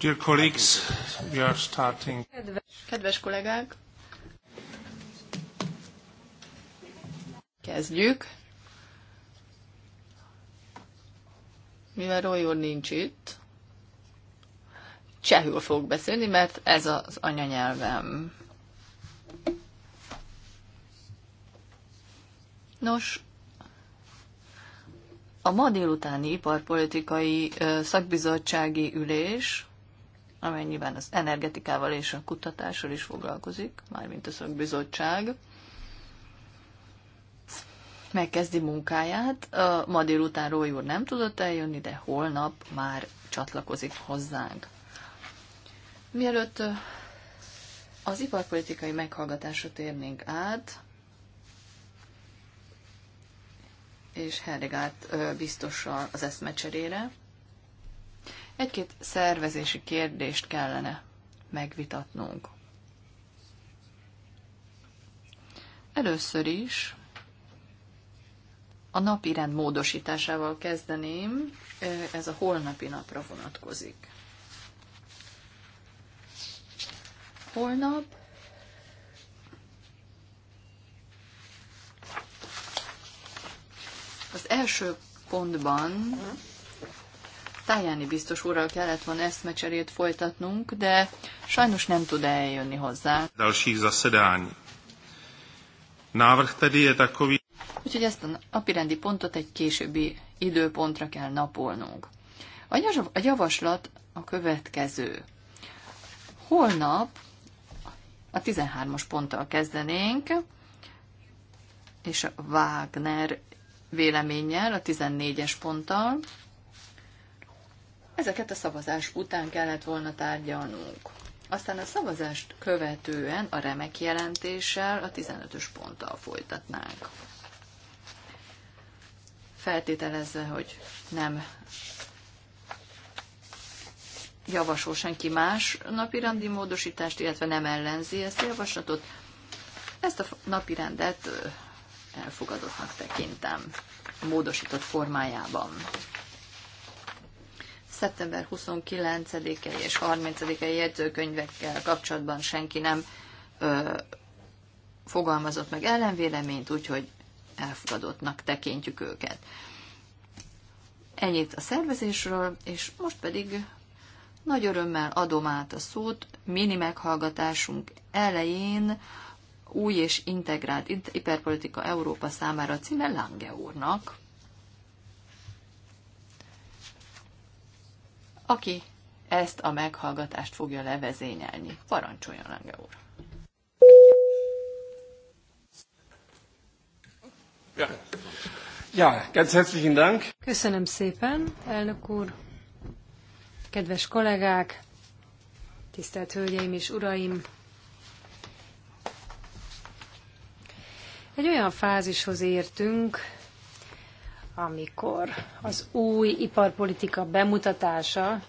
Dear colleagues, we are starting. Kedves, kedves kollégák, kezdjük. Mivel Roy úr nincs itt, csehül fogok beszélni, mert ez az anyanyelvem. Nos, a ma délutáni iparpolitikai szakbizottsági ülés amely nyilván az energetikával és a kutatással is foglalkozik, mármint a szakbizottság, megkezdi munkáját. A ma délután Rói úr nem tudott eljönni, de holnap már csatlakozik hozzánk. Mielőtt az iparpolitikai meghallgatásra térnénk át, és Herdegárt biztossal az eszmecserére, egy-két szervezési kérdést kellene megvitatnunk. Először is a napirend módosításával kezdeném, ez a holnapi napra vonatkozik. Holnap az első pontban mhm. Tájáni biztos úrral kellett volna eszmecserét folytatnunk, de sajnos nem tud eljönni hozzá. Další zasedání. Návrh tedy je takový... Úgyhogy ezt a napirendi pontot egy későbbi időpontra kell napolnunk. A javaslat a következő. Holnap a 13-as ponttal kezdenénk, és a Wagner véleménnyel, a 14-es ponttal, Ezeket a szavazás után kellett volna tárgyalnunk. Aztán a szavazást követően a remek jelentéssel a 15-ös ponttal folytatnánk. Feltételezve, hogy nem javasol senki más napirendi módosítást, illetve nem ellenzi ezt a javaslatot, ezt a napirendet elfogadottnak tekintem módosított formájában szeptember 29-i és 30-i jegyzőkönyvekkel kapcsolatban senki nem ö, fogalmazott meg ellenvéleményt, úgyhogy elfogadottnak tekintjük őket. Ennyit a szervezésről, és most pedig nagy örömmel adom át a szót mini meghallgatásunk elején új és integrált iperpolitika Európa számára címe Lange úrnak. aki ezt a meghallgatást fogja levezényelni. Parancsoljon, Lange úr! Ja. ja, ganz herzlichen Dank. Köszönöm szépen, elnök úr, kedves kollégák, tisztelt hölgyeim és uraim, Egy olyan fázishoz értünk, amikor az új iparpolitika bemutatása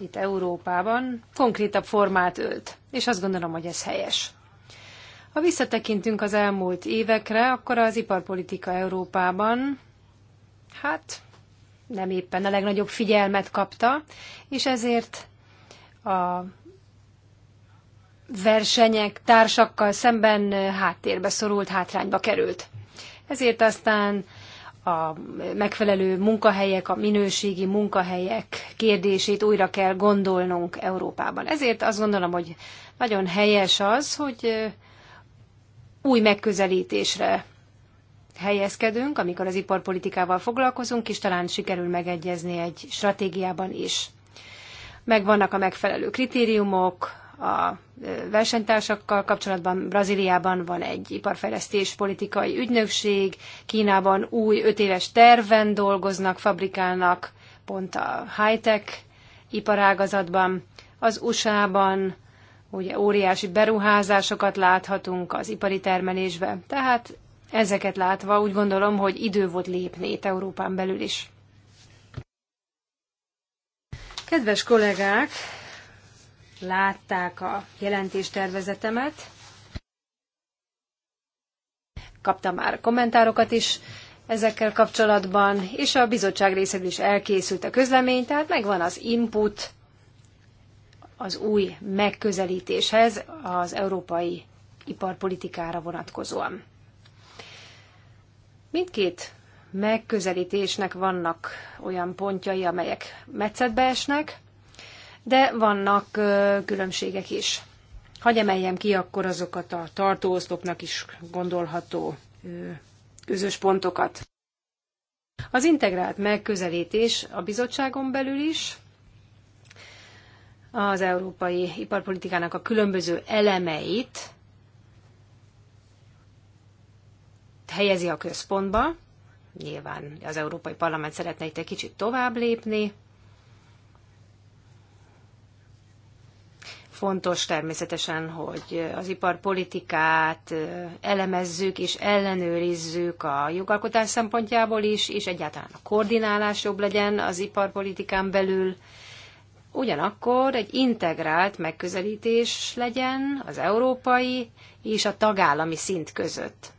itt Európában konkrétabb formát ölt, és azt gondolom, hogy ez helyes. Ha visszatekintünk az elmúlt évekre, akkor az iparpolitika Európában, hát nem éppen a legnagyobb figyelmet kapta, és ezért a versenyek társakkal szemben háttérbe szorult, hátrányba került. Ezért aztán a megfelelő munkahelyek, a minőségi munkahelyek kérdését újra kell gondolnunk Európában. Ezért azt gondolom, hogy nagyon helyes az, hogy új megközelítésre helyezkedünk, amikor az iparpolitikával foglalkozunk, és talán sikerül megegyezni egy stratégiában is. Megvannak a megfelelő kritériumok, a versenytársakkal kapcsolatban. Brazíliában van egy iparfejlesztés politikai ügynökség, Kínában új öt éves terven dolgoznak, fabrikálnak pont a high-tech iparágazatban. Az USA-ban ugye óriási beruházásokat láthatunk az ipari termelésbe. Tehát ezeket látva úgy gondolom, hogy idő volt lépni itt Európán belül is. Kedves kollégák, látták a jelentéstervezetemet. Kaptam már kommentárokat is ezekkel kapcsolatban, és a bizottság részéről is elkészült a közlemény, tehát megvan az input az új megközelítéshez az európai iparpolitikára vonatkozóan. Mindkét megközelítésnek vannak olyan pontjai, amelyek metszetbe esnek, de vannak különbségek is. Hagy emeljem ki akkor azokat a tartóosztoknak is gondolható közös pontokat. Az integrált megközelítés a bizottságon belül is, az európai iparpolitikának a különböző elemeit helyezi a központba. Nyilván az Európai Parlament szeretne itt egy kicsit tovább lépni, Fontos természetesen, hogy az iparpolitikát elemezzük és ellenőrizzük a jogalkotás szempontjából is, és egyáltalán a koordinálás jobb legyen az iparpolitikán belül. Ugyanakkor egy integrált megközelítés legyen az európai és a tagállami szint között.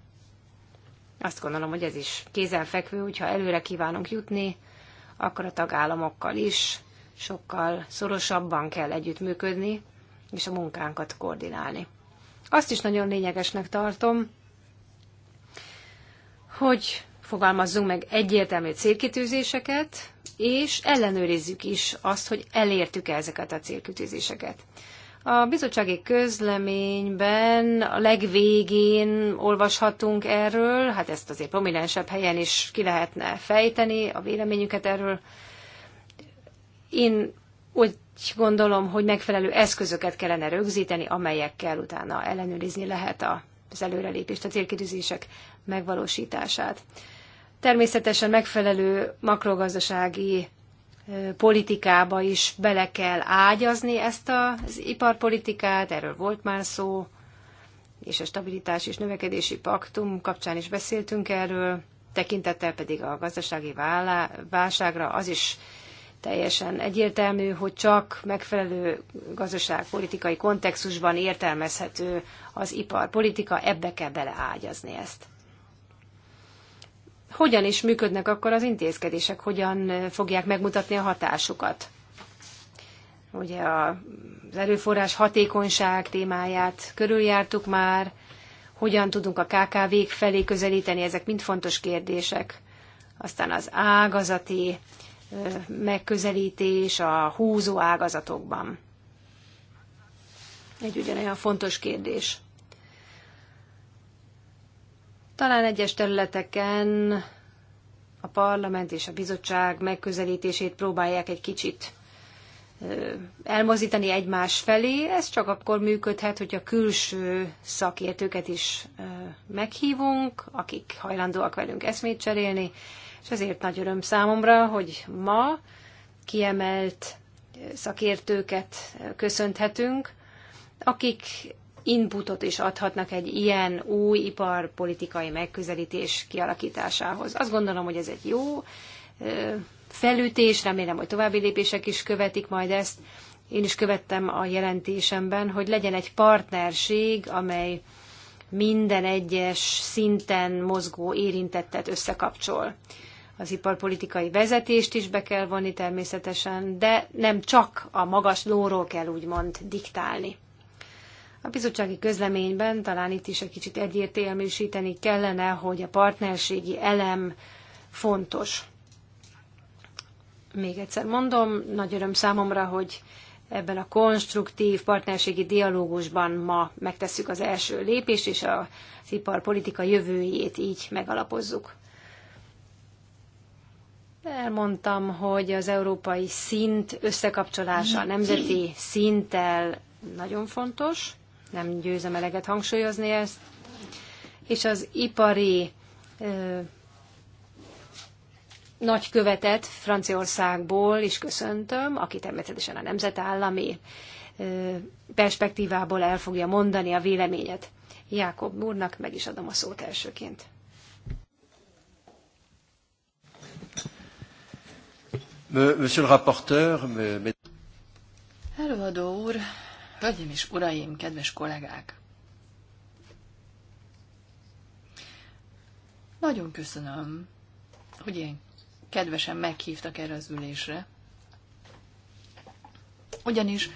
Azt gondolom, hogy ez is kézenfekvő, hogyha előre kívánunk jutni, akkor a tagállamokkal is sokkal szorosabban kell együttműködni, és a munkánkat koordinálni. Azt is nagyon lényegesnek tartom, hogy fogalmazzunk meg egyértelmű célkitűzéseket, és ellenőrizzük is azt, hogy elértük -e ezeket a célkitűzéseket. A bizottsági közleményben a legvégén olvashatunk erről, hát ezt azért prominensebb helyen is ki lehetne fejteni a véleményüket erről. Én úgy gondolom, hogy megfelelő eszközöket kellene rögzíteni, amelyekkel utána ellenőrizni lehet a az előrelépést, a célkidőzések megvalósítását. Természetesen megfelelő makrogazdasági politikába is bele kell ágyazni ezt az iparpolitikát, erről volt már szó, és a stabilitás és növekedési paktum kapcsán is beszéltünk erről, tekintettel pedig a gazdasági válságra az is teljesen egyértelmű, hogy csak megfelelő gazdaságpolitikai kontextusban értelmezhető az iparpolitika, ebbe kell beleágyazni ezt. Hogyan is működnek akkor az intézkedések, hogyan fogják megmutatni a hatásukat? Ugye az erőforrás hatékonyság témáját körüljártuk már, hogyan tudunk a KKV-k felé közelíteni, ezek mind fontos kérdések. Aztán az ágazati megközelítés a húzó ágazatokban. Egy ugyanolyan fontos kérdés. Talán egyes területeken a parlament és a bizottság megközelítését próbálják egy kicsit elmozdítani egymás felé. Ez csak akkor működhet, hogy a külső szakértőket is meghívunk, akik hajlandóak velünk eszmét cserélni, és ezért nagy öröm számomra, hogy ma kiemelt szakértőket köszönthetünk, akik inputot is adhatnak egy ilyen új iparpolitikai megközelítés kialakításához. Azt gondolom, hogy ez egy jó felütés, remélem, hogy további lépések is követik majd ezt. Én is követtem a jelentésemben, hogy legyen egy partnerség, amely minden egyes szinten mozgó érintettet összekapcsol az iparpolitikai vezetést is be kell vonni természetesen, de nem csak a magas lóról kell úgymond diktálni. A bizottsági közleményben talán itt is egy kicsit egyértelműsíteni kellene, hogy a partnerségi elem fontos. Még egyszer mondom, nagy öröm számomra, hogy ebben a konstruktív partnerségi dialógusban ma megtesszük az első lépést, és az iparpolitika jövőjét így megalapozzuk. Elmondtam, hogy az európai szint összekapcsolása a nemzeti szinttel nagyon fontos, nem győzem eleget hangsúlyozni ezt, és az ipari ö, nagykövetet Franciaországból is köszöntöm, aki természetesen a nemzetállami ö, perspektívából el fogja mondani a véleményet. Jákob úrnak meg is adom a szót elsőként. Monsieur le rapporteur, mais... Előadó úr, hölgyeim és uraim, kedves kollégák! Nagyon köszönöm, hogy én kedvesen meghívtak erre az ülésre. Ugyanis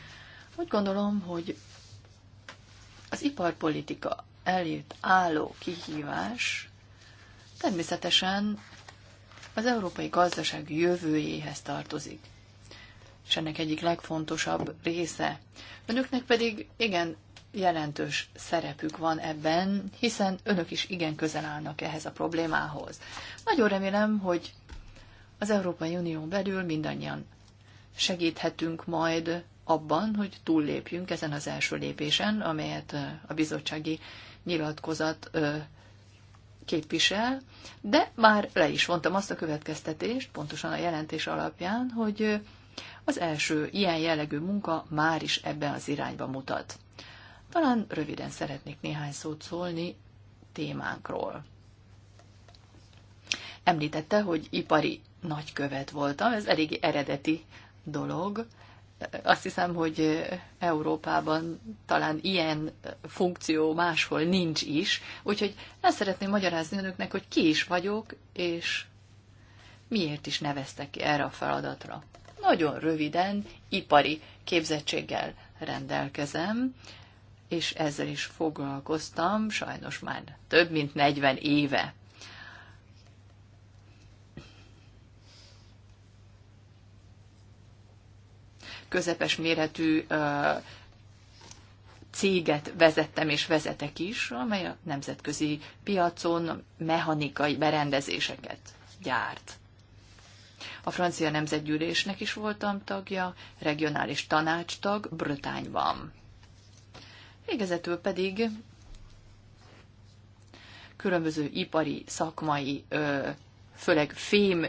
úgy gondolom, hogy az iparpolitika elért álló kihívás természetesen az európai gazdaság jövőjéhez tartozik. És ennek egyik legfontosabb része. Önöknek pedig igen jelentős szerepük van ebben, hiszen önök is igen közel állnak ehhez a problémához. Nagyon remélem, hogy az Európai Unió belül mindannyian segíthetünk majd abban, hogy túllépjünk ezen az első lépésen, amelyet a bizottsági nyilatkozat képvisel, de már le is vontam azt a következtetést, pontosan a jelentés alapján, hogy az első ilyen jellegű munka már is ebben az irányba mutat. Talán röviden szeretnék néhány szót szólni témánkról. Említette, hogy ipari nagykövet voltam, ez eléggé eredeti dolog, azt hiszem, hogy Európában talán ilyen funkció máshol nincs is, úgyhogy el szeretném magyarázni önöknek, hogy ki is vagyok, és miért is neveztek ki erre a feladatra. Nagyon röviden, ipari képzettséggel rendelkezem, és ezzel is foglalkoztam, sajnos már több mint 40 éve. közepes méretű céget vezettem és vezetek is, amely a nemzetközi piacon mechanikai berendezéseket gyárt. A francia nemzetgyűlésnek is voltam tagja, regionális tanácstag Brötányban. Végezetül pedig különböző ipari, szakmai, főleg fém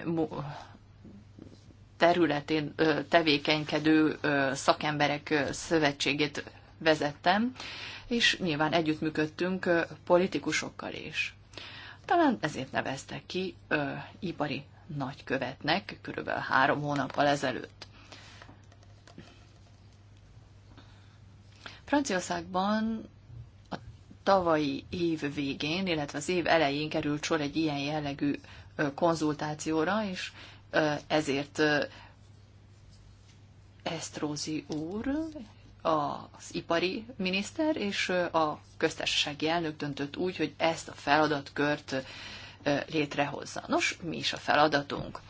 területén tevékenykedő szakemberek szövetségét vezettem, és nyilván együttműködtünk politikusokkal is. Talán ezért neveztek ki ö, ipari nagykövetnek körülbelül három hónappal ezelőtt. Franciaországban a tavalyi év végén, illetve az év elején került sor egy ilyen jellegű konzultációra, és ezért Esztrózi úr, az ipari miniszter és a köztársasági elnök döntött úgy, hogy ezt a feladatkört létrehozza. Nos, mi is a feladatunk?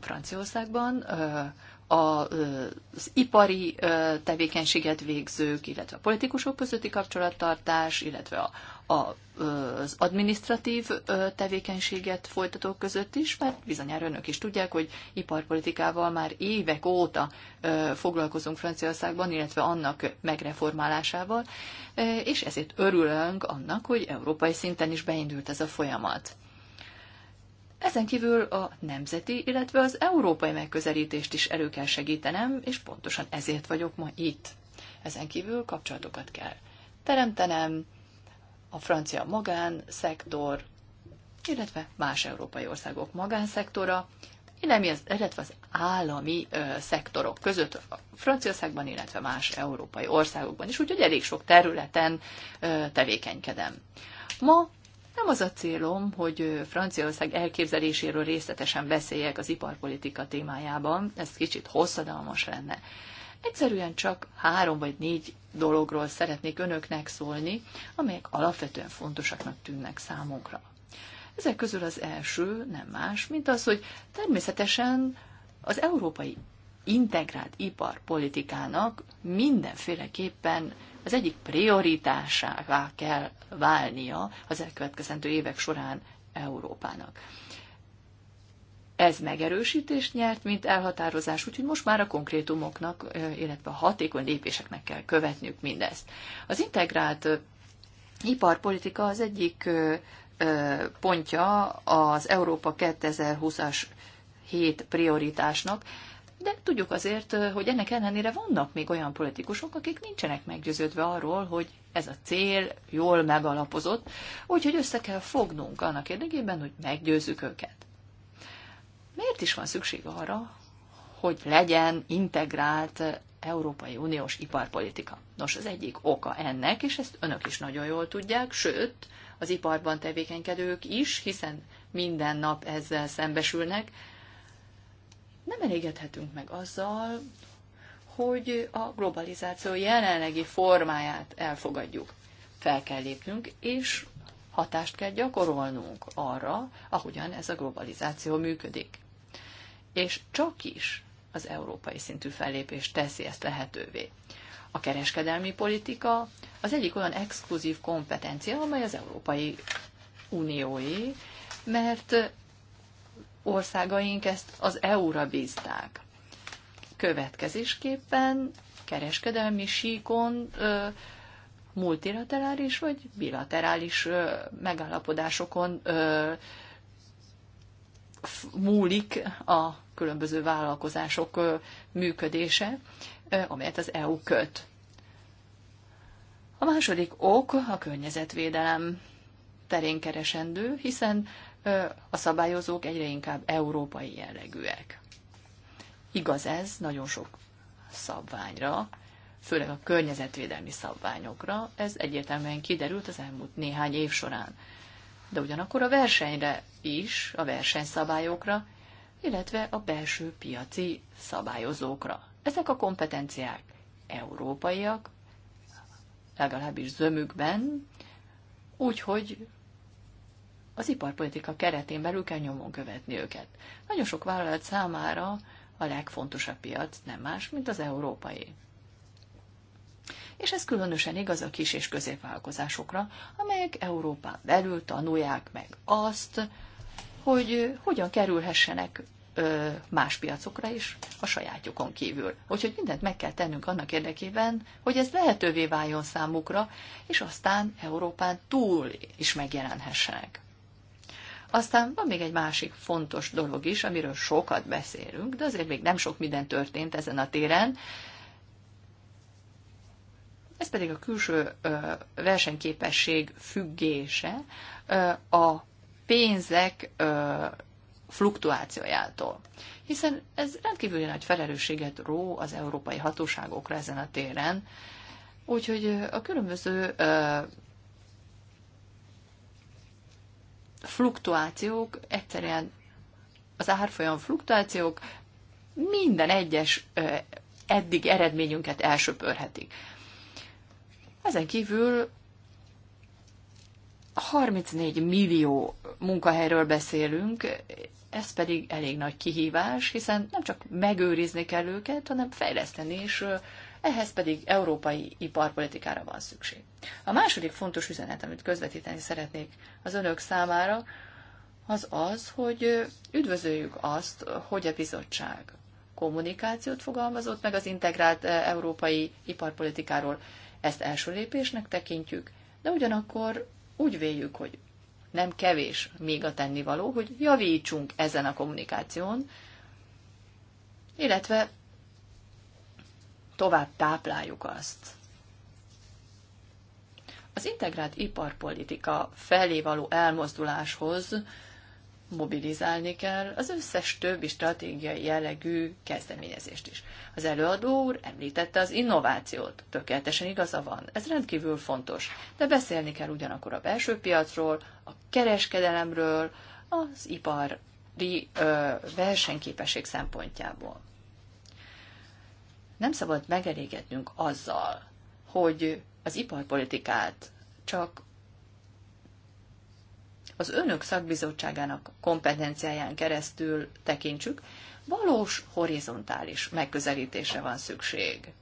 Franciaországban az ipari tevékenységet végzők, illetve a politikusok közötti kapcsolattartás, illetve a, a, az administratív tevékenységet folytatók között is, mert bizonyára önök is tudják, hogy iparpolitikával már évek óta foglalkozunk Franciaországban, illetve annak megreformálásával, és ezért örülünk annak, hogy európai szinten is beindult ez a folyamat. Ezen kívül a nemzeti, illetve az európai megközelítést is elő kell segítenem, és pontosan ezért vagyok ma itt. Ezen kívül kapcsolatokat kell teremtenem a francia magánszektor, illetve más európai országok magánszektora, illetve az állami ö, szektorok között A Franciaországban, illetve más európai országokban is, úgyhogy elég sok területen ö, tevékenykedem. Ma nem az a célom, hogy Franciaország elképzeléséről részletesen beszéljek az iparpolitika témájában, ez kicsit hosszadalmas lenne. Egyszerűen csak három vagy négy dologról szeretnék önöknek szólni, amelyek alapvetően fontosaknak tűnnek számunkra. Ezek közül az első nem más, mint az, hogy természetesen az európai integrált iparpolitikának mindenféleképpen az egyik prioritásává kell válnia az elkövetkezendő évek során Európának. Ez megerősítést nyert, mint elhatározás, úgyhogy most már a konkrétumoknak, illetve a hatékony lépéseknek kell követniük mindezt. Az integrált iparpolitika az egyik pontja az Európa 2020-as hét prioritásnak, de tudjuk azért, hogy ennek ellenére vannak még olyan politikusok, akik nincsenek meggyőződve arról, hogy ez a cél jól megalapozott, úgyhogy össze kell fognunk annak érdekében, hogy meggyőzzük őket. Miért is van szükség arra, hogy legyen integrált Európai Uniós iparpolitika? Nos, az egyik oka ennek, és ezt önök is nagyon jól tudják, sőt, az iparban tevékenykedők is, hiszen minden nap ezzel szembesülnek, nem elégedhetünk meg azzal, hogy a globalizáció jelenlegi formáját elfogadjuk. Fel kell lépnünk, és hatást kell gyakorolnunk arra, ahogyan ez a globalizáció működik. És csak is az európai szintű fellépés teszi ezt lehetővé. A kereskedelmi politika az egyik olyan exkluzív kompetencia, amely az Európai Unióé, mert országaink ezt az EU-ra bízták. Következésképpen kereskedelmi síkon multilaterális vagy bilaterális megállapodásokon múlik a különböző vállalkozások működése, amelyet az EU köt. A második ok a környezetvédelem terén keresendő, hiszen a szabályozók egyre inkább európai jellegűek. Igaz ez nagyon sok szabványra, főleg a környezetvédelmi szabványokra, ez egyértelműen kiderült az elmúlt néhány év során. De ugyanakkor a versenyre is, a versenyszabályokra, illetve a belső piaci szabályozókra. Ezek a kompetenciák európaiak, legalábbis zömükben, úgyhogy az iparpolitika keretén belül kell nyomon követni őket. Nagyon sok vállalat számára a legfontosabb piac nem más, mint az európai. És ez különösen igaz a kis és középvállalkozásokra, amelyek Európán belül tanulják meg azt, hogy hogyan kerülhessenek más piacokra is a sajátjukon kívül. Úgyhogy mindent meg kell tennünk annak érdekében, hogy ez lehetővé váljon számukra, és aztán Európán túl is megjelenhessenek. Aztán van még egy másik fontos dolog is, amiről sokat beszélünk, de azért még nem sok minden történt ezen a téren. Ez pedig a külső versenyképesség függése a pénzek fluktuációjától. Hiszen ez rendkívül nagy felelősséget ró az európai hatóságokra ezen a téren, úgyhogy a különböző fluktuációk egyszerűen az árfolyam fluktuációk minden egyes eddig eredményünket elsöpörhetik. Ezen kívül 34 millió munkahelyről beszélünk, ez pedig elég nagy kihívás, hiszen nem csak megőrizni kell őket, hanem fejleszteni és ehhez pedig európai iparpolitikára van szükség. A második fontos üzenet, amit közvetíteni szeretnék az önök számára, az az, hogy üdvözöljük azt, hogy a bizottság kommunikációt fogalmazott meg az integrált eh, európai iparpolitikáról. Ezt első lépésnek tekintjük, de ugyanakkor úgy véljük, hogy nem kevés még a tennivaló, hogy javítsunk ezen a kommunikáción, illetve tovább tápláljuk azt. Az integrált iparpolitika felé való elmozduláshoz mobilizálni kell az összes többi stratégiai jellegű kezdeményezést is. Az előadó úr említette az innovációt, tökéletesen igaza van, ez rendkívül fontos, de beszélni kell ugyanakkor a belső piacról, a kereskedelemről, az ipari ö, versenyképesség szempontjából. Nem szabad megelégednünk azzal, hogy az iparpolitikát csak az önök szakbizottságának kompetenciáján keresztül tekintsük, valós horizontális megközelítésre van szükség.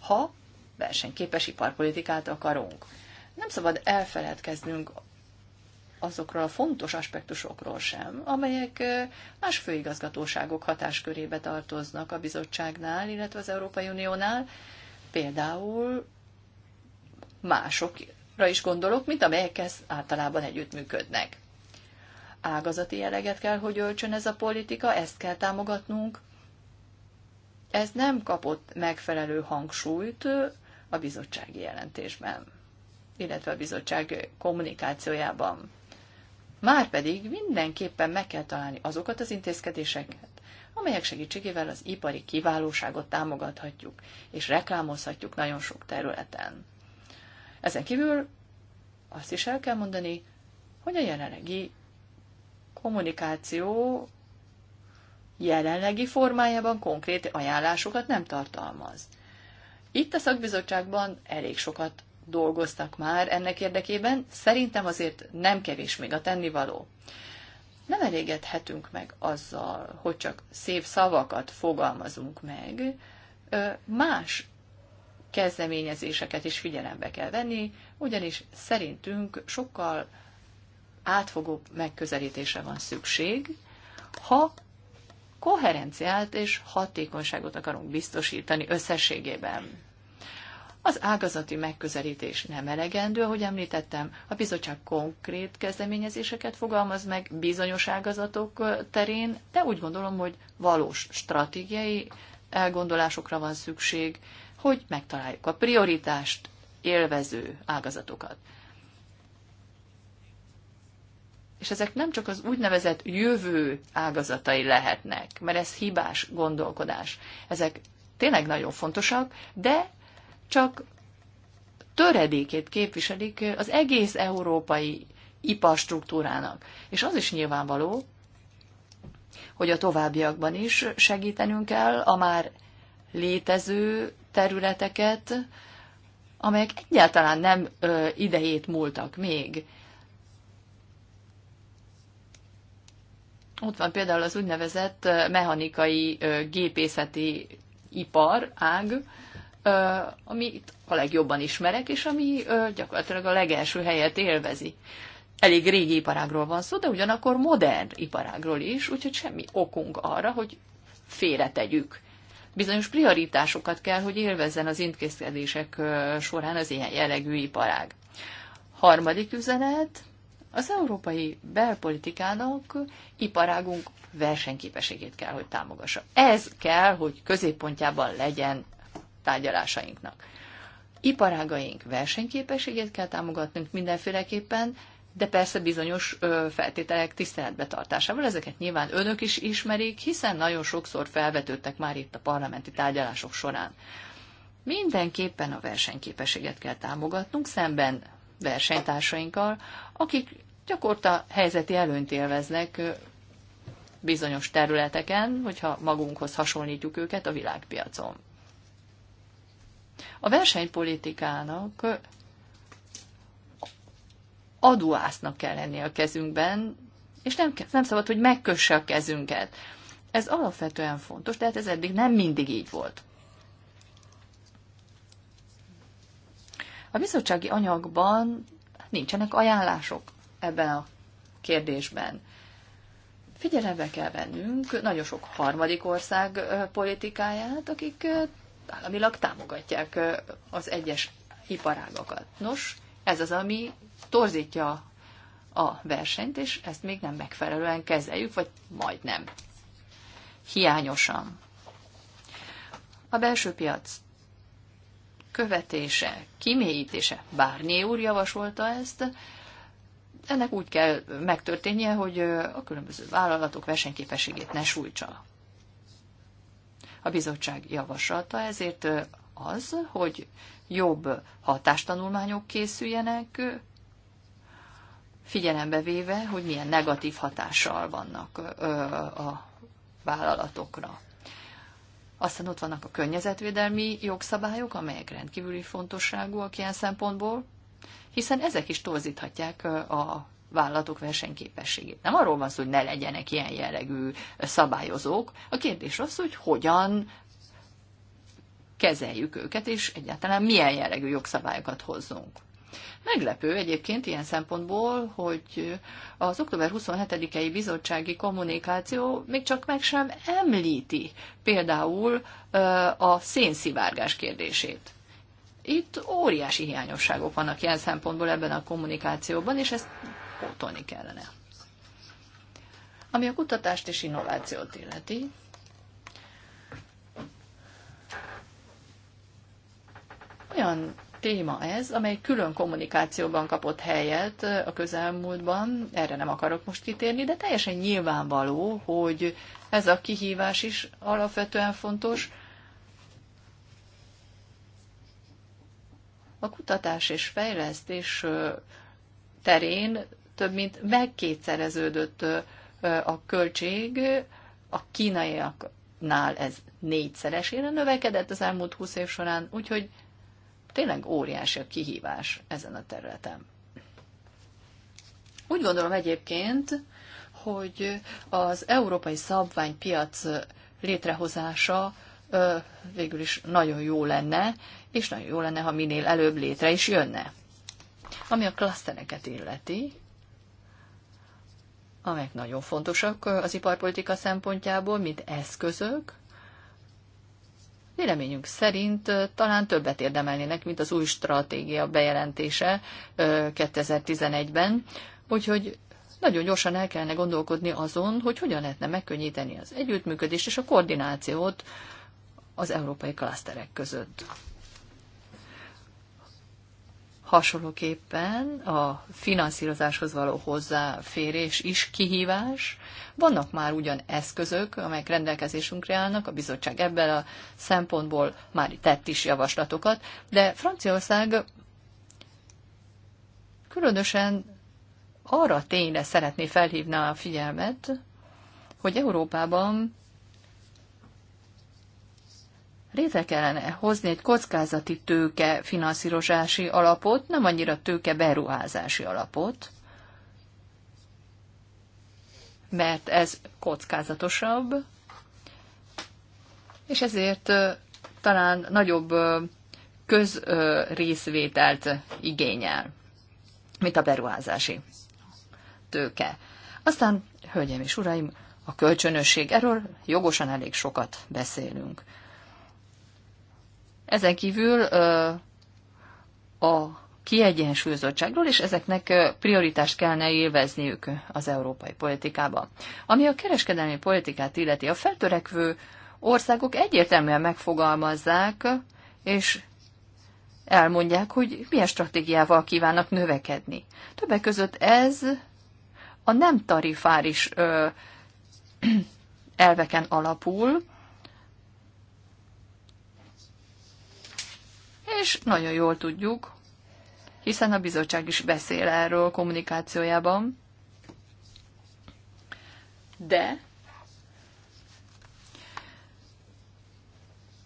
Ha versenyképes iparpolitikát akarunk, nem szabad elfeledkeznünk azokról a fontos aspektusokról sem, amelyek más főigazgatóságok hatáskörébe tartoznak a bizottságnál, illetve az Európai Uniónál, például másokra is gondolok, mint amelyekhez általában együttműködnek. Ágazati jeleget kell, hogy öltsön ez a politika, ezt kell támogatnunk. Ez nem kapott megfelelő hangsúlyt a bizottsági jelentésben, illetve a bizottság kommunikációjában. Márpedig mindenképpen meg kell találni azokat az intézkedéseket, amelyek segítségével az ipari kiválóságot támogathatjuk és reklámozhatjuk nagyon sok területen. Ezen kívül azt is el kell mondani, hogy a jelenlegi kommunikáció jelenlegi formájában konkrét ajánlásokat nem tartalmaz. Itt a szakbizottságban elég sokat dolgoztak már ennek érdekében, szerintem azért nem kevés még a tennivaló. Nem elégedhetünk meg azzal, hogy csak szép szavakat fogalmazunk meg, más kezdeményezéseket is figyelembe kell venni, ugyanis szerintünk sokkal átfogóbb megközelítésre van szükség, ha koherenciát és hatékonyságot akarunk biztosítani összességében. Az ágazati megközelítés nem elegendő, ahogy említettem, a bizottság konkrét kezdeményezéseket fogalmaz meg bizonyos ágazatok terén, de úgy gondolom, hogy valós stratégiai elgondolásokra van szükség, hogy megtaláljuk a prioritást élvező ágazatokat. És ezek nem csak az úgynevezett jövő ágazatai lehetnek, mert ez hibás gondolkodás. Ezek tényleg nagyon fontosak, de csak töredékét képviselik az egész európai iparstruktúrának. És az is nyilvánvaló, hogy a továbbiakban is segítenünk kell a már létező területeket, amelyek egyáltalán nem ö, idejét múltak még. Ott van például az úgynevezett mechanikai ö, gépészeti ipar, ág, amit a legjobban ismerek, és ami gyakorlatilag a legelső helyet élvezi. Elég régi iparágról van szó, de ugyanakkor modern iparágról is, úgyhogy semmi okunk arra, hogy félretegyük. Bizonyos prioritásokat kell, hogy élvezzen az intézkedések során az ilyen jellegű iparág. Harmadik üzenet, az európai belpolitikának iparágunk versenyképességét kell, hogy támogassa. Ez kell, hogy középpontjában legyen tárgyalásainknak. Iparágaink versenyképességét kell támogatnunk mindenféleképpen, de persze bizonyos feltételek tiszteletbe tartásával. Ezeket nyilván önök is ismerik, hiszen nagyon sokszor felvetődtek már itt a parlamenti tárgyalások során. Mindenképpen a versenyképességet kell támogatnunk szemben versenytársainkkal, akik gyakorta helyzeti előnyt élveznek bizonyos területeken, hogyha magunkhoz hasonlítjuk őket a világpiacon. A versenypolitikának adóásznak kell lenni a kezünkben, és nem, nem szabad, hogy megkösse a kezünket. Ez alapvetően fontos, tehát ez eddig nem mindig így volt. A bizottsági anyagban nincsenek ajánlások ebben a kérdésben. Figyelembe kell vennünk nagyon sok harmadik ország politikáját, akik államilag támogatják az egyes iparágokat Nos, ez az, ami torzítja a versenyt, és ezt még nem megfelelően kezeljük, vagy majdnem. Hiányosan. A belső piac követése, kimélyítése, Bárnyé úr javasolta ezt, ennek úgy kell megtörténnie, hogy a különböző vállalatok versenyképességét ne sújtsa. A bizottság javaslata ezért az, hogy jobb hatástanulmányok készüljenek, figyelembe véve, hogy milyen negatív hatással vannak a vállalatokra. Aztán ott vannak a környezetvédelmi jogszabályok, amelyek rendkívüli fontosságúak ilyen szempontból, hiszen ezek is torzíthatják a vállalatok versenyképességét. Nem arról van szó, hogy ne legyenek ilyen jellegű szabályozók. A kérdés az, hogy hogyan kezeljük őket, és egyáltalán milyen jellegű jogszabályokat hozzunk. Meglepő egyébként ilyen szempontból, hogy az október 27-i bizottsági kommunikáció még csak meg sem említi például a szénszivárgás kérdését. Itt óriási hiányosságok vannak ilyen szempontból ebben a kommunikációban, és ezt pótolni kellene. Ami a kutatást és innovációt illeti, olyan téma ez, amely külön kommunikációban kapott helyet a közelmúltban, erre nem akarok most kitérni, de teljesen nyilvánvaló, hogy ez a kihívás is alapvetően fontos. A kutatás és fejlesztés terén több mint megkétszereződött a költség, a kínaiaknál ez négyszeresére növekedett az elmúlt húsz év során, úgyhogy tényleg óriási a kihívás ezen a területen. Úgy gondolom egyébként, hogy az európai szabványpiac létrehozása végül is nagyon jó lenne, és nagyon jó lenne, ha minél előbb létre is jönne. Ami a klasztereket illeti, amelyek nagyon fontosak az iparpolitika szempontjából, mint eszközök, véleményünk szerint talán többet érdemelnének, mint az új stratégia bejelentése 2011-ben. Úgyhogy nagyon gyorsan el kellene gondolkodni azon, hogy hogyan lehetne megkönnyíteni az együttműködést és a koordinációt az európai klaszterek között. Hasonlóképpen a finanszírozáshoz való hozzáférés is kihívás. Vannak már ugyan eszközök, amelyek rendelkezésünkre állnak, a bizottság ebben a szempontból már tett is javaslatokat, de Franciaország különösen arra tényre szeretné felhívni a figyelmet, hogy Európában Létre kellene hozni egy kockázati tőke finanszírozási alapot, nem annyira tőke beruházási alapot, mert ez kockázatosabb, és ezért talán nagyobb közrészvételt igényel, mint a beruházási tőke. Aztán, hölgyeim és uraim, a kölcsönösség, erről jogosan elég sokat beszélünk. Ezen kívül a kiegyensúlyozottságról, és ezeknek prioritást kellene élvezniük az európai politikában. Ami a kereskedelmi politikát illeti, a feltörekvő országok egyértelműen megfogalmazzák, és elmondják, hogy milyen stratégiával kívánnak növekedni. Többek között ez a nem tarifáris ö, elveken alapul, és nagyon jól tudjuk, hiszen a bizottság is beszél erről kommunikációjában. De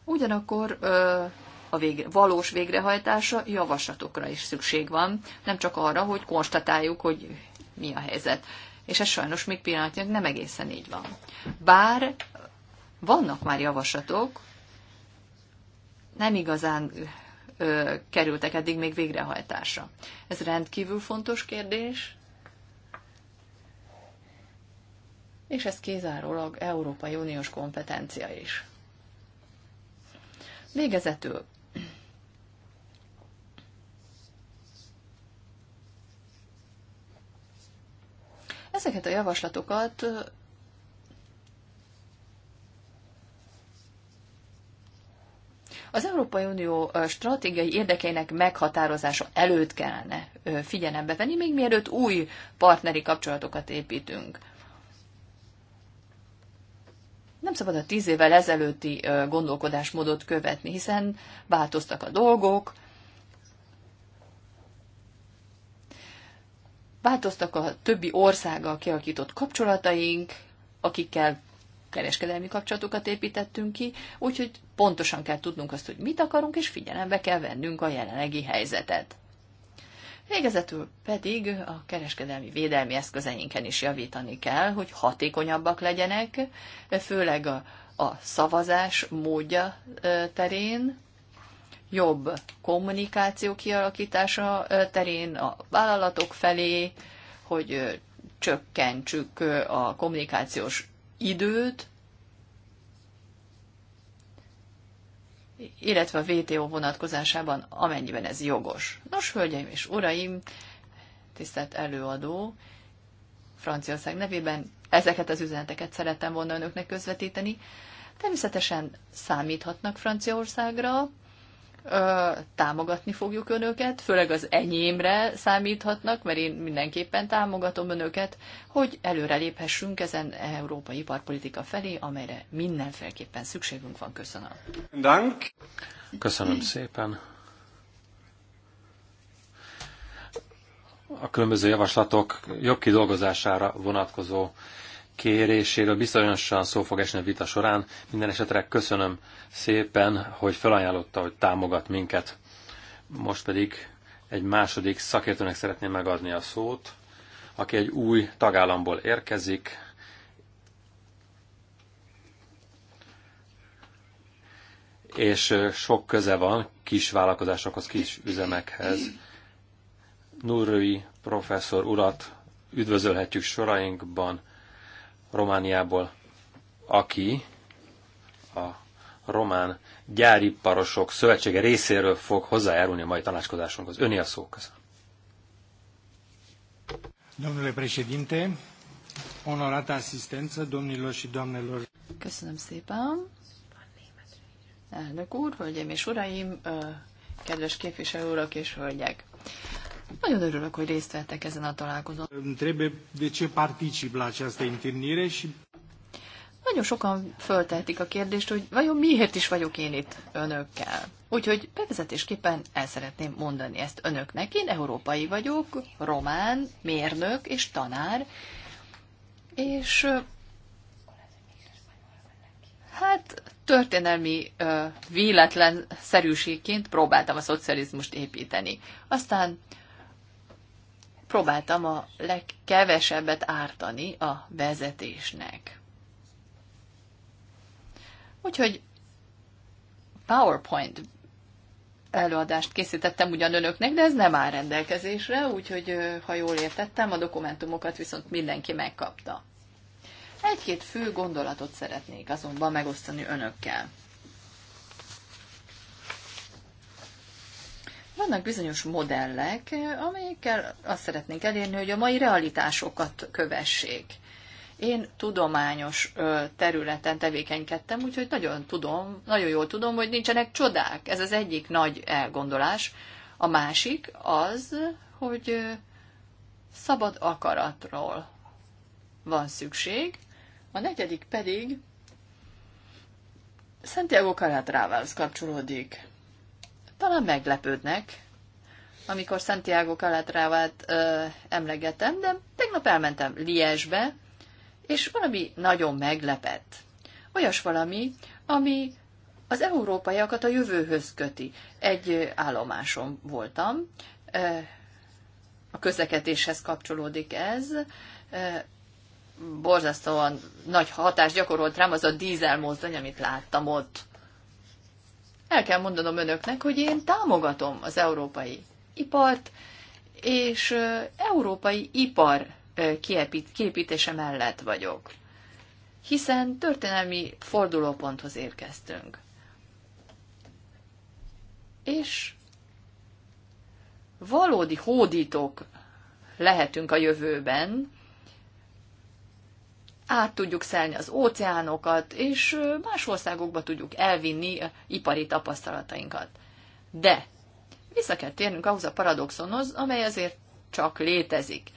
ugyanakkor ö, a végre, valós végrehajtása javaslatokra is szükség van, nem csak arra, hogy konstatáljuk, hogy mi a helyzet. És ez sajnos még pillanatnyilag nem egészen így van. Bár vannak már javaslatok, nem igazán kerültek eddig még végrehajtásra. Ez rendkívül fontos kérdés, és ez kizárólag Európai Uniós kompetencia is. Végezetül. Ezeket a javaslatokat Az Európai Unió stratégiai érdekeinek meghatározása előtt kellene figyelembe venni, még mielőtt új partneri kapcsolatokat építünk. Nem szabad a tíz évvel ezelőtti gondolkodásmódot követni, hiszen változtak a dolgok, változtak a többi országgal kialakított kapcsolataink, akikkel kereskedelmi kapcsolatokat építettünk ki, úgyhogy pontosan kell tudnunk azt, hogy mit akarunk, és figyelembe kell vennünk a jelenlegi helyzetet. Végezetül pedig a kereskedelmi védelmi eszközeinken is javítani kell, hogy hatékonyabbak legyenek, főleg a, a szavazás módja terén, jobb kommunikáció kialakítása terén a vállalatok felé, hogy csökkentsük a kommunikációs időt, illetve a VTO vonatkozásában, amennyiben ez jogos. Nos, hölgyeim és uraim, tisztelt előadó, Franciaország nevében ezeket az üzeneteket szerettem volna önöknek közvetíteni. Természetesen számíthatnak Franciaországra, támogatni fogjuk önöket, főleg az enyémre számíthatnak, mert én mindenképpen támogatom önöket, hogy előreléphessünk ezen európai iparpolitika felé, amelyre mindenféleképpen szükségünk van. Köszönöm. Dank. Köszönöm szépen. A különböző javaslatok jobb kidolgozására vonatkozó kéréséről bizonyosan szó fog esni a vita során. Minden esetre köszönöm szépen, hogy felajánlotta, hogy támogat minket. Most pedig egy második szakértőnek szeretném megadni a szót, aki egy új tagállamból érkezik. és sok köze van kis vállalkozásokhoz, kis üzemekhez. Nurrői professzor urat üdvözölhetjük sorainkban Romániából, aki a román gyáriparosok szövetsége részéről fog hozzájárulni a mai tanácskozásunkhoz. Öné a szó, köszönöm. Domnule președinte, onorată asistență, domnilor și doamnelor. Köszönöm szépen. Elnök úr, hölgyeim és uraim, kedves képviselő urak és hölgyek. Nagyon örülök, hogy részt vettek ezen a találkozón. Trebuie de ce particip la această întâlnire și... Nagyon sokan föltehetik a kérdést, hogy vajon miért is vagyok én itt önökkel. Úgyhogy bevezetésképpen el szeretném mondani ezt önöknek. Én európai vagyok, román, mérnök és tanár, és hát történelmi véletlen szerűségként próbáltam a szocializmust építeni. Aztán próbáltam a legkevesebbet ártani a vezetésnek. Úgyhogy PowerPoint előadást készítettem ugyan önöknek, de ez nem áll rendelkezésre, úgyhogy ha jól értettem, a dokumentumokat viszont mindenki megkapta. Egy-két fő gondolatot szeretnék azonban megosztani önökkel. Vannak bizonyos modellek, amelyekkel azt szeretnénk elérni, hogy a mai realitásokat kövessék. Én tudományos területen tevékenykedtem, úgyhogy nagyon tudom, nagyon jól tudom, hogy nincsenek csodák. Ez az egyik nagy elgondolás. A másik az, hogy szabad akaratról van szükség. A negyedik pedig Santiago Calatrával kapcsolódik. Talán meglepődnek, amikor Santiago Calatrávát ö, emlegetem, de tegnap elmentem Liesbe, és valami nagyon meglepett. Olyas valami, ami az európaiakat a jövőhöz köti. Egy állomáson voltam, a közlekedéshez kapcsolódik ez, borzasztóan nagy hatást gyakorolt rám az a dízelmozdony, amit láttam ott el kell mondanom önöknek, hogy én támogatom az európai ipart, és európai ipar képítése mellett vagyok. Hiszen történelmi fordulóponthoz érkeztünk. És valódi hódítók lehetünk a jövőben, át tudjuk szelni az óceánokat, és más országokba tudjuk elvinni ipari tapasztalatainkat. De vissza kell térnünk ahhoz a paradoxonhoz, amely azért csak létezik.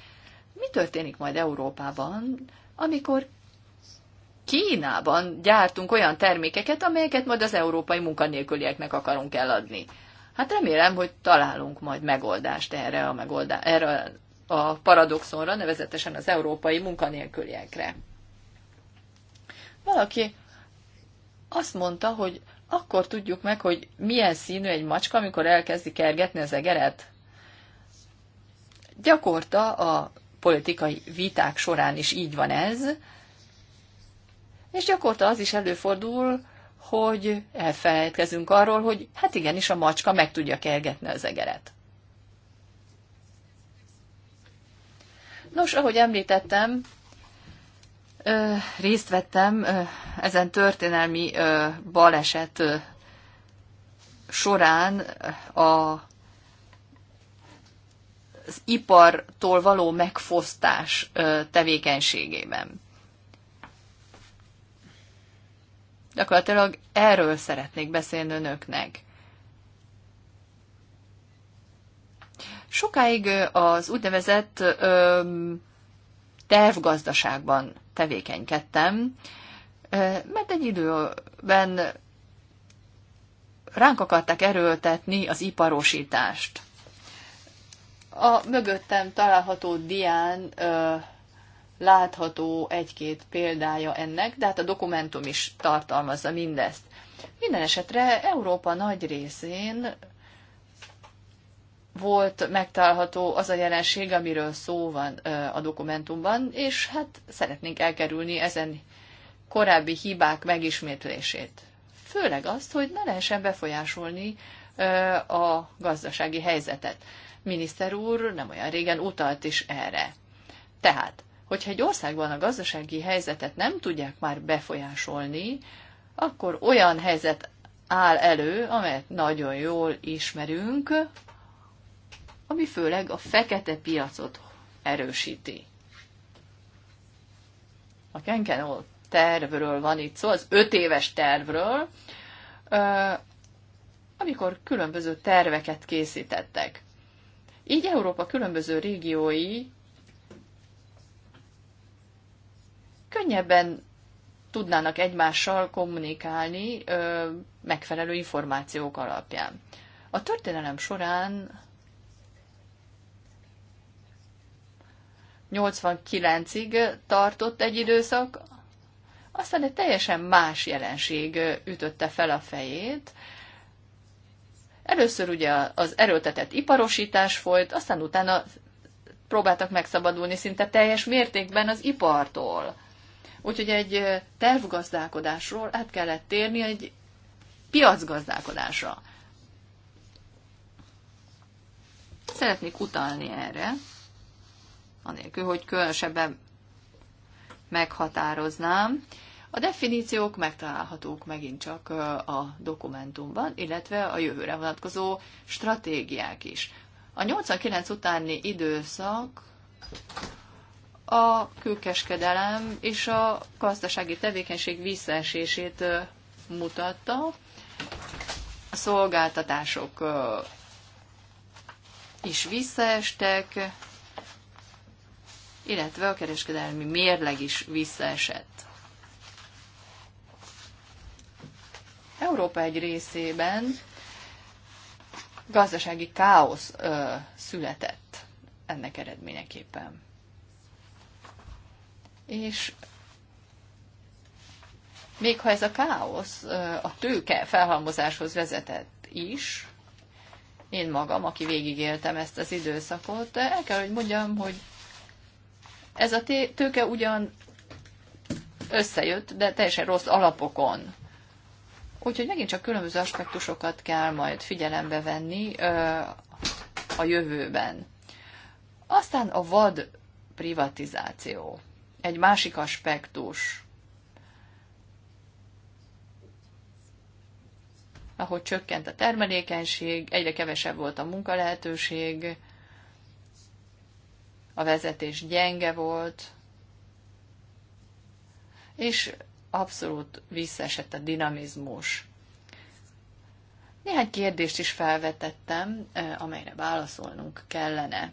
Mi történik majd Európában, amikor Kínában gyártunk olyan termékeket, amelyeket majd az európai munkanélkülieknek akarunk eladni? Hát remélem, hogy találunk majd megoldást erre a, megoldá- erre a paradoxonra, nevezetesen az európai munkanélküliekre. Valaki azt mondta, hogy akkor tudjuk meg, hogy milyen színű egy macska, amikor elkezdi kergetni az egeret. Gyakorta a politikai viták során is így van ez, és gyakorta az is előfordul, hogy elfelejtkezünk arról, hogy hát igenis a macska meg tudja kergetni az egeret. Nos, ahogy említettem, részt vettem ezen történelmi baleset során a, az ipartól való megfosztás tevékenységében. Gyakorlatilag erről szeretnék beszélni önöknek. Sokáig az úgynevezett tervgazdaságban tevékenykedtem, mert egy időben ránk akarták erőltetni az iparosítást. A mögöttem található dián látható egy-két példája ennek, de hát a dokumentum is tartalmazza mindezt. Minden esetre Európa nagy részén volt megtalálható az a jelenség, amiről szó van a dokumentumban, és hát szeretnénk elkerülni ezen korábbi hibák megismétlését. Főleg azt, hogy ne lehessen befolyásolni a gazdasági helyzetet. Miniszter úr nem olyan régen utalt is erre. Tehát, hogyha egy országban a gazdasági helyzetet nem tudják már befolyásolni, akkor olyan helyzet áll elő, amelyet nagyon jól ismerünk, ami főleg a fekete piacot erősíti. A Kenkenol tervről van itt szó, az öt éves tervről, amikor különböző terveket készítettek. Így Európa különböző régiói könnyebben tudnának egymással kommunikálni megfelelő információk alapján. A történelem során 89-ig tartott egy időszak, aztán egy teljesen más jelenség ütötte fel a fejét. Először ugye az erőltetett iparosítás folyt, aztán utána próbáltak megszabadulni szinte teljes mértékben az ipartól. Úgyhogy egy tervgazdálkodásról át kellett térni egy piacgazdálkodásra. Szeretnék utalni erre, anélkül, hogy különösebben meghatároznám. A definíciók megtalálhatók megint csak a dokumentumban, illetve a jövőre vonatkozó stratégiák is. A 89 utáni időszak a külkeskedelem és a gazdasági tevékenység visszaesését mutatta. A szolgáltatások is visszaestek, illetve a kereskedelmi mérleg is visszaesett. Európa egy részében gazdasági káosz ö, született ennek eredményeképpen. És még ha ez a káosz a tőke felhalmozáshoz vezetett is, én magam, aki végigéltem ezt az időszakot, el kell, hogy mondjam, hogy ez a tőke ugyan összejött, de teljesen rossz alapokon. Úgyhogy megint csak különböző aspektusokat kell majd figyelembe venni a jövőben. Aztán a vad privatizáció. Egy másik aspektus. Ahogy csökkent a termelékenység, egyre kevesebb volt a munkalehetőség, a vezetés gyenge volt, és abszolút visszaesett a dinamizmus. Néhány kérdést is felvetettem, amelyre válaszolnunk kellene.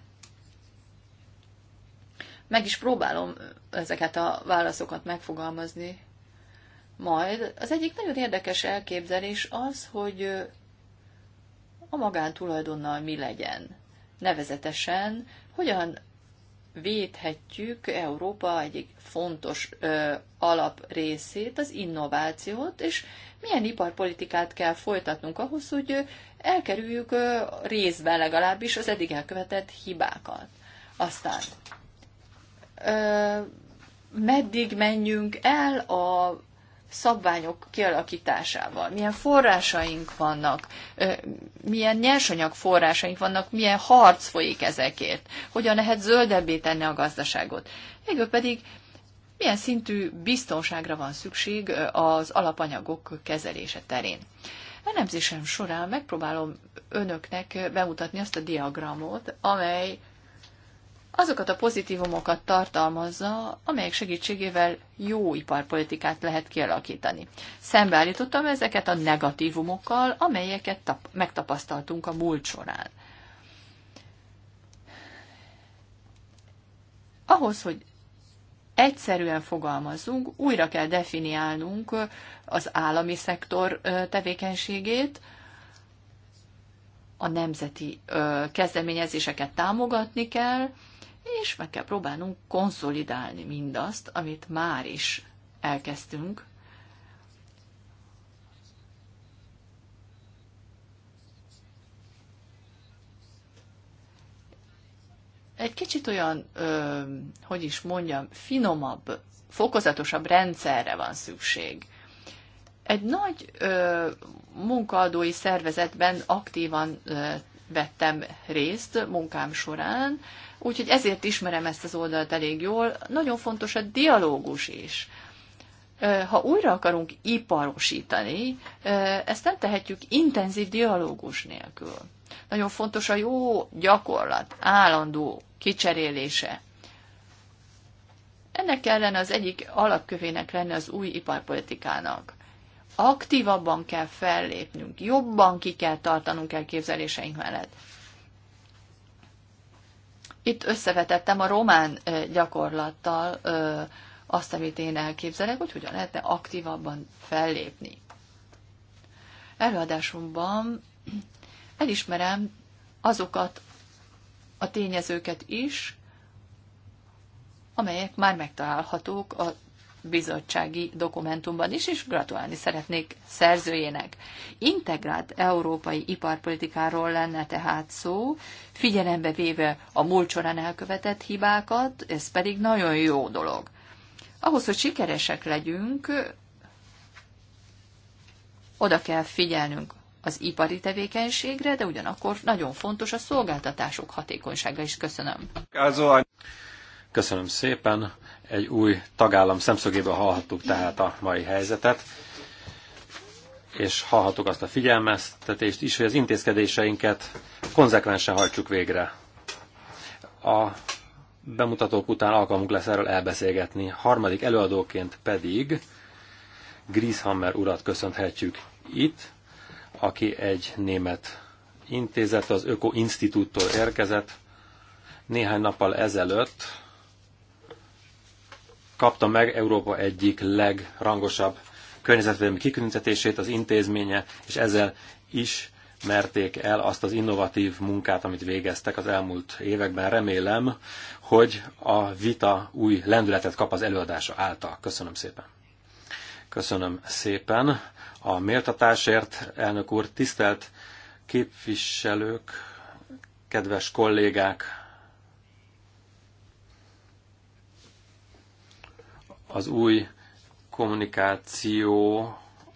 Meg is próbálom ezeket a válaszokat megfogalmazni majd. Az egyik nagyon érdekes elképzelés az, hogy a magántulajdonnal mi legyen. Nevezetesen, hogyan védhetjük Európa egyik fontos ö, részét, az innovációt, és milyen iparpolitikát kell folytatnunk ahhoz, hogy elkerüljük ö, részben legalábbis az eddig elkövetett hibákat. Aztán ö, meddig menjünk el a szabványok kialakításával, milyen forrásaink vannak, milyen nyersanyag forrásaink vannak, milyen harc folyik ezekért, hogyan lehet zöldebbé tenni a gazdaságot. Végül pedig milyen szintű biztonságra van szükség az alapanyagok kezelése terén. Elemzésem során megpróbálom önöknek bemutatni azt a diagramot, amely azokat a pozitívumokat tartalmazza, amelyek segítségével jó iparpolitikát lehet kialakítani. Szembeállítottam ezeket a negatívumokkal, amelyeket megtapasztaltunk a múlt során. Ahhoz, hogy egyszerűen fogalmazzunk, újra kell definiálnunk az állami szektor tevékenységét, a nemzeti kezdeményezéseket támogatni kell, és meg kell próbálnunk konszolidálni mindazt, amit már is elkezdtünk. Egy kicsit olyan, ö, hogy is mondjam, finomabb, fokozatosabb rendszerre van szükség egy nagy ö, munkaadói szervezetben aktívan ö, vettem részt munkám során, úgyhogy ezért ismerem ezt az oldalt elég jól. Nagyon fontos a dialógus is. Ha újra akarunk iparosítani, ezt nem tehetjük intenzív dialógus nélkül. Nagyon fontos a jó gyakorlat, állandó kicserélése. Ennek kellene az egyik alapkövének lenni az új iparpolitikának aktívabban kell fellépnünk, jobban ki kell tartanunk elképzeléseink mellett itt összevetettem a román gyakorlattal azt, amit én elképzelek, hogy hogyan lehetne aktívabban fellépni. Előadásomban elismerem azokat a tényezőket is, amelyek már megtalálhatók a bizottsági dokumentumban is, és gratulálni szeretnék szerzőjének. Integrált európai iparpolitikáról lenne tehát szó, figyelembe véve a múlt során elkövetett hibákat, ez pedig nagyon jó dolog. Ahhoz, hogy sikeresek legyünk, oda kell figyelnünk az ipari tevékenységre, de ugyanakkor nagyon fontos a szolgáltatások hatékonysága is. Köszönöm. Köszönöm szépen egy új tagállam szemszögéből hallhattuk tehát a mai helyzetet, és hallhattuk azt a figyelmeztetést is, hogy az intézkedéseinket konzekvensen hajtsuk végre. A bemutatók után alkalmunk lesz erről elbeszélgetni. Harmadik előadóként pedig Grieshammer urat köszönhetjük itt, aki egy német intézet, az Öko Institúttól érkezett. Néhány nappal ezelőtt kapta meg Európa egyik legrangosabb környezetvédelmi kiküntetését az intézménye, és ezzel is merték el azt az innovatív munkát, amit végeztek az elmúlt években. Remélem, hogy a vita új lendületet kap az előadása által. Köszönöm szépen. Köszönöm szépen a méltatásért, elnök úr, tisztelt képviselők, kedves kollégák, az új kommunikáció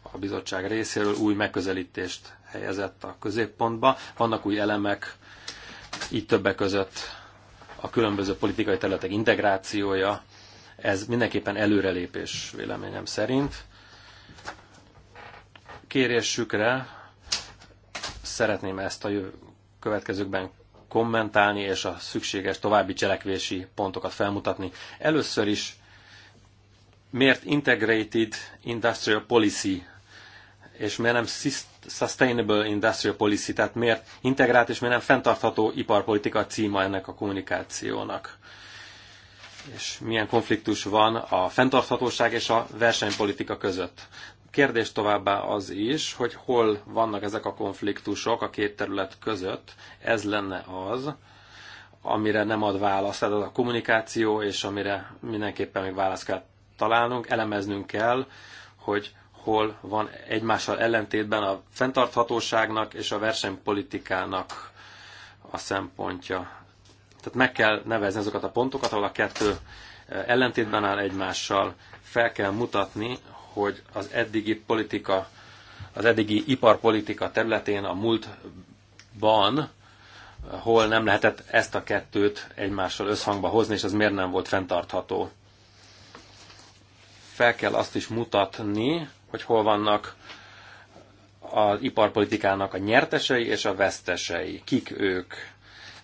a bizottság részéről új megközelítést helyezett a középpontba. Vannak új elemek, így többek között a különböző politikai területek integrációja. Ez mindenképpen előrelépés véleményem szerint. Kérésükre szeretném ezt a következőkben kommentálni, és a szükséges további cselekvési pontokat felmutatni. Először is miért Integrated Industrial Policy, és miért nem Sustainable Industrial Policy, tehát miért integrált és miért nem fenntartható iparpolitika a címa ennek a kommunikációnak. És milyen konfliktus van a fenntarthatóság és a versenypolitika között. Kérdés továbbá az is, hogy hol vannak ezek a konfliktusok a két terület között. Ez lenne az, amire nem ad választ, tehát az a kommunikáció, és amire mindenképpen még választ kell találnunk, elemeznünk kell, hogy hol van egymással ellentétben a fenntarthatóságnak és a versenypolitikának a szempontja. Tehát meg kell nevezni azokat a pontokat, ahol a kettő e, ellentétben áll egymással, fel kell mutatni, hogy az eddigi politika, az eddigi iparpolitika területén a múltban e, hol nem lehetett ezt a kettőt egymással összhangba hozni, és az miért nem volt fenntartható fel kell azt is mutatni, hogy hol vannak az iparpolitikának a nyertesei és a vesztesei. Kik ők?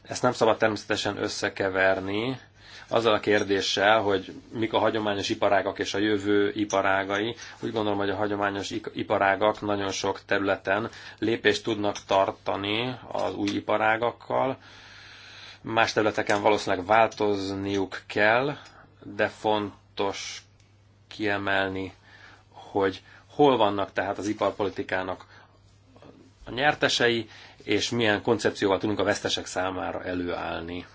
Ezt nem szabad természetesen összekeverni azzal a kérdéssel, hogy mik a hagyományos iparágak és a jövő iparágai. Úgy gondolom, hogy a hagyományos iparágak nagyon sok területen lépést tudnak tartani az új iparágakkal. Más területeken valószínűleg változniuk kell, de fontos kiemelni, hogy hol vannak tehát az iparpolitikának a nyertesei, és milyen koncepcióval tudunk a vesztesek számára előállni.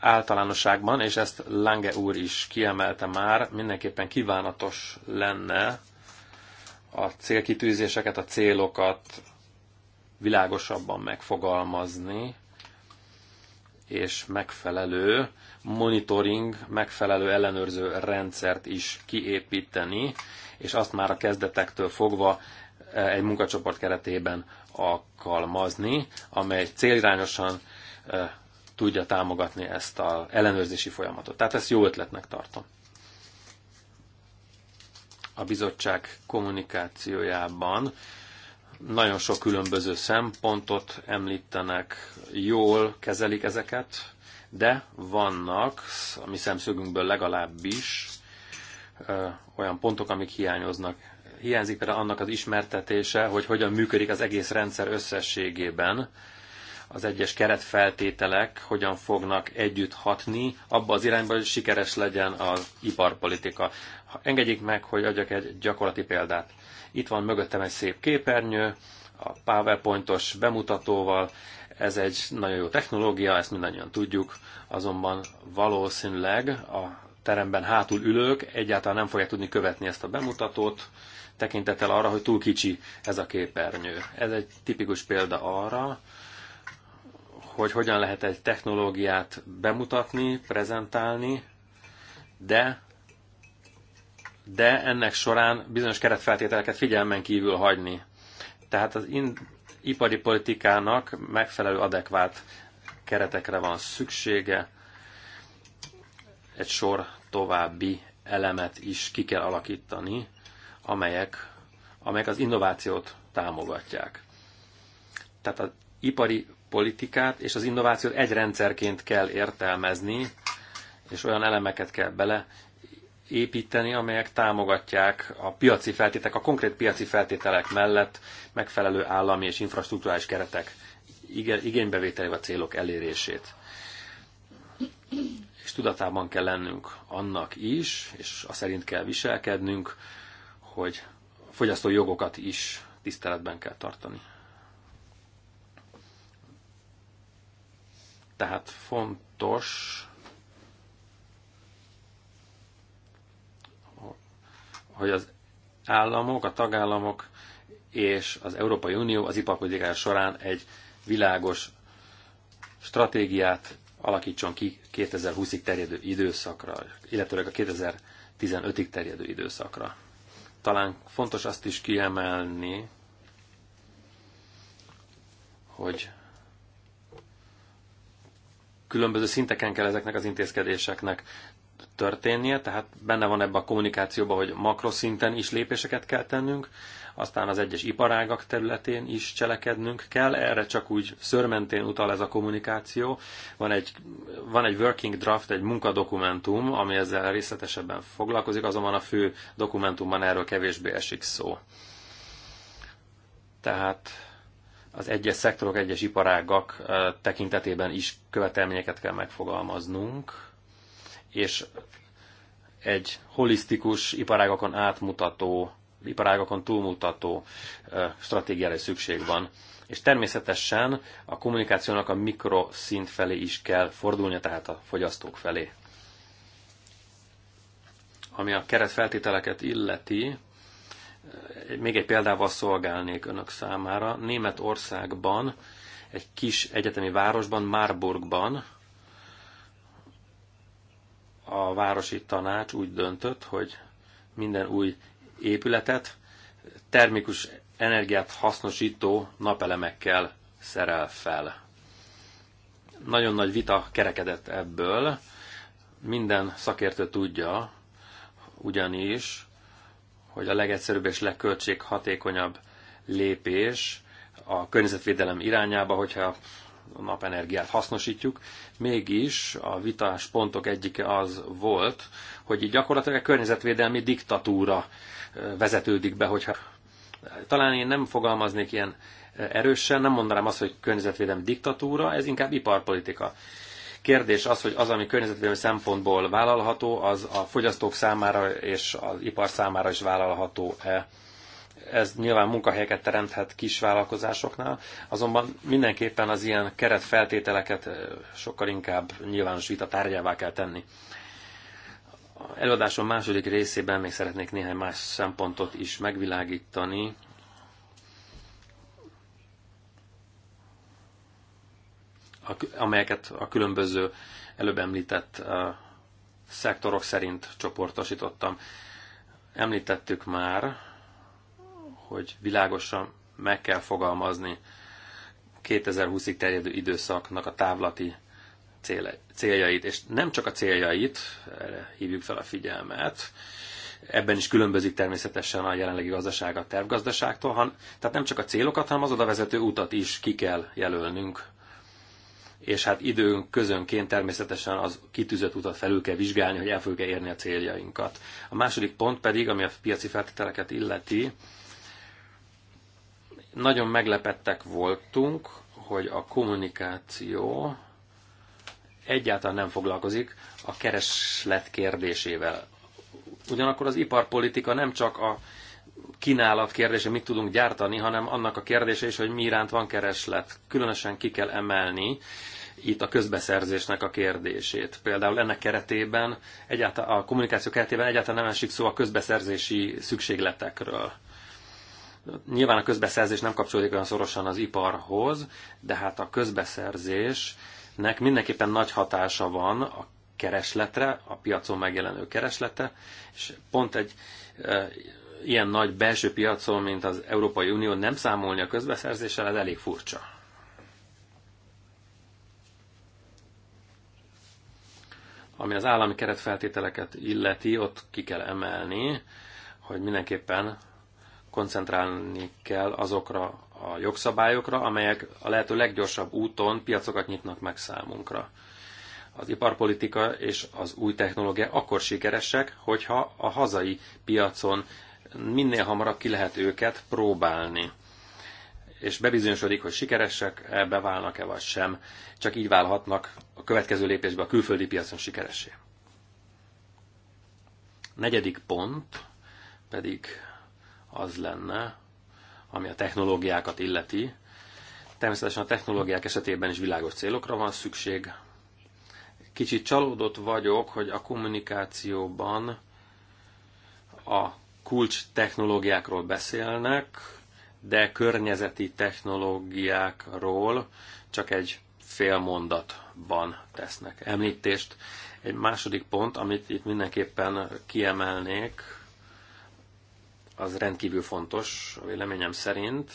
Általánosságban, és ezt Lange úr is kiemelte már, mindenképpen kívánatos lenne a célkitűzéseket, a célokat világosabban megfogalmazni, és megfelelő monitoring megfelelő ellenőrző rendszert is kiépíteni, és azt már a kezdetektől fogva e, egy munkacsoport keretében alkalmazni, amely célirányosan e, tudja támogatni ezt az ellenőrzési folyamatot. Tehát ezt jó ötletnek tartom. A bizottság kommunikációjában nagyon sok különböző szempontot említenek, jól kezelik ezeket, de vannak, a mi szemszögünkből legalábbis ö, olyan pontok, amik hiányoznak. Hiányzik például annak az ismertetése, hogy hogyan működik az egész rendszer összességében, az egyes keretfeltételek hogyan fognak együtt hatni abba az irányba, hogy sikeres legyen az iparpolitika. Engedjék meg, hogy adjak egy gyakorlati példát. Itt van mögöttem egy szép képernyő, a PowerPointos bemutatóval, ez egy nagyon jó technológia, ezt mindannyian tudjuk, azonban valószínűleg a teremben hátul ülők egyáltalán nem fogják tudni követni ezt a bemutatót, tekintettel arra, hogy túl kicsi ez a képernyő. Ez egy tipikus példa arra, hogy hogyan lehet egy technológiát bemutatni, prezentálni, de de ennek során bizonyos keretfeltételeket figyelmen kívül hagyni. Tehát az in, ipari politikának megfelelő adekvát keretekre van szüksége. Egy sor további elemet is ki kell alakítani, amelyek, amelyek az innovációt támogatják. Tehát az ipari politikát és az innovációt egy rendszerként kell értelmezni, és olyan elemeket kell bele építeni, amelyek támogatják a piaci feltétek, a konkrét piaci feltételek mellett megfelelő állami és infrastruktúrális keretek igénybevételi a célok elérését. És tudatában kell lennünk annak is, és a szerint kell viselkednünk, hogy fogyasztói jogokat is tiszteletben kell tartani. Tehát fontos hogy az államok, a tagállamok és az Európai Unió az iparpolitikája során egy világos stratégiát alakítson ki 2020-ig terjedő időszakra, illetőleg a 2015-ig terjedő időszakra. Talán fontos azt is kiemelni, hogy különböző szinteken kell ezeknek az intézkedéseknek történnie, tehát benne van ebbe a kommunikációban, hogy makroszinten is lépéseket kell tennünk, aztán az egyes iparágak területén is cselekednünk kell, erre csak úgy szörmentén utal ez a kommunikáció. Van egy, van egy working draft, egy munkadokumentum, ami ezzel részletesebben foglalkozik, azonban a fő dokumentumban erről kevésbé esik szó. Tehát az egyes szektorok, egyes iparágak eh, tekintetében is követelményeket kell megfogalmaznunk, és egy holisztikus, iparágakon átmutató, iparágakon túlmutató stratégiára is szükség van. És természetesen a kommunikációnak a mikroszint felé is kell fordulnia, tehát a fogyasztók felé. Ami a keretfeltételeket illeti, még egy példával szolgálnék önök számára. Németországban, egy kis egyetemi városban, Marburgban a városi tanács úgy döntött, hogy minden új épületet termikus energiát hasznosító napelemekkel szerel fel. Nagyon nagy vita kerekedett ebből. Minden szakértő tudja, ugyanis, hogy a legegyszerűbb és legköltséghatékonyabb lépés a környezetvédelem irányába, hogyha a napenergiát hasznosítjuk, mégis a vitás pontok egyike az volt, hogy így gyakorlatilag a környezetvédelmi diktatúra vezetődik be, hogyha talán én nem fogalmaznék ilyen erősen, nem mondanám azt, hogy környezetvédelmi diktatúra, ez inkább iparpolitika. Kérdés az, hogy az, ami környezetvédelmi szempontból vállalható, az a fogyasztók számára és az ipar számára is vállalható-e ez nyilván munkahelyeket teremthet kis vállalkozásoknál, azonban mindenképpen az ilyen keretfeltételeket sokkal inkább nyilvános vita tárgyává kell tenni. A előadásom második részében még szeretnék néhány más szempontot is megvilágítani. amelyeket a különböző előbb említett szektorok szerint csoportosítottam. Említettük már, hogy világosan meg kell fogalmazni 2020-ig terjedő időszaknak a távlati céljait, és nem csak a céljait, erre hívjuk fel a figyelmet, ebben is különbözik természetesen a jelenlegi gazdaság a tervgazdaságtól, han, tehát nem csak a célokat, hanem az oda vezető utat is ki kell jelölnünk. És hát időnk közönként természetesen az kitűzött utat felül kell vizsgálni, hogy el fogjuk -e érni a céljainkat. A második pont pedig, ami a piaci feltételeket illeti, nagyon meglepettek voltunk, hogy a kommunikáció egyáltalán nem foglalkozik a kereslet kérdésével. Ugyanakkor az iparpolitika nem csak a kínálat kérdése, mit tudunk gyártani, hanem annak a kérdése is, hogy mi iránt van kereslet. Különösen ki kell emelni itt a közbeszerzésnek a kérdését. Például ennek keretében, egyáltalán, a kommunikáció keretében egyáltalán nem esik szó a közbeszerzési szükségletekről. Nyilván a közbeszerzés nem kapcsolódik olyan szorosan az iparhoz, de hát a közbeszerzésnek mindenképpen nagy hatása van a keresletre, a piacon megjelenő kereslete, és pont egy e, ilyen nagy belső piacon, mint az Európai Unió nem számolni a közbeszerzéssel, ez elég furcsa. Ami az állami keretfeltételeket illeti, ott ki kell emelni, hogy mindenképpen koncentrálni kell azokra a jogszabályokra, amelyek a lehető leggyorsabb úton piacokat nyitnak meg számunkra. Az iparpolitika és az új technológia akkor sikeresek, hogyha a hazai piacon minél hamarabb ki lehet őket próbálni és bebizonyosodik, hogy sikeresek, beválnak-e vagy sem. Csak így válhatnak a következő lépésbe a külföldi piacon sikeressé. Negyedik pont pedig az lenne, ami a technológiákat illeti. Természetesen a technológiák esetében is világos célokra van szükség. Kicsit csalódott vagyok, hogy a kommunikációban a kulcs technológiákról beszélnek, de környezeti technológiákról csak egy fél mondatban tesznek említést. Egy második pont, amit itt mindenképpen kiemelnék, az rendkívül fontos, a véleményem szerint.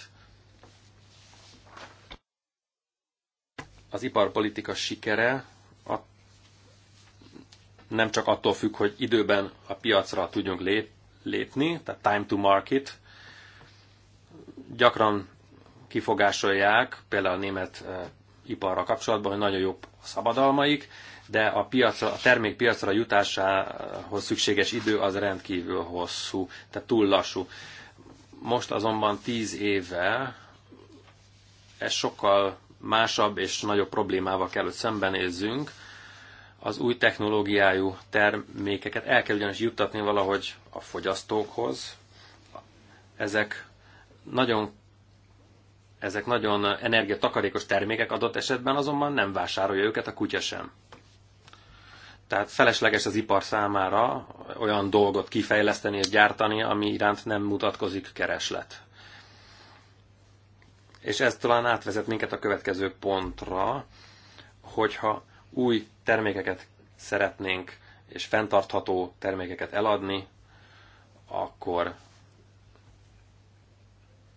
Az iparpolitika sikere a, nem csak attól függ, hogy időben a piacra tudjunk lép, lépni, tehát time to market. Gyakran kifogásolják, például a német eh, iparra kapcsolatban, hogy nagyon jobb a szabadalmaik, de a, piacra, a termék piacra jutásához szükséges idő az rendkívül hosszú, tehát túl lassú. Most azonban tíz éve ez sokkal másabb és nagyobb problémával kell, hogy szembenézzünk. Az új technológiájú termékeket el kell ugyanis juttatni valahogy a fogyasztókhoz. Ezek nagyon ezek nagyon energiatakarékos termékek adott esetben, azonban nem vásárolja őket a kutya sem. Tehát felesleges az ipar számára olyan dolgot kifejleszteni és gyártani, ami iránt nem mutatkozik kereslet. És ez talán átvezet minket a következő pontra, hogyha új termékeket szeretnénk és fenntartható termékeket eladni, akkor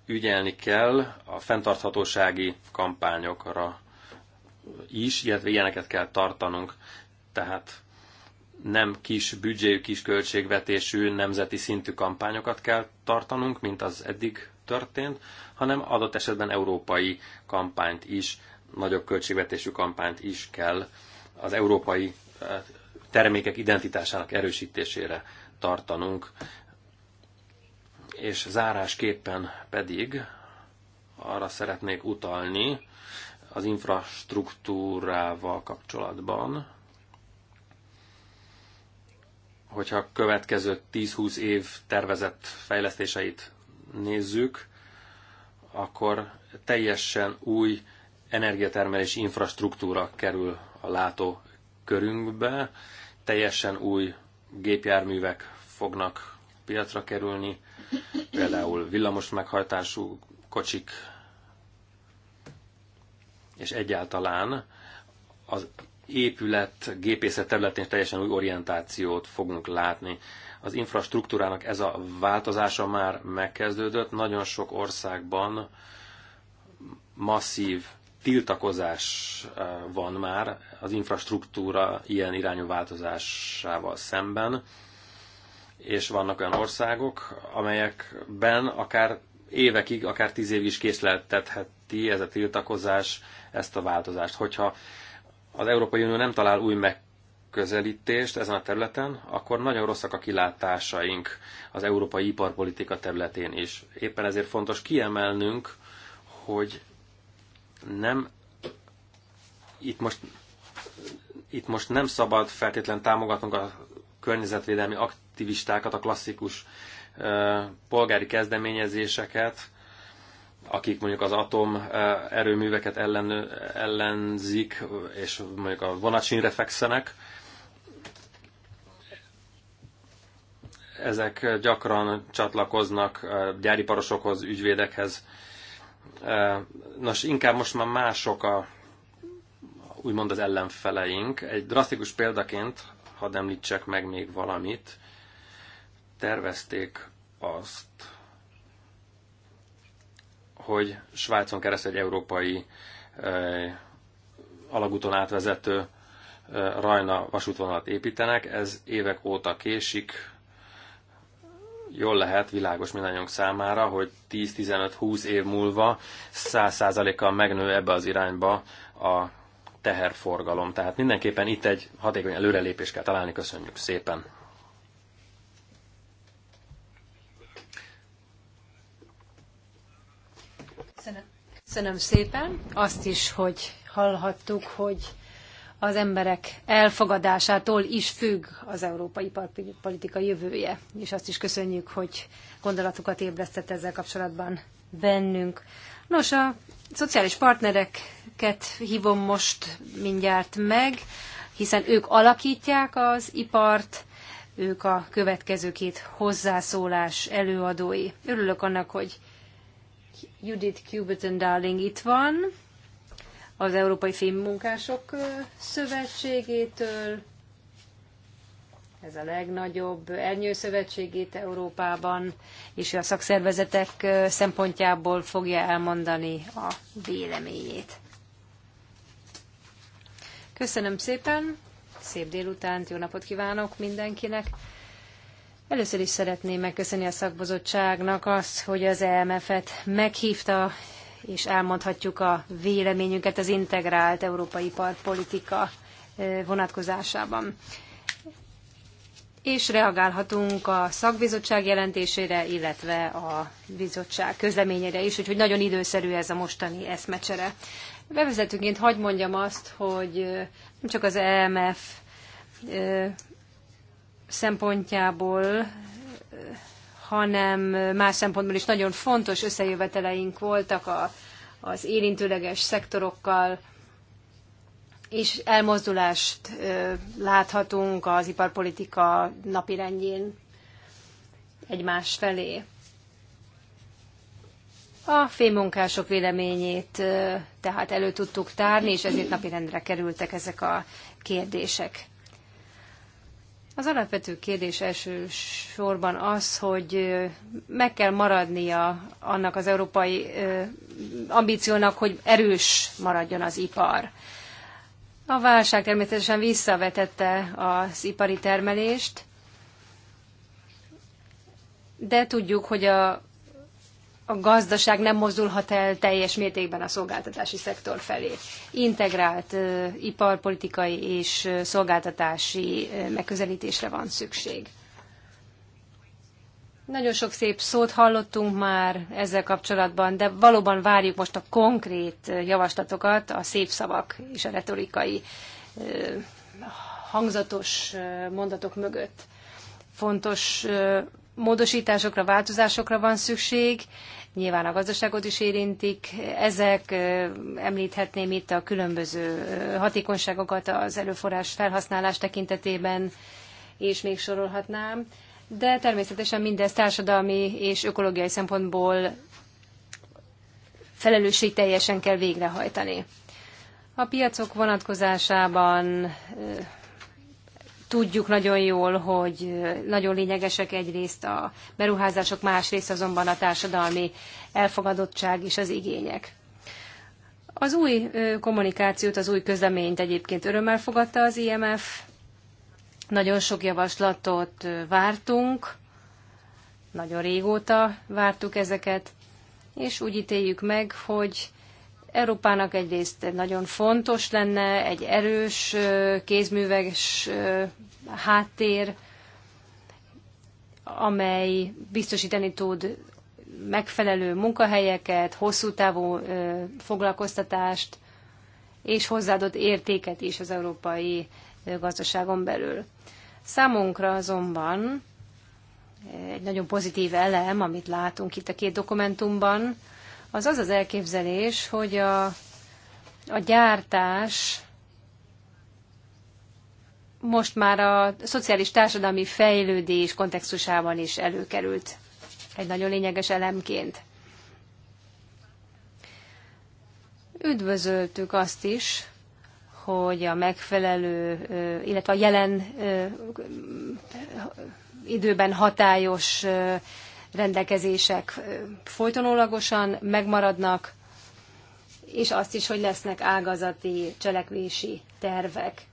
ügyelni kell a fenntarthatósági kampányokra is, illetve ilyeneket kell tartanunk. Tehát nem kis büdzséjű, kis költségvetésű nemzeti szintű kampányokat kell tartanunk, mint az eddig történt, hanem adott esetben európai kampányt is, nagyobb költségvetésű kampányt is kell az európai eh, termékek identitásának erősítésére tartanunk. És zárásképpen pedig arra szeretnék utalni az infrastruktúrával kapcsolatban, hogyha a következő 10-20 év tervezett fejlesztéseit nézzük, akkor teljesen új energiatermelési infrastruktúra kerül a látó körünkbe, teljesen új gépjárművek fognak piacra kerülni, például villamos meghajtású kocsik, és egyáltalán az épület, gépészet területén teljesen új orientációt fogunk látni. Az infrastruktúrának ez a változása már megkezdődött. Nagyon sok országban masszív tiltakozás eh, van már az infrastruktúra ilyen irányú változásával szemben, és vannak olyan országok, amelyekben akár évekig, akár tíz évig is késleltetheti ez a tiltakozás ezt a változást. Hogyha az Európai Unió nem talál új megközelítést ezen a területen, akkor nagyon rosszak a kilátásaink az európai iparpolitika területén is. Éppen ezért fontos kiemelnünk, hogy nem itt most, itt most nem szabad feltétlen támogatnunk a környezetvédelmi aktivistákat, a klasszikus polgári kezdeményezéseket, akik mondjuk az atom eh, erőműveket ellen, ellenzik, és mondjuk a vonatsínre fekszenek, ezek gyakran csatlakoznak eh, gyáriparosokhoz, ügyvédekhez. Eh, nos, inkább most már mások a, úgymond az ellenfeleink. Egy drasztikus példaként, hadd említsek meg még valamit, tervezték azt, hogy Svájcon keresztül egy európai alagúton átvezető Rajna vasútvonalat építenek, ez évek óta késik, jól lehet világos mindannyiunk számára, hogy 10-15-20 év múlva 100%-kal megnő ebbe az irányba a teherforgalom. Tehát mindenképpen itt egy hatékony előrelépést kell találni. Köszönjük szépen! Köszönöm szépen azt is, hogy hallhattuk, hogy az emberek elfogadásától is függ az európai politika jövője, és azt is köszönjük, hogy gondolatokat ébresztett ezzel kapcsolatban bennünk. Nos, a szociális partnereket hívom most mindjárt meg, hiszen ők alakítják az ipart, ők a következő két hozzászólás előadói. Örülök annak, hogy Judith Cuberton Darling itt van, az Európai Filmmunkások Szövetségétől, ez a legnagyobb szövetségét Európában, és a szakszervezetek szempontjából fogja elmondani a véleményét. Köszönöm szépen, szép délutánt, jó napot kívánok mindenkinek! Először is szeretném megköszönni a szakbozottságnak azt, hogy az EMF-et meghívta, és elmondhatjuk a véleményünket az integrált európai parkpolitika vonatkozásában. És reagálhatunk a szakbizottság jelentésére, illetve a bizottság közleményére is, úgyhogy nagyon időszerű ez a mostani eszmecsere. Bevezetőként hagyd mondjam azt, hogy nem csak az EMF szempontjából, hanem más szempontból is nagyon fontos összejöveteleink voltak a, az érintőleges szektorokkal, és elmozdulást láthatunk az iparpolitika napirendjén egymás felé. A fémmunkások véleményét tehát elő tudtuk tárni, és ezért napirendre kerültek ezek a kérdések. Az alapvető kérdés elsősorban az, hogy meg kell maradnia annak az európai ambíciónak, hogy erős maradjon az ipar. A válság természetesen visszavetette az ipari termelést, de tudjuk, hogy a a gazdaság nem mozdulhat el teljes mértékben a szolgáltatási szektor felé. Integrált uh, iparpolitikai és szolgáltatási uh, megközelítésre van szükség. Nagyon sok szép szót hallottunk már ezzel kapcsolatban, de valóban várjuk most a konkrét javaslatokat, a szép szavak és a retorikai hangzatos mondatok mögött. Fontos módosításokra, változásokra van szükség. Nyilván a gazdaságot is érintik. Ezek említhetném itt a különböző hatékonyságokat az előforrás felhasználás tekintetében, és még sorolhatnám. De természetesen mindez társadalmi és ökológiai szempontból teljesen kell végrehajtani. A piacok vonatkozásában Tudjuk nagyon jól, hogy nagyon lényegesek egyrészt a beruházások, másrészt azonban a társadalmi elfogadottság és az igények. Az új kommunikációt, az új közleményt egyébként örömmel fogadta az IMF. Nagyon sok javaslatot vártunk, nagyon régóta vártuk ezeket, és úgy ítéljük meg, hogy Európának egyrészt nagyon fontos lenne egy erős kézműves háttér, amely biztosítani tud megfelelő munkahelyeket, hosszú távú foglalkoztatást és hozzáadott értéket is az európai gazdaságon belül. Számunkra azonban egy nagyon pozitív elem, amit látunk itt a két dokumentumban, az az az elképzelés, hogy a, a gyártás most már a szociális társadalmi fejlődés kontextusában is előkerült egy nagyon lényeges elemként. Üdvözöltük azt is, hogy a megfelelő, illetve a jelen időben hatályos rendelkezések folytonólagosan megmaradnak, és azt is, hogy lesznek ágazati cselekvési tervek.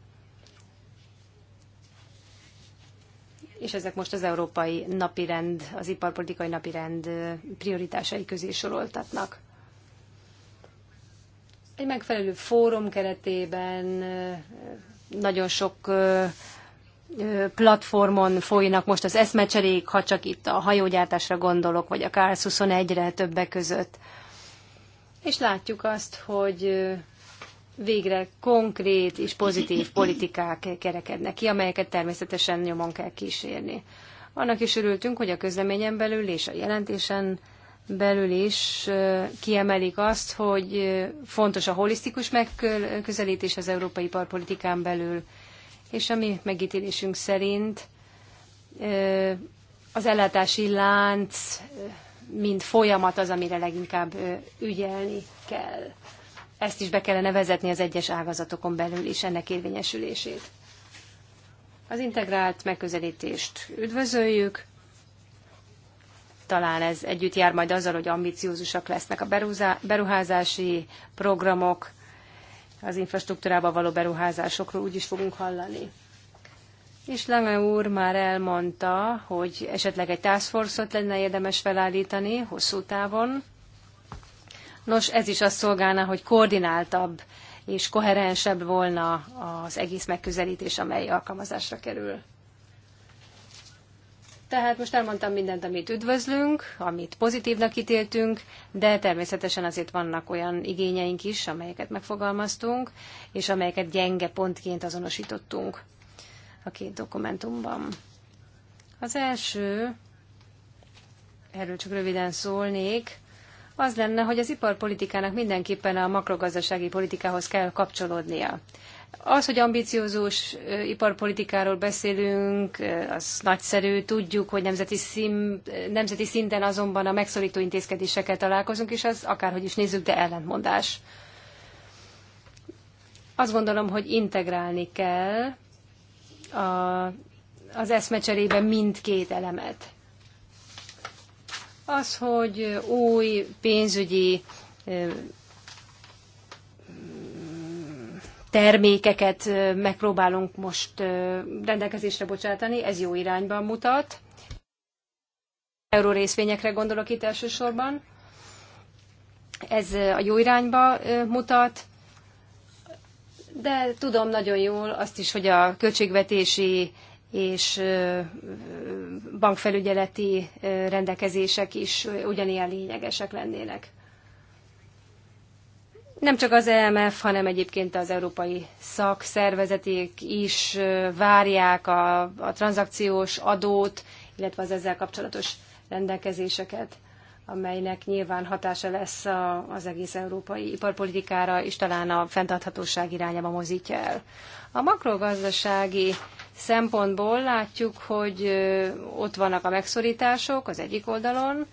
És ezek most az európai napirend, az iparpolitikai napirend prioritásai közé soroltatnak. Egy megfelelő fórum keretében nagyon sok platformon folynak most az eszmecserék, ha csak itt a hajógyártásra gondolok, vagy a Kársz 21-re többek között. És látjuk azt, hogy végre konkrét és pozitív politikák kerekednek ki, amelyeket természetesen nyomon kell kísérni. Annak is örültünk, hogy a közleményen belül és a jelentésen belül is kiemelik azt, hogy fontos a holisztikus megközelítés az európai iparpolitikán belül, és a mi megítélésünk szerint az ellátási lánc, mint folyamat az, amire leginkább ügyelni kell. Ezt is be kellene vezetni az egyes ágazatokon belül is, ennek érvényesülését. Az integrált megközelítést üdvözöljük, talán ez együtt jár majd azzal, hogy ambiciózusak lesznek a beruházási programok, az infrastruktúrába való beruházásokról úgy is fogunk hallani. És Lange úr már elmondta, hogy esetleg egy task force-ot lenne érdemes felállítani hosszú távon. Nos, ez is azt szolgálna, hogy koordináltabb és koherensebb volna az egész megközelítés, amely alkalmazásra kerül. Tehát most elmondtam mindent, amit üdvözlünk, amit pozitívnak ítéltünk, de természetesen azért vannak olyan igényeink is, amelyeket megfogalmaztunk, és amelyeket gyenge pontként azonosítottunk a két dokumentumban. Az első, erről csak röviden szólnék, az lenne, hogy az iparpolitikának mindenképpen a makrogazdasági politikához kell kapcsolódnia. Az, hogy ambiciózus iparpolitikáról beszélünk, az nagyszerű, tudjuk, hogy nemzeti, szín, nemzeti szinten azonban a megszorító intézkedésekkel találkozunk, és az akárhogy is nézzük, de ellentmondás. Azt gondolom, hogy integrálni kell a, az eszmecserébe mindkét elemet. Az, hogy új pénzügyi termékeket megpróbálunk most rendelkezésre bocsátani, ez jó irányban mutat. Euró részvényekre gondolok itt elsősorban. Ez a jó irányba mutat, de tudom nagyon jól azt is, hogy a költségvetési és bankfelügyeleti rendelkezések is ugyanilyen lényegesek lennének. Nem csak az EMF, hanem egyébként az európai szakszervezetek is várják a, a tranzakciós adót, illetve az ezzel kapcsolatos rendelkezéseket, amelynek nyilván hatása lesz a, az egész európai iparpolitikára, és talán a fenntarthatóság irányába mozítja el. A makrogazdasági szempontból látjuk, hogy ott vannak a megszorítások az egyik oldalon,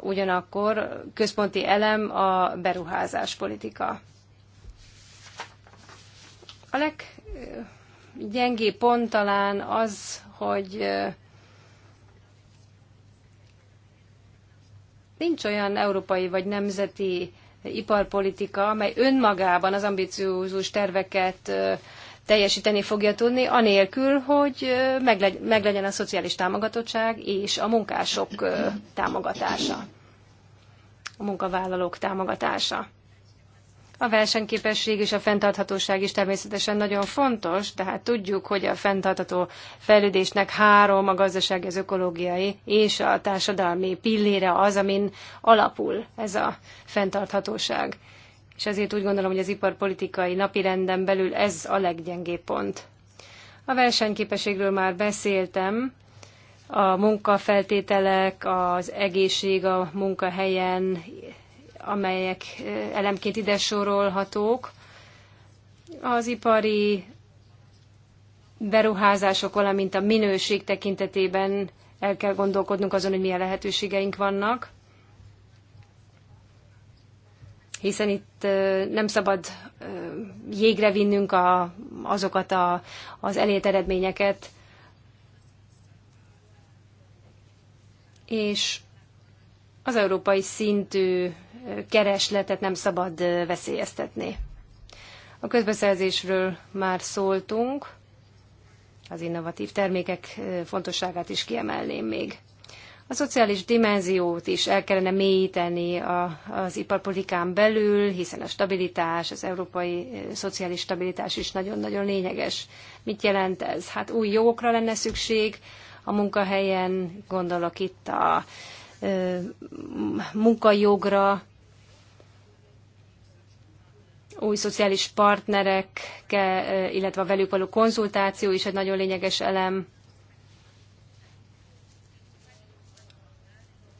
ugyanakkor központi elem a beruházás politika. A leggyengé pont talán az, hogy nincs olyan európai vagy nemzeti iparpolitika, amely önmagában az ambiciózus terveket teljesíteni fogja tudni, anélkül, hogy meglegyen a szociális támogatottság és a munkások támogatása, a munkavállalók támogatása. A versenyképesség és a fenntarthatóság is természetesen nagyon fontos, tehát tudjuk, hogy a fenntartható fejlődésnek három, a gazdaság, az ökológiai és a társadalmi pillére az, amin alapul ez a fenntarthatóság és ezért úgy gondolom, hogy az iparpolitikai napirenden belül ez a leggyengébb pont. A versenyképességről már beszéltem, a munkafeltételek, az egészség a munkahelyen, amelyek eh, elemként ide sorolhatók. Az ipari beruházások, valamint a minőség tekintetében el kell gondolkodnunk azon, hogy milyen lehetőségeink vannak. hiszen itt nem szabad jégre vinnünk a, azokat a, az elért eredményeket, és az európai szintű keresletet nem szabad veszélyeztetni. A közbeszerzésről már szóltunk, az innovatív termékek fontosságát is kiemelném még. A szociális dimenziót is el kellene mélyíteni a, az iparpolitikán belül, hiszen a stabilitás, az európai eh, szociális stabilitás is nagyon-nagyon lényeges. Mit jelent ez? Hát új jogokra lenne szükség a munkahelyen, gondolok itt a ö, eh, munkajogra, új szociális partnerek, eh, illetve a velük való konzultáció is egy nagyon lényeges elem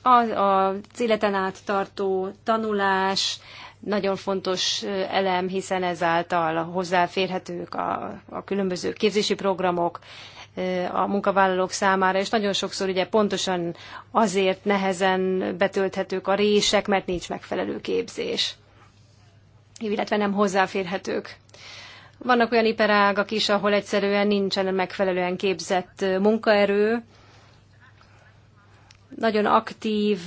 Az, az életen át tartó tanulás nagyon fontos elem, hiszen ezáltal hozzáférhetők a, a különböző képzési programok, a munkavállalók számára, és nagyon sokszor ugye pontosan azért nehezen betölthetők a rések, mert nincs megfelelő képzés, illetve nem hozzáférhetők. Vannak olyan iparágak is, ahol egyszerűen nincsen megfelelően képzett munkaerő, nagyon aktív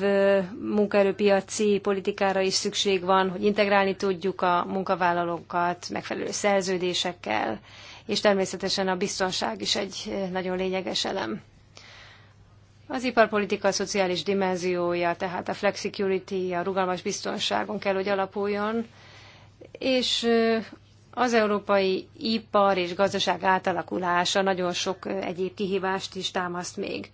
munkaerőpiaci politikára is szükség van, hogy integrálni tudjuk a munkavállalókat megfelelő szerződésekkel, és természetesen a biztonság is egy nagyon lényeges elem. Az iparpolitika szociális dimenziója, tehát a flexicurity, a rugalmas biztonságon kell, hogy alapuljon, és az európai ipar és gazdaság átalakulása nagyon sok egyéb kihívást is támaszt még.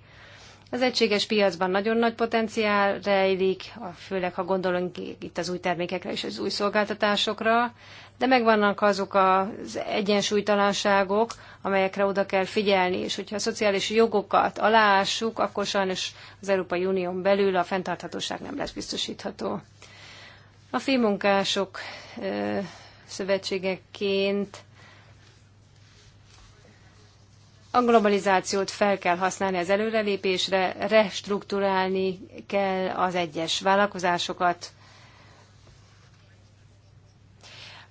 Az egységes piacban nagyon nagy potenciál rejlik, főleg ha gondolunk itt az új termékekre és az új szolgáltatásokra, de megvannak azok az egyensúlytalanságok, amelyekre oda kell figyelni, és hogyha a szociális jogokat aláássuk, akkor sajnos az Európai Unión belül a fenntarthatóság nem lesz biztosítható. A fémunkások szövetségeként a globalizációt fel kell használni az előrelépésre, restrukturálni kell az egyes vállalkozásokat,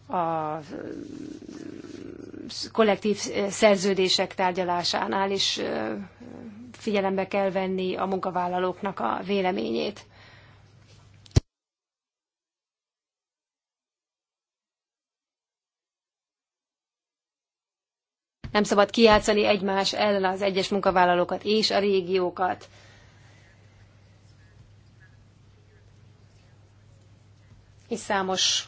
a kollektív szerződések tárgyalásánál is figyelembe kell venni a munkavállalóknak a véleményét. nem szabad kiátszani egymás ellen az egyes munkavállalókat és a régiókat. És számos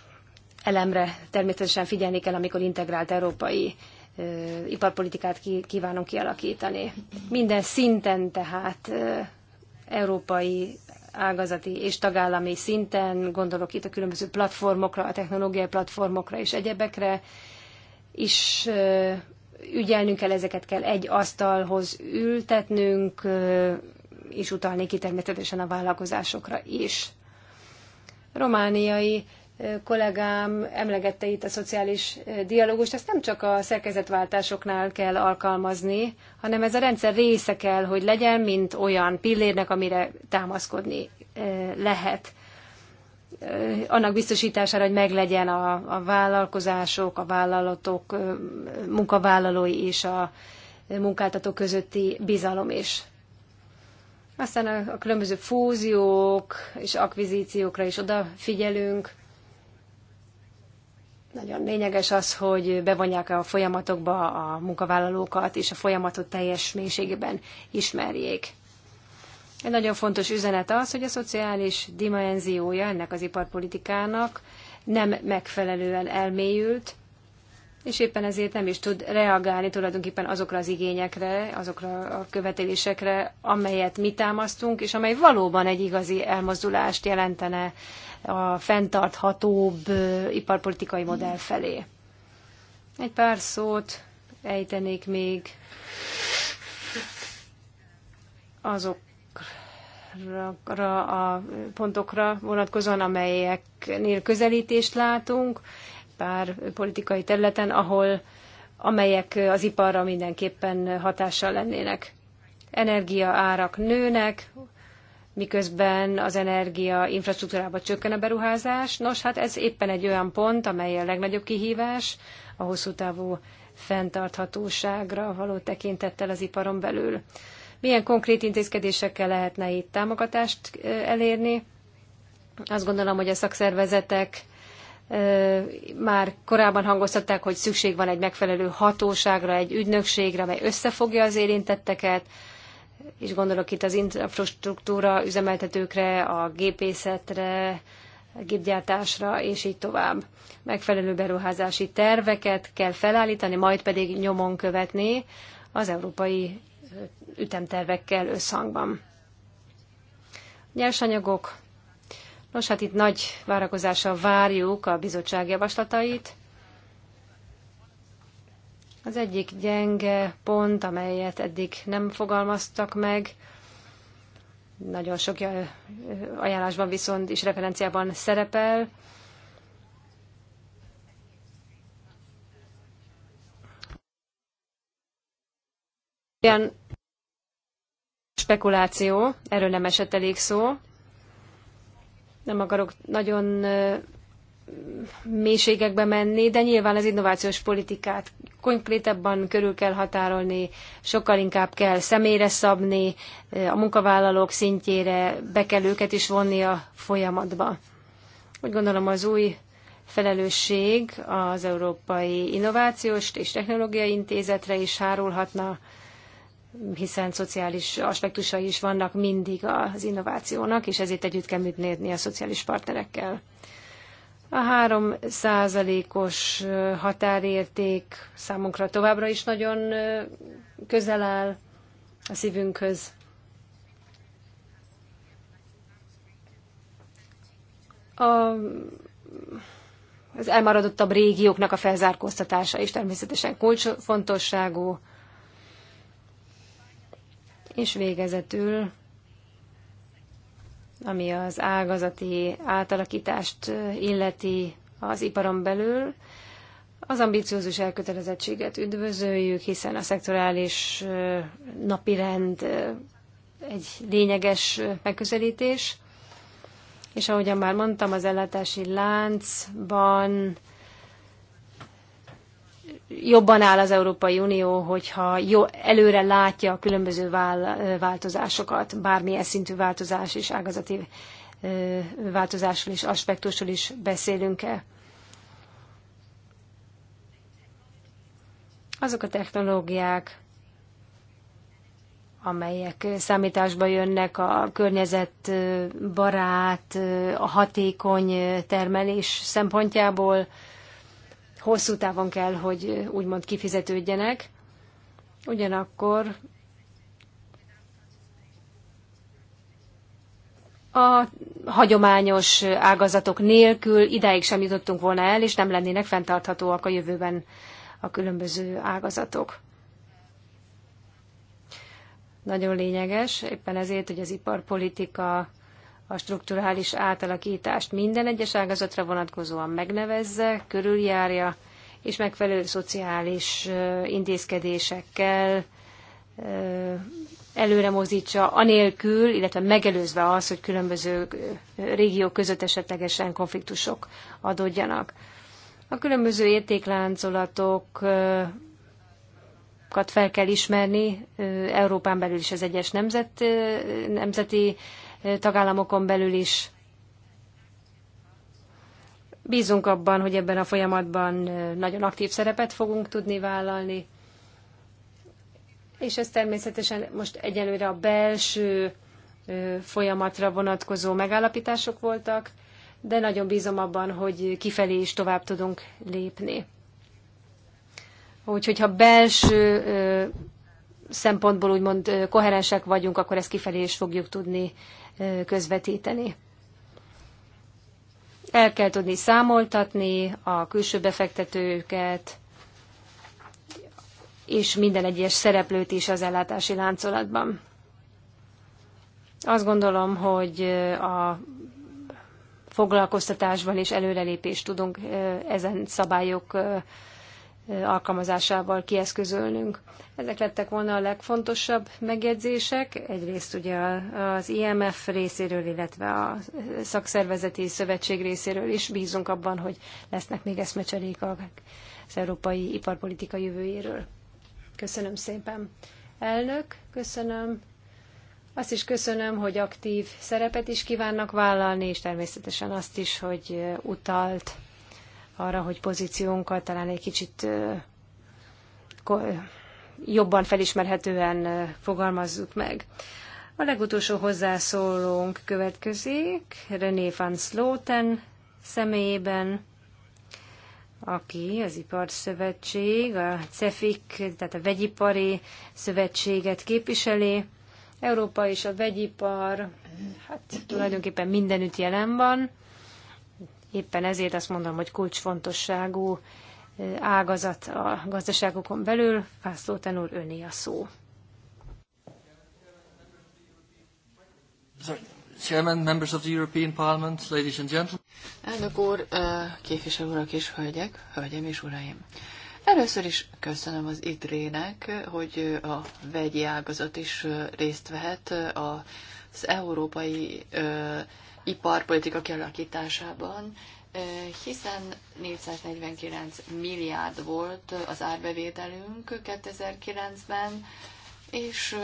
elemre természetesen figyelni kell, amikor integrált európai iparpolitikát kívánunk kialakítani. Minden szinten tehát európai ágazati és tagállami szinten, gondolok itt a különböző platformokra, a technológiai platformokra és egyebekre, is ügyelnünk kell, ezeket kell egy asztalhoz ültetnünk, és utalni ki természetesen a vállalkozásokra is. Romániai kollégám emlegette itt a szociális dialógust, ezt nem csak a szerkezetváltásoknál kell alkalmazni, hanem ez a rendszer része kell, hogy legyen, mint olyan pillérnek, amire támaszkodni lehet. Eh, annak biztosítására, hogy meglegyen a, a vállalkozások, a vállalatok, munkavállalói és a munkáltató közötti bizalom is. Aztán a, a különböző fúziók és akvizíciókra is odafigyelünk. Nagyon lényeges az, hogy bevonják a folyamatokba a munkavállalókat, és a folyamatot teljes mélységében ismerjék. Egy nagyon fontos üzenet az, hogy a szociális dimenziója ennek az iparpolitikának nem megfelelően elmélyült, és éppen ezért nem is tud reagálni tulajdonképpen azokra az igényekre, azokra a követelésekre, amelyet mi támasztunk, és amely valóban egy igazi elmozdulást jelentene a fenntarthatóbb iparpolitikai modell felé. Egy pár szót ejtenék még azok azokra a pontokra vonatkozóan, amelyeknél közelítést látunk, pár politikai területen, ahol amelyek az iparra mindenképpen hatással lennének. Energia árak nőnek, miközben az energia infrastruktúrába csökken a beruházás. Nos, hát ez éppen egy olyan pont, amely a legnagyobb kihívás a hosszú távú fenntarthatóságra való tekintettel az iparon belül. Milyen konkrét intézkedésekkel lehetne itt támogatást elérni? Azt gondolom, hogy a szakszervezetek már korábban hangoztatták, hogy szükség van egy megfelelő hatóságra, egy ügynökségre, amely összefogja az érintetteket, és gondolok itt az infrastruktúra üzemeltetőkre, a gépészetre, a gépgyártásra, és így tovább. Megfelelő beruházási terveket kell felállítani, majd pedig nyomon követni az európai ütemtervekkel összhangban. Nyersanyagok. Nos, hát itt nagy várakozással várjuk a bizottság javaslatait. Az egyik gyenge pont, amelyet eddig nem fogalmaztak meg, nagyon sok ajánlásban viszont is referenciában szerepel, ilyen spekuláció, erről nem esett elég szó. Nem akarok nagyon mélységekbe menni, de nyilván az innovációs politikát konkrétabban körül kell határolni, sokkal inkább kell személyre szabni, a munkavállalók szintjére be kell őket is vonni a folyamatba. Úgy gondolom az új felelősség az Európai Innovációs és Technológiai Intézetre is hárulhatna, hiszen szociális aspektusai is vannak mindig az innovációnak, és ezért együtt kell működni a szociális partnerekkel. A három százalékos határérték számunkra továbbra is nagyon közel áll a szívünkhöz. A, az elmaradottabb régióknak a felzárkóztatása is természetesen kulcsfontosságú. fontosságú és végezetül, ami az ágazati átalakítást illeti az iparon belül, az ambiciózus elkötelezettséget üdvözöljük, hiszen a szektorális napirend egy lényeges megközelítés, és ahogyan már mondtam, az ellátási láncban jobban áll az Európai Unió, hogyha jó, előre látja a különböző vál, változásokat, bármilyen szintű változás és ágazati változásról és aspektusról is beszélünk-e. Azok a technológiák, amelyek számításba jönnek a környezetbarát, a hatékony termelés szempontjából, hosszú távon kell, hogy úgymond kifizetődjenek. Ugyanakkor a hagyományos ágazatok nélkül idáig sem jutottunk volna el, és nem lennének fenntarthatóak a jövőben a különböző ágazatok. Nagyon lényeges, éppen ezért, hogy az iparpolitika a strukturális átalakítást minden egyes ágazatra vonatkozóan megnevezze, körüljárja, és megfelelő szociális intézkedésekkel előre mozítsa, anélkül, illetve megelőzve az, hogy különböző régiók között esetlegesen konfliktusok adódjanak. A különböző értékláncolatokat fel kell ismerni Európán belül is az egyes nemzet, nemzeti tagállamokon belül is. Bízunk abban, hogy ebben a folyamatban nagyon aktív szerepet fogunk tudni vállalni, és ez természetesen most egyelőre a belső folyamatra vonatkozó megállapítások voltak, de nagyon bízom abban, hogy kifelé is tovább tudunk lépni. Úgyhogy ha belső szempontból úgymond koherensek vagyunk, akkor ezt kifelé is fogjuk tudni közvetíteni. El kell tudni számoltatni a külső befektetőket, és minden egyes szereplőt is az ellátási láncolatban. Azt gondolom, hogy a foglalkoztatásban is előrelépést tudunk ezen szabályok alkalmazásával kieszközölnünk. Ezek lettek volna a legfontosabb megjegyzések, egyrészt ugye az IMF részéről, illetve a szakszervezeti szövetség részéről is bízunk abban, hogy lesznek még eszmecserék az európai iparpolitika jövőjéről. Köszönöm szépen. Elnök, köszönöm. Azt is köszönöm, hogy aktív szerepet is kívánnak vállalni, és természetesen azt is, hogy utalt arra, hogy pozíciónkat talán egy kicsit jobban felismerhetően fogalmazzuk meg. A legutolsó hozzászólónk következik, René van Sloten személyében, aki az Iparszövetség, a CEFIK, tehát a Vegyipari Szövetséget képviseli. Európa és a vegyipar, hát tulajdonképpen mindenütt jelen van, Éppen ezért azt mondom, hogy kulcsfontosságú ágazat a gazdaságokon belül. Fászló úr, öné a szó. Chairman, members of the European Parliament, ladies and gentlemen. Elnök úr, képviselő urak és hölgyek, hölgyem és uraim. Először is köszönöm az ITRÉ-nek, hogy a vegyi ágazat is részt vehet az európai iparpolitika kialakításában, hiszen 449 milliárd volt az árbevételünk 2009-ben, és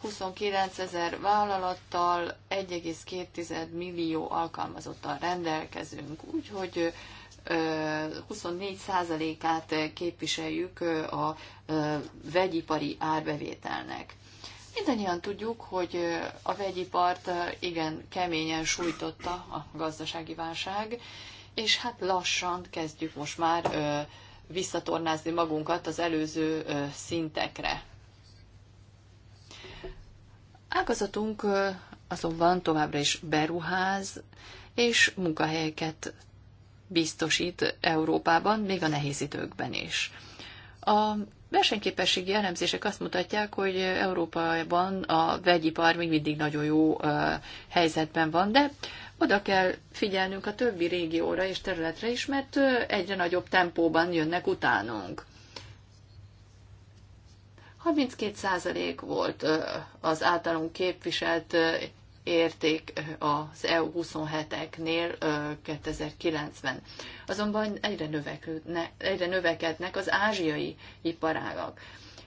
29 ezer vállalattal 1,2 millió alkalmazottal rendelkezünk, úgyhogy 24%-át képviseljük a vegyipari árbevételnek. Mindannyian tudjuk, hogy a vegyipart igen keményen sújtotta a gazdasági válság, és hát lassan kezdjük most már visszatornázni magunkat az előző szintekre. Ágazatunk azonban továbbra is beruház, és munkahelyeket biztosít Európában, még a nehéz időkben is. A versenyképességi elemzések azt mutatják, hogy Európában a vegyipar még mindig nagyon jó helyzetben van, de oda kell figyelnünk a többi régióra és területre is, mert egyre nagyobb tempóban jönnek utánunk. 32% volt az általunk képviselt érték az EU27-eknél 2009-ben. Azonban egyre, egyre növekednek az ázsiai iparágak.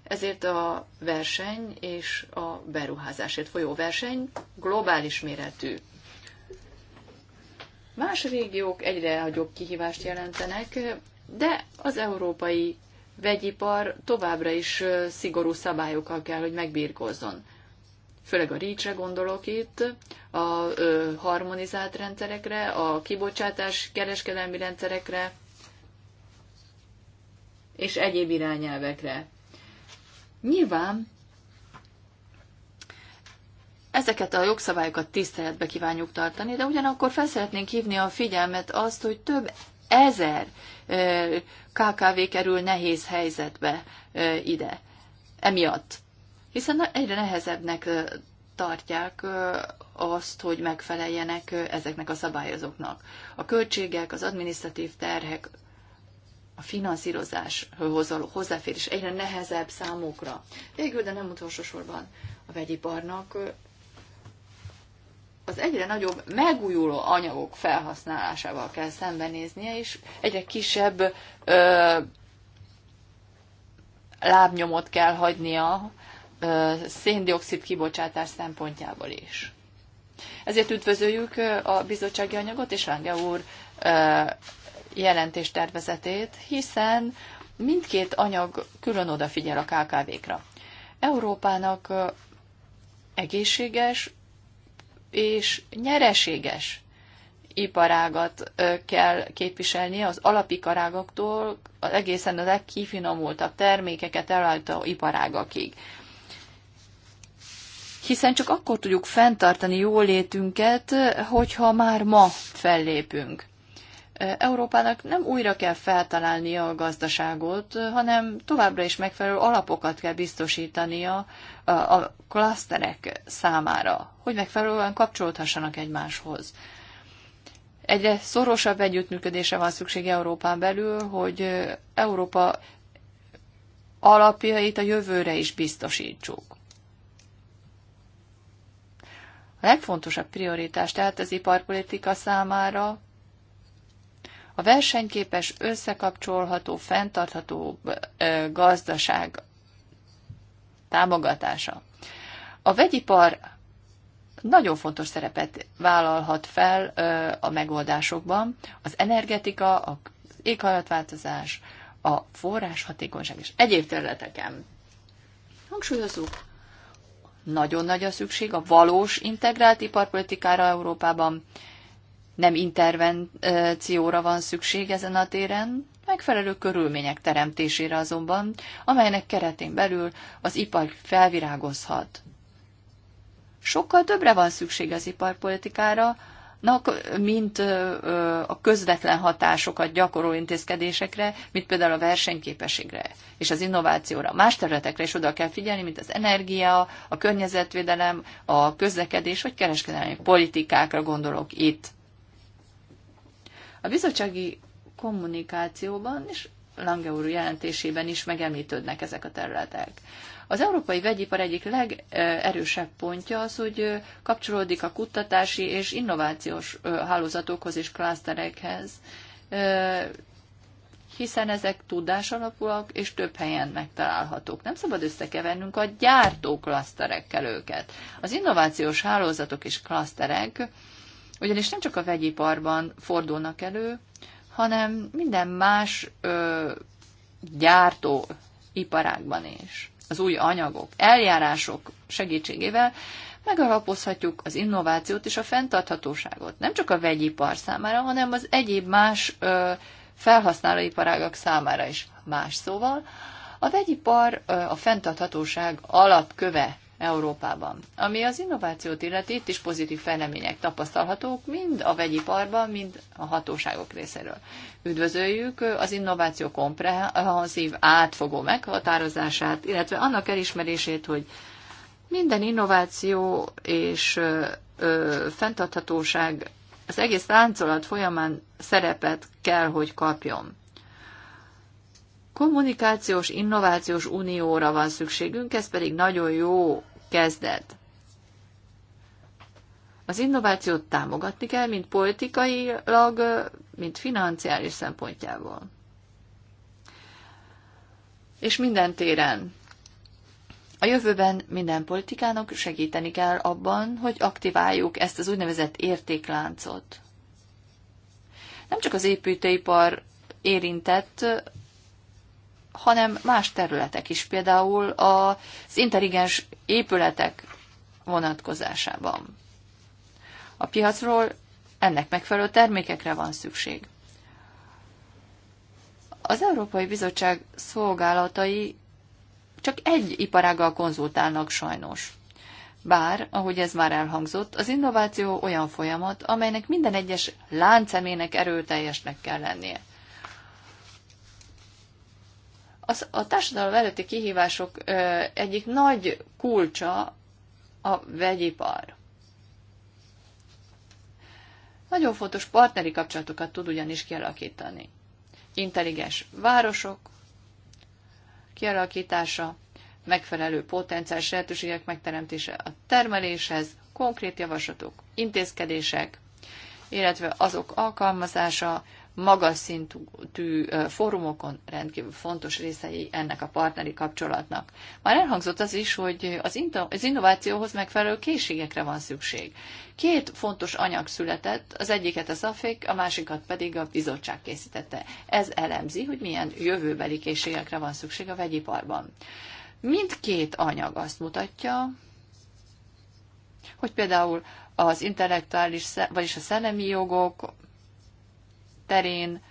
Ezért a verseny és a beruházásért folyó verseny globális méretű. Más régiók egyre nagyobb kihívást jelentenek, de az európai vegyipar továbbra is szigorú szabályokkal kell, hogy megbírkozzon főleg a reach gondolok itt, a harmonizált rendszerekre, a kibocsátás kereskedelmi rendszerekre és egyéb irányelvekre. Nyilván ezeket a jogszabályokat tiszteletbe kívánjuk tartani, de ugyanakkor felszeretnénk hívni a figyelmet azt, hogy több ezer KKV kerül nehéz helyzetbe ide. Emiatt hiszen egyre nehezebbnek tartják azt, hogy megfeleljenek ezeknek a szabályozóknak. A költségek, az administratív terhek, a finanszírozáshoz való hozzáférés egyre nehezebb számukra. Végül, de nem utolsó sorban a vegyiparnak az egyre nagyobb megújuló anyagok felhasználásával kell szembenéznie, és egyre kisebb ö, lábnyomot kell hagynia széndiokszid kibocsátás szempontjából is. Ezért üdvözöljük a bizottsági anyagot és Lange úr jelentés tervezetét, hiszen mindkét anyag külön odafigyel a KKV-kra. Európának egészséges és nyereséges iparágat kell képviselnie az alapikarágoktól egészen a legkifinomultabb termékeket elállító iparágakig hiszen csak akkor tudjuk fenntartani jólétünket, hogyha már ma fellépünk. Európának nem újra kell feltalálnia a gazdaságot, hanem továbbra is megfelelő alapokat kell biztosítania a, klaszterek számára, hogy megfelelően kapcsolódhassanak egymáshoz. Egyre szorosabb együttműködésre van szükség Európán belül, hogy Európa alapjait a jövőre is biztosítsuk. A legfontosabb prioritás tehát az iparpolitika számára a versenyképes, összekapcsolható, fenntartható gazdaság támogatása. A vegyipar nagyon fontos szerepet vállalhat fel a megoldásokban. Az energetika, az éghajlatváltozás, a forráshatékonyság és egyéb területeken. Hangsúlyozzuk, nagyon nagy a szükség a valós integrált iparpolitikára Európában. Nem intervencióra van szükség ezen a téren, megfelelő körülmények teremtésére azonban, amelynek keretén belül az ipar felvirágozhat. Sokkal többre van szükség az iparpolitikára, Nak mint a közvetlen hatásokat gyakorló intézkedésekre, mint például a versenyképességre és az innovációra. Más területekre is oda kell figyelni, mint az energia, a környezetvédelem, a közlekedés vagy kereskedelmi politikákra gondolok itt. A bizottsági kommunikációban és Lange úr jelentésében is megemlítődnek ezek a területek. Az európai vegyipar egyik legerősebb pontja az, hogy kapcsolódik a kutatási és innovációs hálózatokhoz és klaszterekhez, hiszen ezek tudás alapúak és több helyen megtalálhatók. Nem szabad összekevernünk a gyártó klaszterekkel őket. Az innovációs hálózatok és klaszterek ugyanis nem csak a vegyiparban fordulnak elő, hanem minden más ö, gyártó iparágban is az új anyagok, eljárások segítségével megalapozhatjuk az innovációt és a fenntarthatóságot. Nem csak a vegyipar számára, hanem az egyéb más ö, felhasználóiparágak számára is. Más szóval, a vegyipar a fenntarthatóság alapköve Európában. Ami az innovációt illeti, itt is pozitív fejlemények tapasztalhatók, mind a vegyiparban, mind a hatóságok részéről. Üdvözöljük az innováció komprehenzív átfogó meghatározását, illetve annak elismerését, hogy minden innováció és ö, ö, fenntarthatóság az egész láncolat folyamán szerepet kell, hogy kapjon kommunikációs, innovációs unióra van szükségünk, ez pedig nagyon jó kezdet. Az innovációt támogatni kell, mint politikailag, mint financiális szempontjából. És minden téren. A jövőben minden politikának segíteni kell abban, hogy aktiváljuk ezt az úgynevezett értékláncot. Nem csak az építőipar érintett, hanem más területek is, például az intelligens épületek vonatkozásában. A piacról ennek megfelelő termékekre van szükség. Az Európai Bizottság szolgálatai csak egy iparággal konzultálnak sajnos. Bár, ahogy ez már elhangzott, az innováció olyan folyamat, amelynek minden egyes láncemének erőteljesnek kell lennie. Az, a társadalom előtti kihívások ö, egyik nagy kulcsa a vegyipar. Nagyon fontos partneri kapcsolatokat tud ugyanis kialakítani. Intelligens városok kialakítása, megfelelő potenciális lehetőségek megteremtése a termeléshez, konkrét javaslatok, intézkedések, illetve azok alkalmazása, magas szintű fórumokon rendkívül fontos részei ennek a partneri kapcsolatnak. Már elhangzott az is, hogy az innovációhoz megfelelő készségekre van szükség. Két fontos anyag született, az egyiket a SAFIC, a másikat pedig a bizottság készítette. Ez elemzi, hogy milyen jövőbeli készségekre van szükség a vegyiparban. Mindkét anyag azt mutatja, hogy például az intellektuális, vagyis a szellemi jogok, terén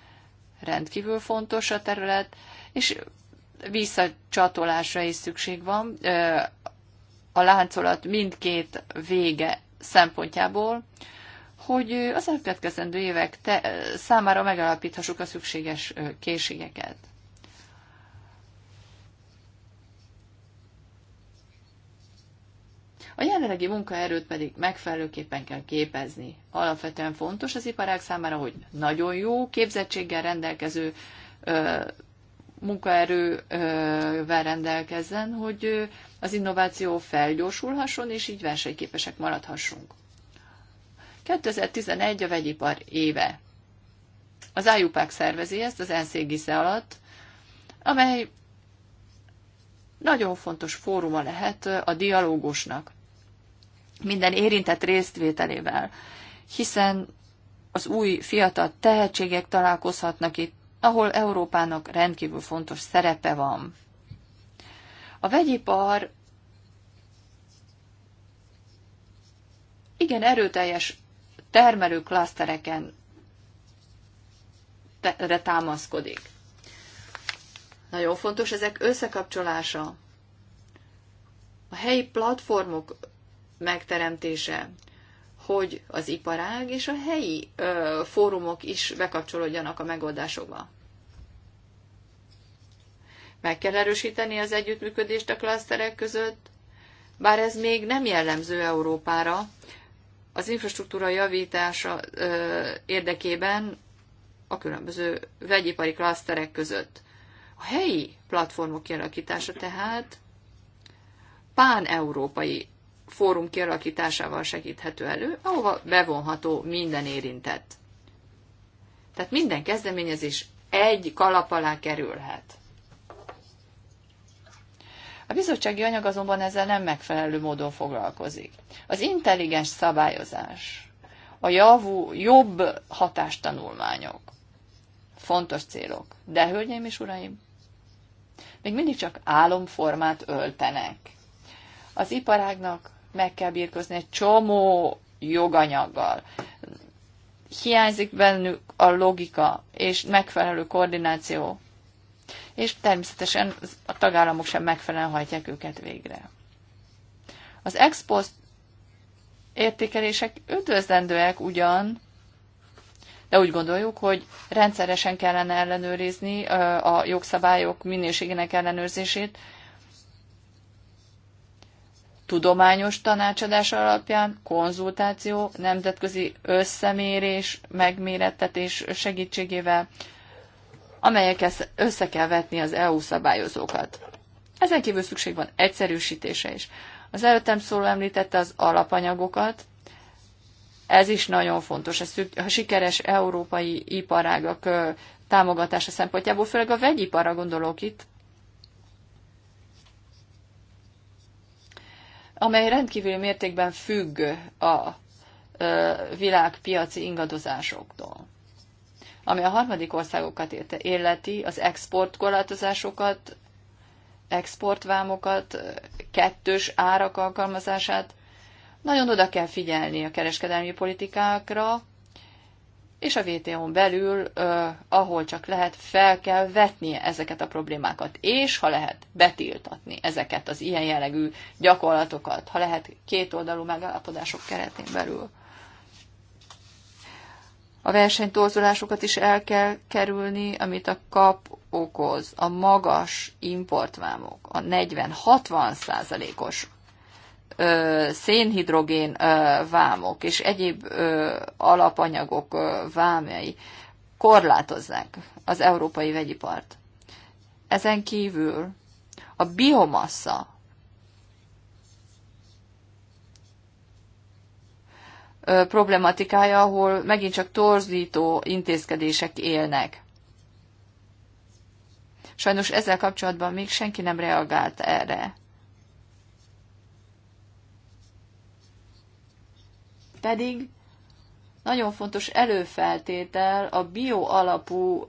rendkívül fontos a terület, és visszacsatolásra is szükség van a láncolat mindkét vége szempontjából, hogy az elkövetkezendő évek te, számára megalapíthassuk a szükséges készségeket. A jelenlegi munkaerőt pedig megfelelőképpen kell képezni. Alapvetően fontos az iparág számára, hogy nagyon jó képzettséggel rendelkező ö, munkaerővel rendelkezzen, hogy az innováció felgyorsulhasson, és így versenyképesek maradhassunk. 2011 a vegyipar éve. Az IUPAC szervezi ezt az ENSZ alatt, amely nagyon fontos fóruma lehet a dialógusnak minden érintett résztvételével, hiszen az új fiatal tehetségek találkozhatnak itt, ahol Európának rendkívül fontos szerepe van. A vegyipar igen erőteljes termelő klasztereken te- támaszkodik. Nagyon fontos ezek összekapcsolása. A helyi platformok megteremtése, hogy az iparág és a helyi ö, fórumok is bekapcsolódjanak a megoldásokba. Meg kell erősíteni az együttműködést a klaszterek között, bár ez még nem jellemző Európára, az infrastruktúra javítása ö, érdekében a különböző vegyipari klaszterek között. A helyi platformok kialakítása tehát pán-európai fórum kialakításával segíthető elő, ahova bevonható minden érintett. Tehát minden kezdeményezés egy kalap alá kerülhet. A bizottsági anyag azonban ezzel nem megfelelő módon foglalkozik. Az intelligens szabályozás, a javú, jobb hatástanulmányok, fontos célok, de hölgyeim és uraim, még mindig csak álomformát öltenek. Az iparágnak meg kell birkozni egy csomó joganyaggal. Hiányzik bennük a logika és megfelelő koordináció, és természetesen a tagállamok sem megfelelően hajtják őket végre. Az ex post értékelések üdvözlendőek ugyan, de úgy gondoljuk, hogy rendszeresen kellene ellenőrizni a jogszabályok minőségének ellenőrzését, tudományos tanácsadás alapján, konzultáció, nemzetközi összemérés, megmérettetés segítségével, amelyekhez össze kell vetni az EU szabályozókat. Ezen kívül szükség van egyszerűsítése is. Az előttem szóló említette az alapanyagokat, ez is nagyon fontos, ez a sikeres európai iparágak támogatása szempontjából, főleg a vegyiparra gondolok itt, amely rendkívüli mértékben függ a világpiaci ingadozásoktól. Ami a harmadik országokat illeti, az exportkorlátozásokat, exportvámokat, kettős árak alkalmazását, nagyon oda kell figyelni a kereskedelmi politikákra, és a VTO-n belül, ahol csak lehet, fel kell vetnie ezeket a problémákat, és ha lehet, betiltatni ezeket az ilyen jellegű gyakorlatokat, ha lehet, kétoldalú megállapodások keretén belül. A versenytorzulásokat is el kell kerülni, amit a kap okoz, a magas importvámok, a 40-60 százalékos szénhidrogén vámok és egyéb alapanyagok vámjai korlátozzák az európai vegyipart. Ezen kívül a biomassa problematikája, ahol megint csak torzító intézkedések élnek. Sajnos ezzel kapcsolatban még senki nem reagált erre. pedig nagyon fontos előfeltétel a bio alapú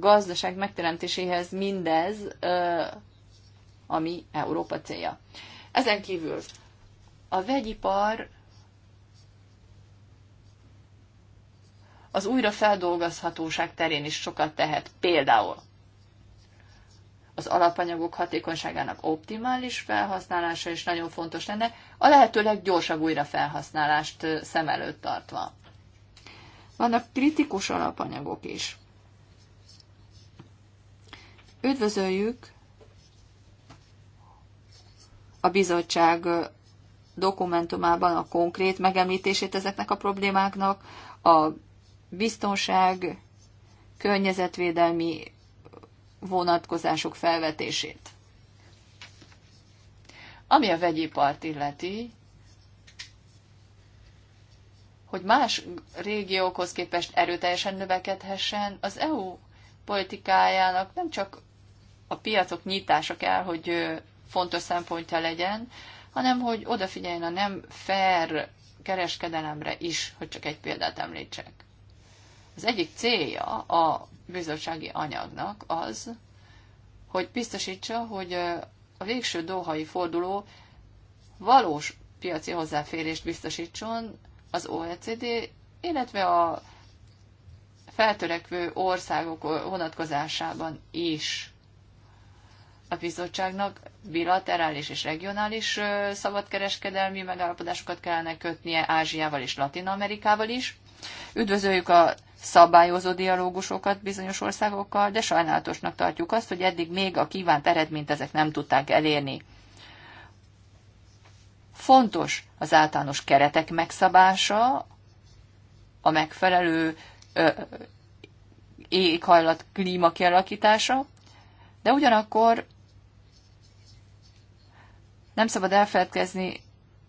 gazdaság megteremtéséhez mindez, ami Európa célja. Ezen kívül a vegyipar az újrafeldolgozhatóság terén is sokat tehet. Például az alapanyagok hatékonyságának optimális felhasználása is nagyon fontos lenne, a lehető leggyorsabb újrafelhasználást szem előtt tartva. Vannak kritikus alapanyagok is. Üdvözöljük a bizottság dokumentumában a konkrét megemlítését ezeknek a problémáknak, a biztonság, környezetvédelmi vonatkozások felvetését. Ami a vegyipart illeti, hogy más régiókhoz képest erőteljesen növekedhessen, az EU politikájának nem csak a piacok nyitása kell, hogy fontos szempontja legyen, hanem hogy odafigyeljen a nem fair kereskedelemre is, hogy csak egy példát említsek. Az egyik célja a bizottsági anyagnak az, hogy biztosítsa, hogy a végső dohai forduló valós piaci hozzáférést biztosítson az OECD, illetve a feltörekvő országok vonatkozásában is. A bizottságnak bilaterális és regionális szabadkereskedelmi megállapodásokat kellene kötnie Ázsiával és Latin Amerikával is. Üdvözöljük a szabályozó dialógusokat bizonyos országokkal, de sajnálatosnak tartjuk azt, hogy eddig még a kívánt eredményt ezek nem tudták elérni. Fontos az általános keretek megszabása, a megfelelő éghajlat klíma kialakítása, de ugyanakkor nem szabad elfeledkezni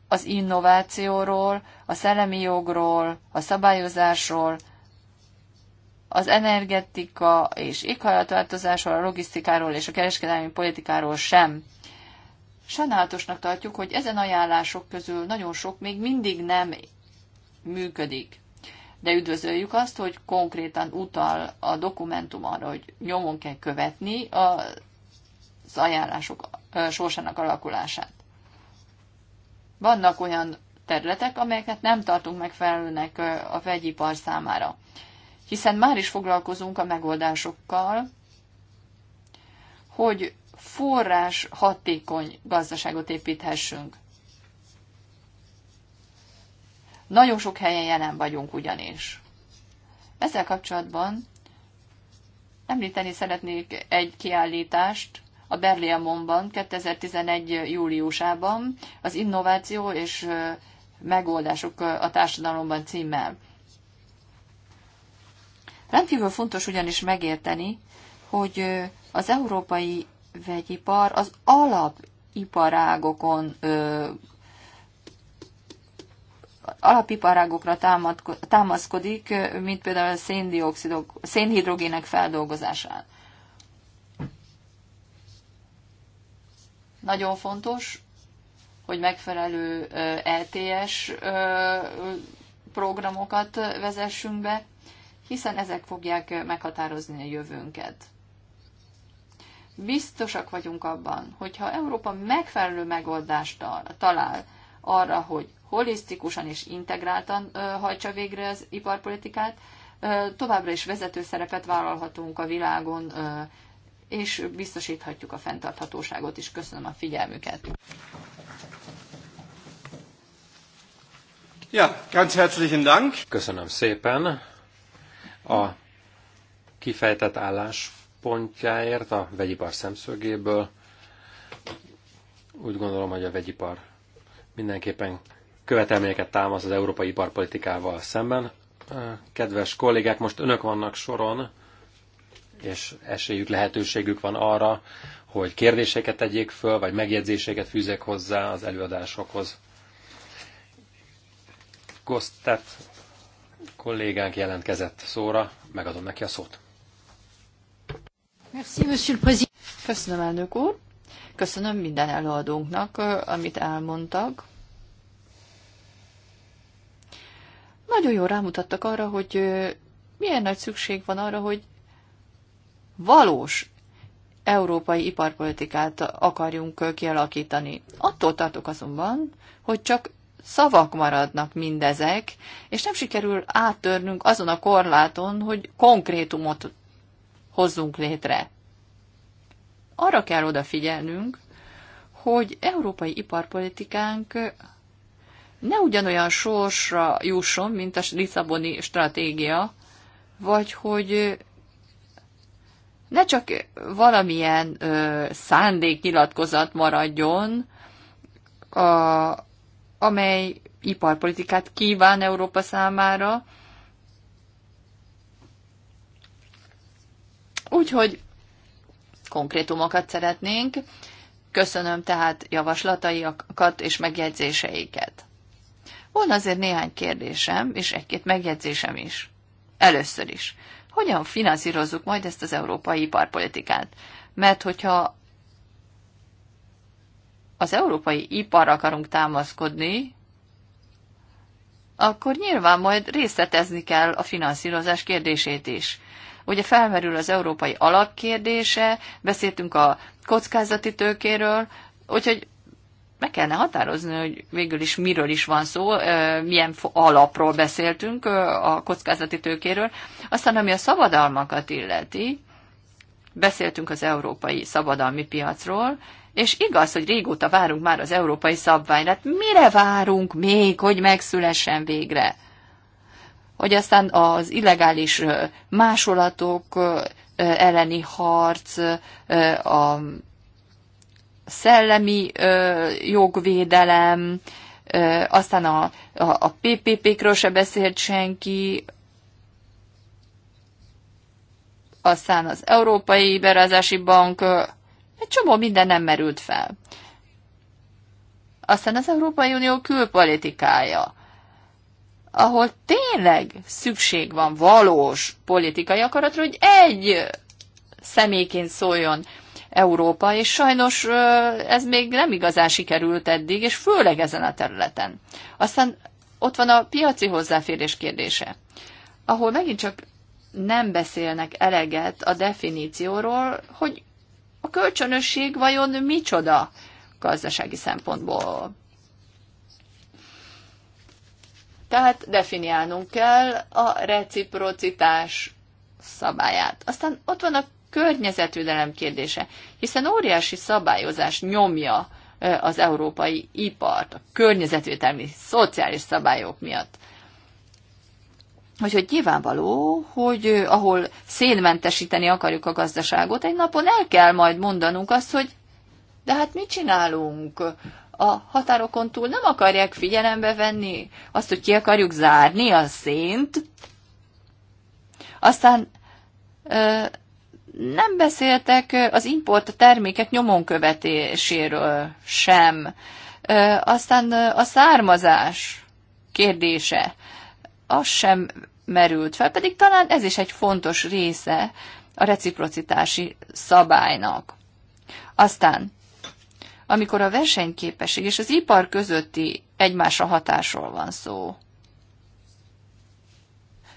az innovációról, a szellemi jogról, a szabályozásról, az energetika és éghajlatváltozásról, a logisztikáról és a kereskedelmi politikáról sem. Sajnálatosnak tartjuk, hogy ezen ajánlások közül nagyon sok még mindig nem működik. De üdvözöljük azt, hogy konkrétan utal a dokumentum arra, hogy nyomon kell követni az ajánlások sorsának alakulását. Vannak olyan területek, amelyeket nem tartunk megfelelőnek a vegyipar számára hiszen már is foglalkozunk a megoldásokkal, hogy forrás hatékony gazdaságot építhessünk. Nagyon sok helyen jelen vagyunk ugyanis. Ezzel kapcsolatban említeni szeretnék egy kiállítást a Berliamonban 2011. júliusában az Innováció és Megoldások a Társadalomban címmel. Rendkívül fontos ugyanis megérteni, hogy az európai vegyipar az alapiparágokon alapiparágokra támaszkodik, mint például a széndiokszidok, szénhidrogének feldolgozásán. Nagyon fontos, hogy megfelelő LTS e programokat vezessünk be, hiszen ezek fogják meghatározni a jövőnket. Biztosak vagyunk abban, hogyha Európa megfelelő megoldást talál arra, hogy holisztikusan és integráltan hajtsa végre az iparpolitikát, továbbra is vezető szerepet vállalhatunk a világon, és biztosíthatjuk a fenntarthatóságot is. Köszönöm a figyelmüket. Ja, ganz herzlichen Dank. Köszönöm szépen a kifejtett álláspontjáért a vegyipar szemszögéből. Úgy gondolom, hogy a vegyipar mindenképpen követelményeket támaszt az európai iparpolitikával szemben. Kedves kollégák, most önök vannak soron, és esélyük, lehetőségük van arra, hogy kérdéseket tegyék föl, vagy megjegyzéseket fűzek hozzá az előadásokhoz. Gosztet kollégánk jelentkezett szóra, megadom neki a szót. Merci, monsieur le président. Köszönöm, elnök úr. Köszönöm minden előadónknak, amit elmondtak. Nagyon jól rámutattak arra, hogy milyen nagy szükség van arra, hogy valós európai iparpolitikát akarjunk kialakítani. Attól tartok azonban, hogy csak szavak maradnak mindezek, és nem sikerül áttörnünk azon a korláton, hogy konkrétumot hozzunk létre. Arra kell odafigyelnünk, hogy európai iparpolitikánk ne ugyanolyan sorsra jusson, mint a Lisszaboni stratégia, vagy hogy ne csak valamilyen ö, szándéknyilatkozat maradjon a amely iparpolitikát kíván Európa számára. Úgyhogy konkrétumokat szeretnénk. Köszönöm tehát javaslataikat és megjegyzéseiket. Van azért néhány kérdésem, és egy-két megjegyzésem is. Először is. Hogyan finanszírozzuk majd ezt az európai iparpolitikát? Mert hogyha az európai iparra akarunk támaszkodni, akkor nyilván majd részletezni kell a finanszírozás kérdését is. Ugye felmerül az európai alak kérdése, beszéltünk a kockázati tőkéről, úgyhogy meg kellene határozni, hogy végül is miről is van szó, milyen alapról beszéltünk a kockázati tőkéről. Aztán, ami a szabadalmakat illeti, beszéltünk az európai szabadalmi piacról, és igaz, hogy régóta várunk már az európai szabványra. Hát mire várunk még, hogy megszülessen végre? Hogy aztán az illegális másolatok elleni harc, a szellemi jogvédelem, aztán a, a, a PPP-kről se beszélt senki, aztán az Európai Berázási Bank egy csomó minden nem merült fel. Aztán az Európai Unió külpolitikája, ahol tényleg szükség van valós politikai akaratra, hogy egy személyként szóljon Európa, és sajnos ez még nem igazán sikerült eddig, és főleg ezen a területen. Aztán ott van a piaci hozzáférés kérdése, ahol megint csak nem beszélnek eleget a definícióról, hogy a kölcsönösség vajon micsoda gazdasági szempontból? Tehát definiálnunk kell a reciprocitás szabályát. Aztán ott van a környezetvédelem kérdése, hiszen óriási szabályozás nyomja az európai ipart a környezetvédelmi, szociális szabályok miatt. Úgyhogy nyilvánvaló, hogy ahol szénmentesíteni akarjuk a gazdaságot, egy napon el kell majd mondanunk azt, hogy de hát mit csinálunk? A határokon túl nem akarják figyelembe venni azt, hogy ki akarjuk zárni a szént. Aztán ö, nem beszéltek az import termékek nyomon követéséről sem. Ö, aztán a származás kérdése. Ö, az sem merült fel, pedig talán ez is egy fontos része a reciprocitási szabálynak. Aztán, amikor a versenyképesség és az ipar közötti egymásra hatásról van szó,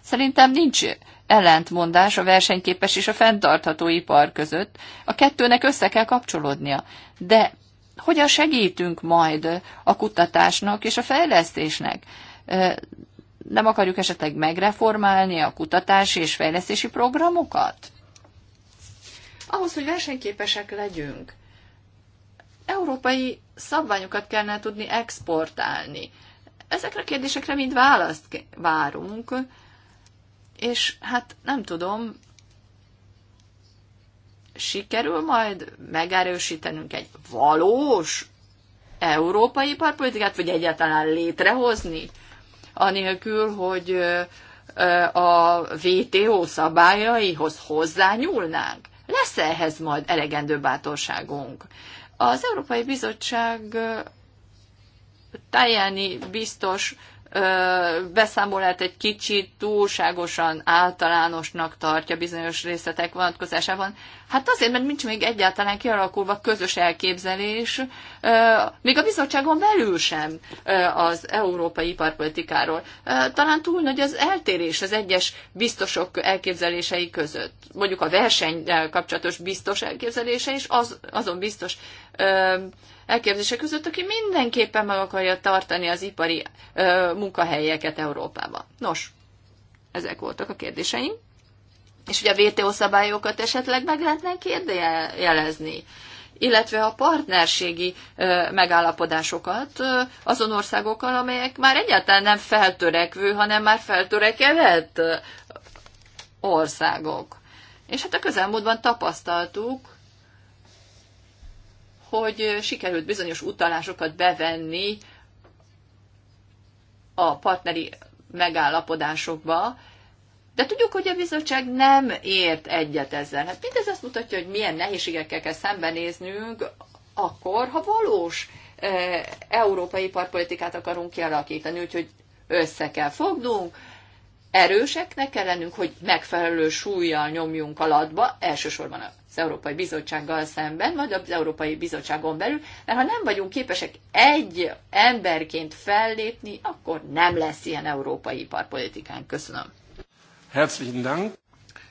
szerintem nincs ellentmondás a versenyképes és a fenntartható ipar között. A kettőnek össze kell kapcsolódnia. De hogyan segítünk majd a kutatásnak és a fejlesztésnek? nem akarjuk esetleg megreformálni a kutatási és fejlesztési programokat? Ahhoz, hogy versenyképesek legyünk, európai szabványokat kellene tudni exportálni. Ezekre a kérdésekre mind választ várunk, és hát nem tudom, sikerül majd megerősítenünk egy valós európai iparpolitikát, vagy egyáltalán létrehozni? anélkül, hogy a VTO szabályaihoz hozzányúlnánk? Lesz -e ehhez majd elegendő bátorságunk? Az Európai Bizottság Tajani biztos beszámolát egy kicsit túlságosan általánosnak tartja bizonyos részletek vonatkozásában. Hát azért, mert nincs még egyáltalán kialakulva közös elképzelés, még a bizottságon belül sem az európai iparpolitikáról. Talán túl nagy az eltérés az egyes biztosok elképzelései között. Mondjuk a verseny kapcsolatos biztos elképzelése és az, azon biztos Elképzelések között, aki mindenképpen meg akarja tartani az ipari ö, munkahelyeket Európában. Nos, ezek voltak a kérdéseim. És ugye a WTO szabályokat esetleg meg lehetne kérdőjelezni illetve a partnerségi megállapodásokat azon országokkal, amelyek már egyáltalán nem feltörekvő, hanem már feltörekedett országok. És hát a közelmúltban tapasztaltuk, hogy sikerült bizonyos utalásokat bevenni a partneri megállapodásokba, de tudjuk, hogy a bizottság nem ért egyet ezzel. Hát mindez azt mutatja, hogy milyen nehézségekkel kell szembenéznünk akkor, ha valós e, európai partpolitikát akarunk kialakítani, úgyhogy össze kell fognunk, erőseknek kell lennünk, hogy megfelelő súlyjal nyomjunk alatba, elsősorban az Európai Bizottsággal szemben, vagy az Európai Bizottságon belül, mert ha nem vagyunk képesek egy emberként fellépni, akkor nem lesz ilyen európai iparpolitikán. Köszönöm. Herzlichen Dank.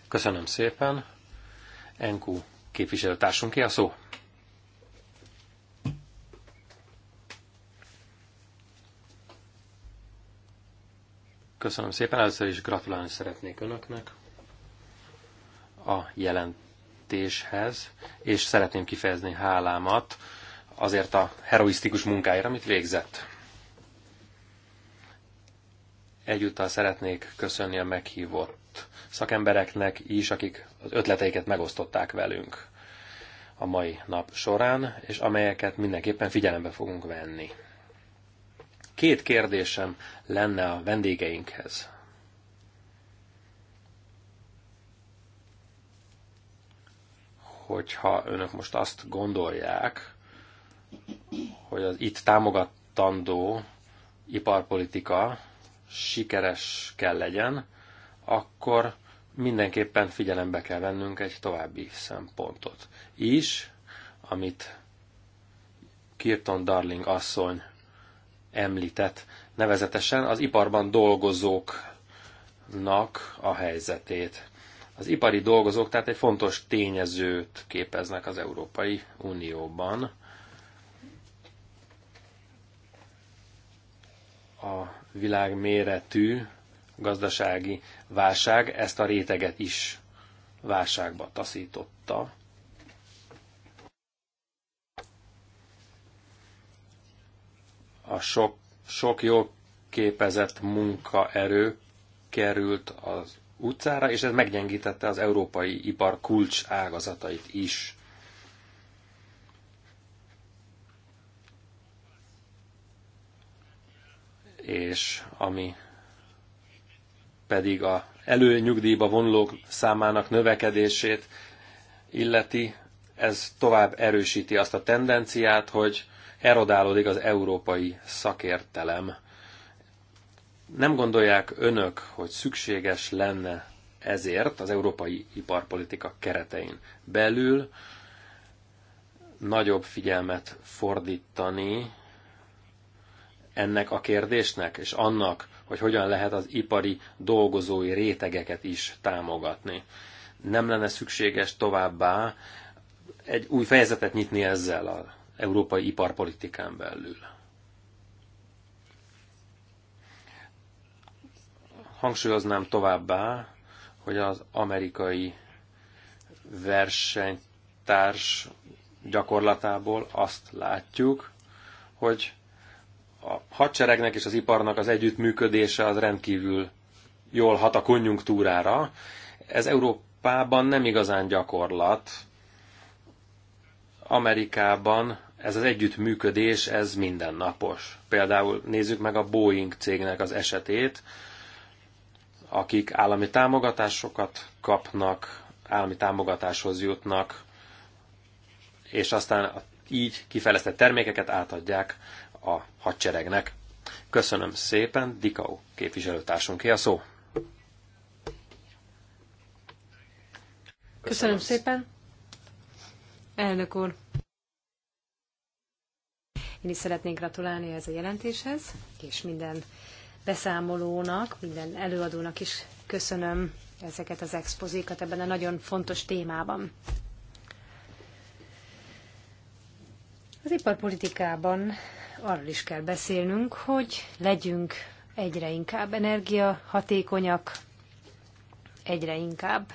Köszönöm szépen. Enkú képviselőtársunk ki a szó. Köszönöm szépen, először is gratulálni szeretnék Önöknek a jelent jelentéshez, és szeretném kifejezni hálámat azért a heroisztikus munkáért, amit végzett. Egyúttal szeretnék köszönni a meghívott szakembereknek is, akik az ötleteiket megosztották velünk a mai nap során, és amelyeket mindenképpen figyelembe fogunk venni. Két kérdésem lenne a vendégeinkhez. hogyha önök most azt gondolják, hogy az itt támogatandó iparpolitika sikeres kell legyen, akkor mindenképpen figyelembe kell vennünk egy további szempontot is, amit Kirton Darling asszony említett, nevezetesen az iparban dolgozóknak a helyzetét az ipari dolgozók tehát egy fontos tényezőt képeznek az Európai Unióban. A világ méretű gazdasági válság ezt a réteget is válságba taszította. A sok, sok jó képezett munkaerő került az utcára, és ez meggyengítette az európai ipar kulcs ágazatait is. És ami pedig a előnyugdíjba vonulók számának növekedését illeti, ez tovább erősíti azt a tendenciát, hogy erodálódik az európai szakértelem. Nem gondolják önök, hogy szükséges lenne ezért az európai iparpolitika keretein belül nagyobb figyelmet fordítani ennek a kérdésnek, és annak, hogy hogyan lehet az ipari dolgozói rétegeket is támogatni. Nem lenne szükséges továbbá egy új fejezetet nyitni ezzel az európai iparpolitikán belül. Hangsúlyoznám továbbá, hogy az amerikai versenytárs gyakorlatából azt látjuk, hogy a hadseregnek és az iparnak az együttműködése az rendkívül jól hat a konjunktúrára. Ez Európában nem igazán gyakorlat. Amerikában ez az együttműködés, ez mindennapos. Például nézzük meg a Boeing cégnek az esetét, akik állami támogatásokat kapnak, állami támogatáshoz jutnak, és aztán így kifejlesztett termékeket átadják a hadseregnek. Köszönöm szépen, Dikau képviselőtársunké a szó. Köszönöm, Köszönöm szépen. Elnök úr, én is szeretnék gratulálni ez a jelentéshez, és minden beszámolónak, minden előadónak is köszönöm ezeket az expozíkat ebben a nagyon fontos témában. Az iparpolitikában arról is kell beszélnünk, hogy legyünk egyre inkább energiahatékonyak, egyre inkább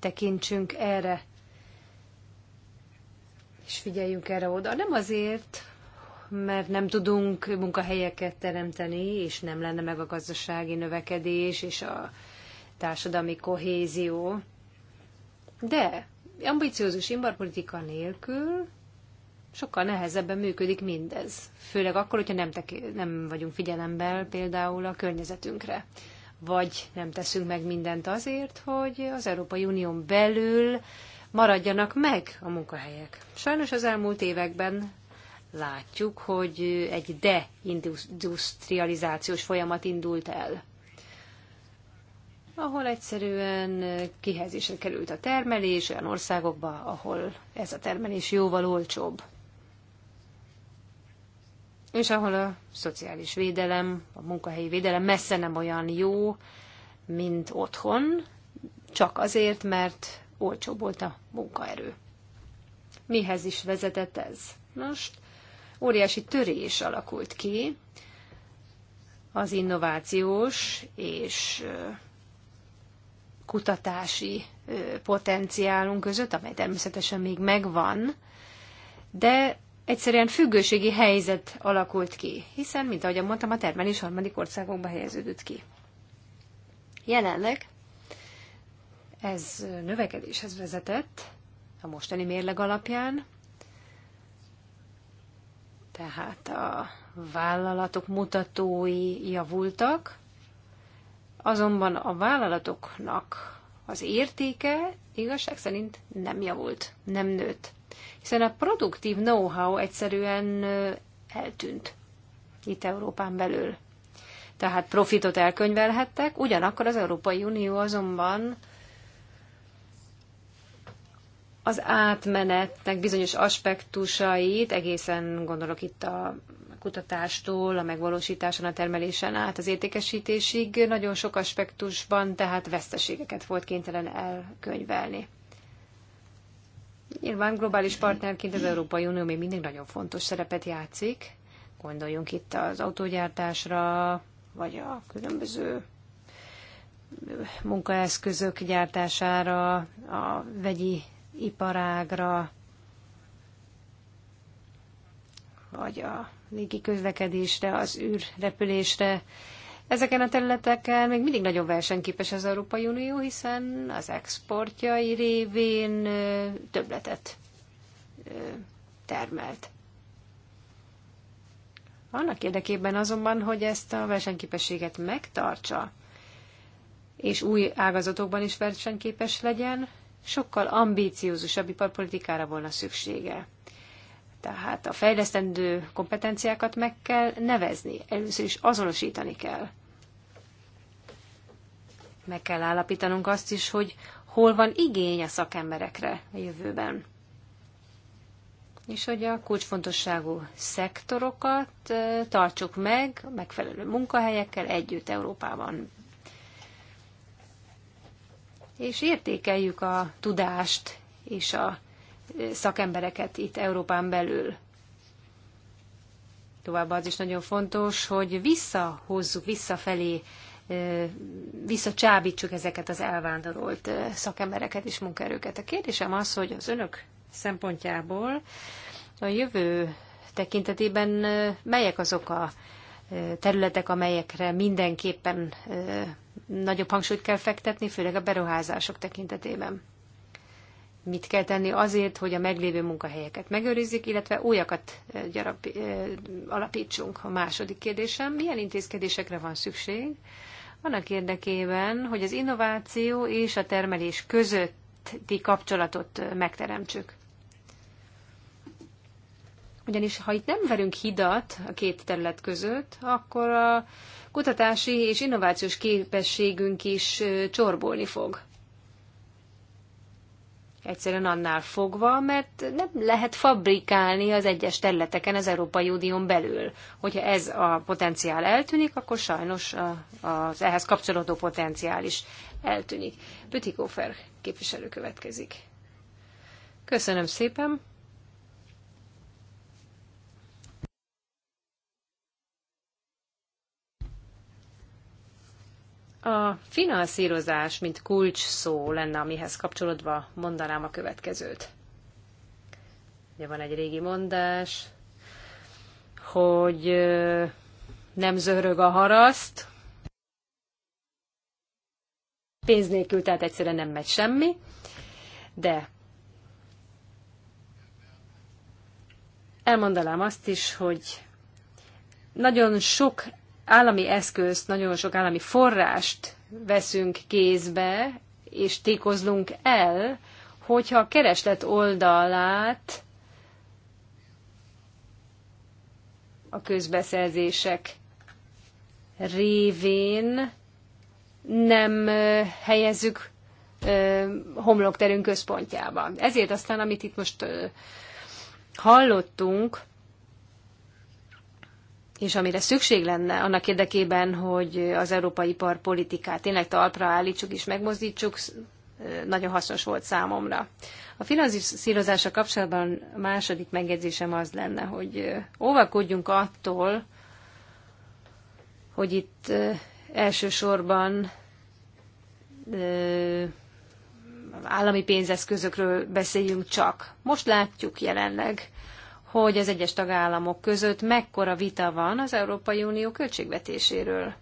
tekintsünk erre, és figyeljünk erre oda. Nem azért, mert nem tudunk munkahelyeket teremteni, és nem lenne meg a gazdasági növekedés és a társadalmi kohézió. De ambiciózus imbarpolitika nélkül sokkal nehezebben működik mindez. Főleg akkor, hogyha nem, teki, nem vagyunk figyelemben például a környezetünkre. Vagy nem teszünk meg mindent azért, hogy az Európai Unión belül maradjanak meg a munkahelyek. Sajnos az elmúlt években látjuk, hogy egy deindustrializációs folyamat indult el, ahol egyszerűen kihezésre került a termelés olyan országokba, ahol ez a termelés jóval olcsóbb. És ahol a szociális védelem, a munkahelyi védelem messze nem olyan jó, mint otthon, csak azért, mert olcsóbb volt a munkaerő. Mihez is vezetett ez? Most óriási törés alakult ki az innovációs és kutatási potenciálunk között, amely természetesen még megvan, de egyszerűen függőségi helyzet alakult ki, hiszen, mint ahogy mondtam, a termelés harmadik országokba helyeződött ki. Jelenleg ez növekedéshez vezetett a mostani mérleg alapján, tehát a vállalatok mutatói javultak, azonban a vállalatoknak az értéke igazság szerint nem javult, nem nőtt. Hiszen a produktív know-how egyszerűen eltűnt itt Európán belül. Tehát profitot elkönyvelhettek, ugyanakkor az Európai Unió azonban az átmenetnek bizonyos aspektusait, egészen gondolok itt a kutatástól, a megvalósításon, a termelésen át az értékesítésig nagyon sok aspektusban, tehát veszteségeket volt kénytelen elkönyvelni. Nyilván globális partnerként az Európai Unió még mindig nagyon fontos szerepet játszik. Gondoljunk itt az autógyártásra, vagy a különböző munkaeszközök gyártására, a vegyi iparágra, vagy a légi közlekedésre, az űrrepülésre. Ezeken a területeken még mindig nagyon versenyképes az Európai Unió, hiszen az exportjai révén többletet termelt. Annak érdekében azonban, hogy ezt a versenyképességet megtartsa, és új ágazatokban is versenyképes legyen, sokkal ambíciózusabb iparpolitikára volna szüksége. Tehát a fejlesztendő kompetenciákat meg kell nevezni, először is azonosítani kell. Meg kell állapítanunk azt is, hogy hol van igény a szakemberekre a jövőben. És hogy a kulcsfontosságú szektorokat eh, tartsuk meg megfelelő munkahelyekkel együtt Európában és értékeljük a tudást és a szakembereket itt Európán belül. Továbbá az is nagyon fontos, hogy visszahozzuk visszafelé, visszacsábítsuk ezeket az elvándorolt szakembereket és munkaerőket. A kérdésem az, hogy az önök szempontjából a jövő tekintetében melyek azok a területek, amelyekre mindenképpen nagyobb hangsúlyt kell fektetni, főleg a beruházások tekintetében. Mit kell tenni azért, hogy a meglévő munkahelyeket megőrizzük, illetve újakat gyarap, alapítsunk? A második kérdésem, milyen intézkedésekre van szükség annak érdekében, hogy az innováció és a termelés közötti kapcsolatot megteremtsük? Ugyanis ha itt nem verünk hidat a két terület között, akkor a kutatási és innovációs képességünk is csorbolni fog. Egyszerűen annál fogva, mert nem lehet fabrikálni az egyes területeken az Európai Unión belül. Hogyha ez a potenciál eltűnik, akkor sajnos az ehhez kapcsolódó potenciál is eltűnik. Pütikófer képviselő következik. Köszönöm szépen! A finanszírozás, mint kulcs szó lenne, amihez kapcsolódva mondanám a következőt. Ugye van egy régi mondás, hogy nem zörög a haraszt, pénz nélkül, tehát egyszerűen nem megy semmi, de elmondanám azt is, hogy nagyon sok állami eszközt, nagyon sok állami forrást veszünk kézbe, és tékozlunk el, hogyha a kereslet oldalát a közbeszerzések révén nem helyezzük homlokterünk központjába. Ezért aztán, amit itt most hallottunk, és amire szükség lenne annak érdekében, hogy az európai iparpolitikát tényleg talpra állítsuk és megmozdítsuk, nagyon hasznos volt számomra. A finanszírozása kapcsolatban a második megjegyzésem az lenne, hogy óvakodjunk attól, hogy itt elsősorban állami pénzeszközökről beszéljünk csak. Most látjuk jelenleg, hogy az egyes tagállamok között mekkora vita van az Európai Unió költségvetéséről.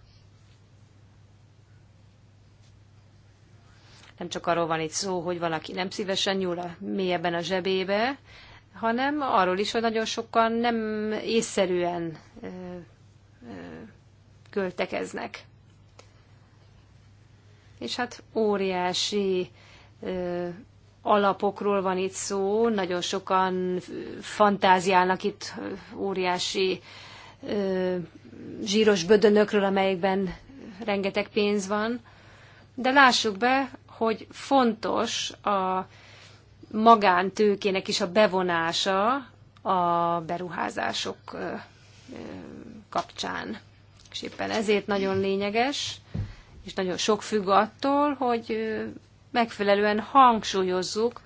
Nem csak arról van itt szó, hogy valaki nem szívesen nyúl a mélyebben a zsebébe, hanem arról is, hogy nagyon sokan nem észszerűen ö, ö, költekeznek. És hát óriási ö, alapokról van itt szó, nagyon sokan fantáziálnak itt óriási zsíros bödönökről, amelyekben rengeteg pénz van. De lássuk be, hogy fontos a magántőkének is a bevonása a beruházások kapcsán. És éppen ezért nagyon lényeges, és nagyon sok függ attól, hogy megfelelően hangsúlyozzuk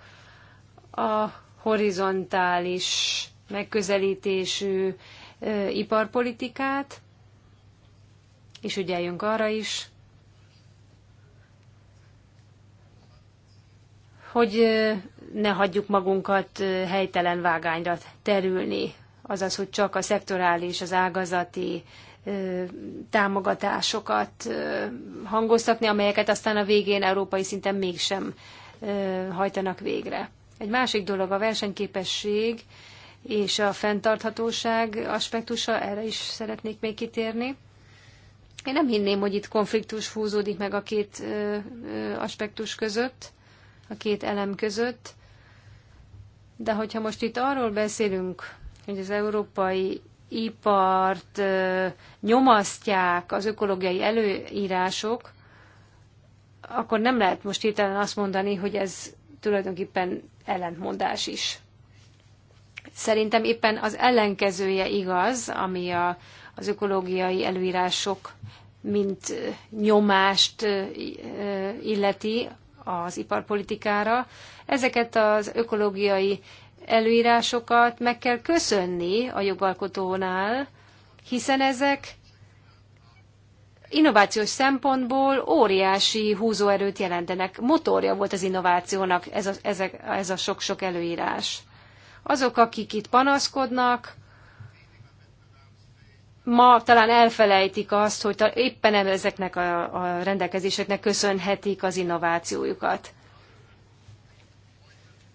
a horizontális megközelítésű iparpolitikát, és ügyeljünk arra is, hogy ne hagyjuk magunkat helytelen vágányra terülni, azaz, hogy csak a szektorális, az ágazati támogatásokat hangoztatni, amelyeket aztán a végén európai szinten mégsem hajtanak végre. Egy másik dolog a versenyképesség és a fenntarthatóság aspektusa, erre is szeretnék még kitérni. Én nem hinném, hogy itt konfliktus húzódik meg a két aspektus között, a két elem között, de hogyha most itt arról beszélünk, hogy az európai ipart nyomasztják az ökológiai előírások, akkor nem lehet most hirtelen azt mondani, hogy ez tulajdonképpen ellentmondás is. Szerintem éppen az ellenkezője igaz, ami a, az ökológiai előírások mint nyomást illeti az iparpolitikára. Ezeket az ökológiai előírásokat meg kell köszönni a jogalkotónál, hiszen ezek innovációs szempontból óriási húzóerőt jelentenek. Motorja volt az innovációnak ez a, ez a, sok-sok előírás. Azok, akik itt panaszkodnak, ma talán elfelejtik azt, hogy éppen ezeknek a, a rendelkezéseknek köszönhetik az innovációjukat.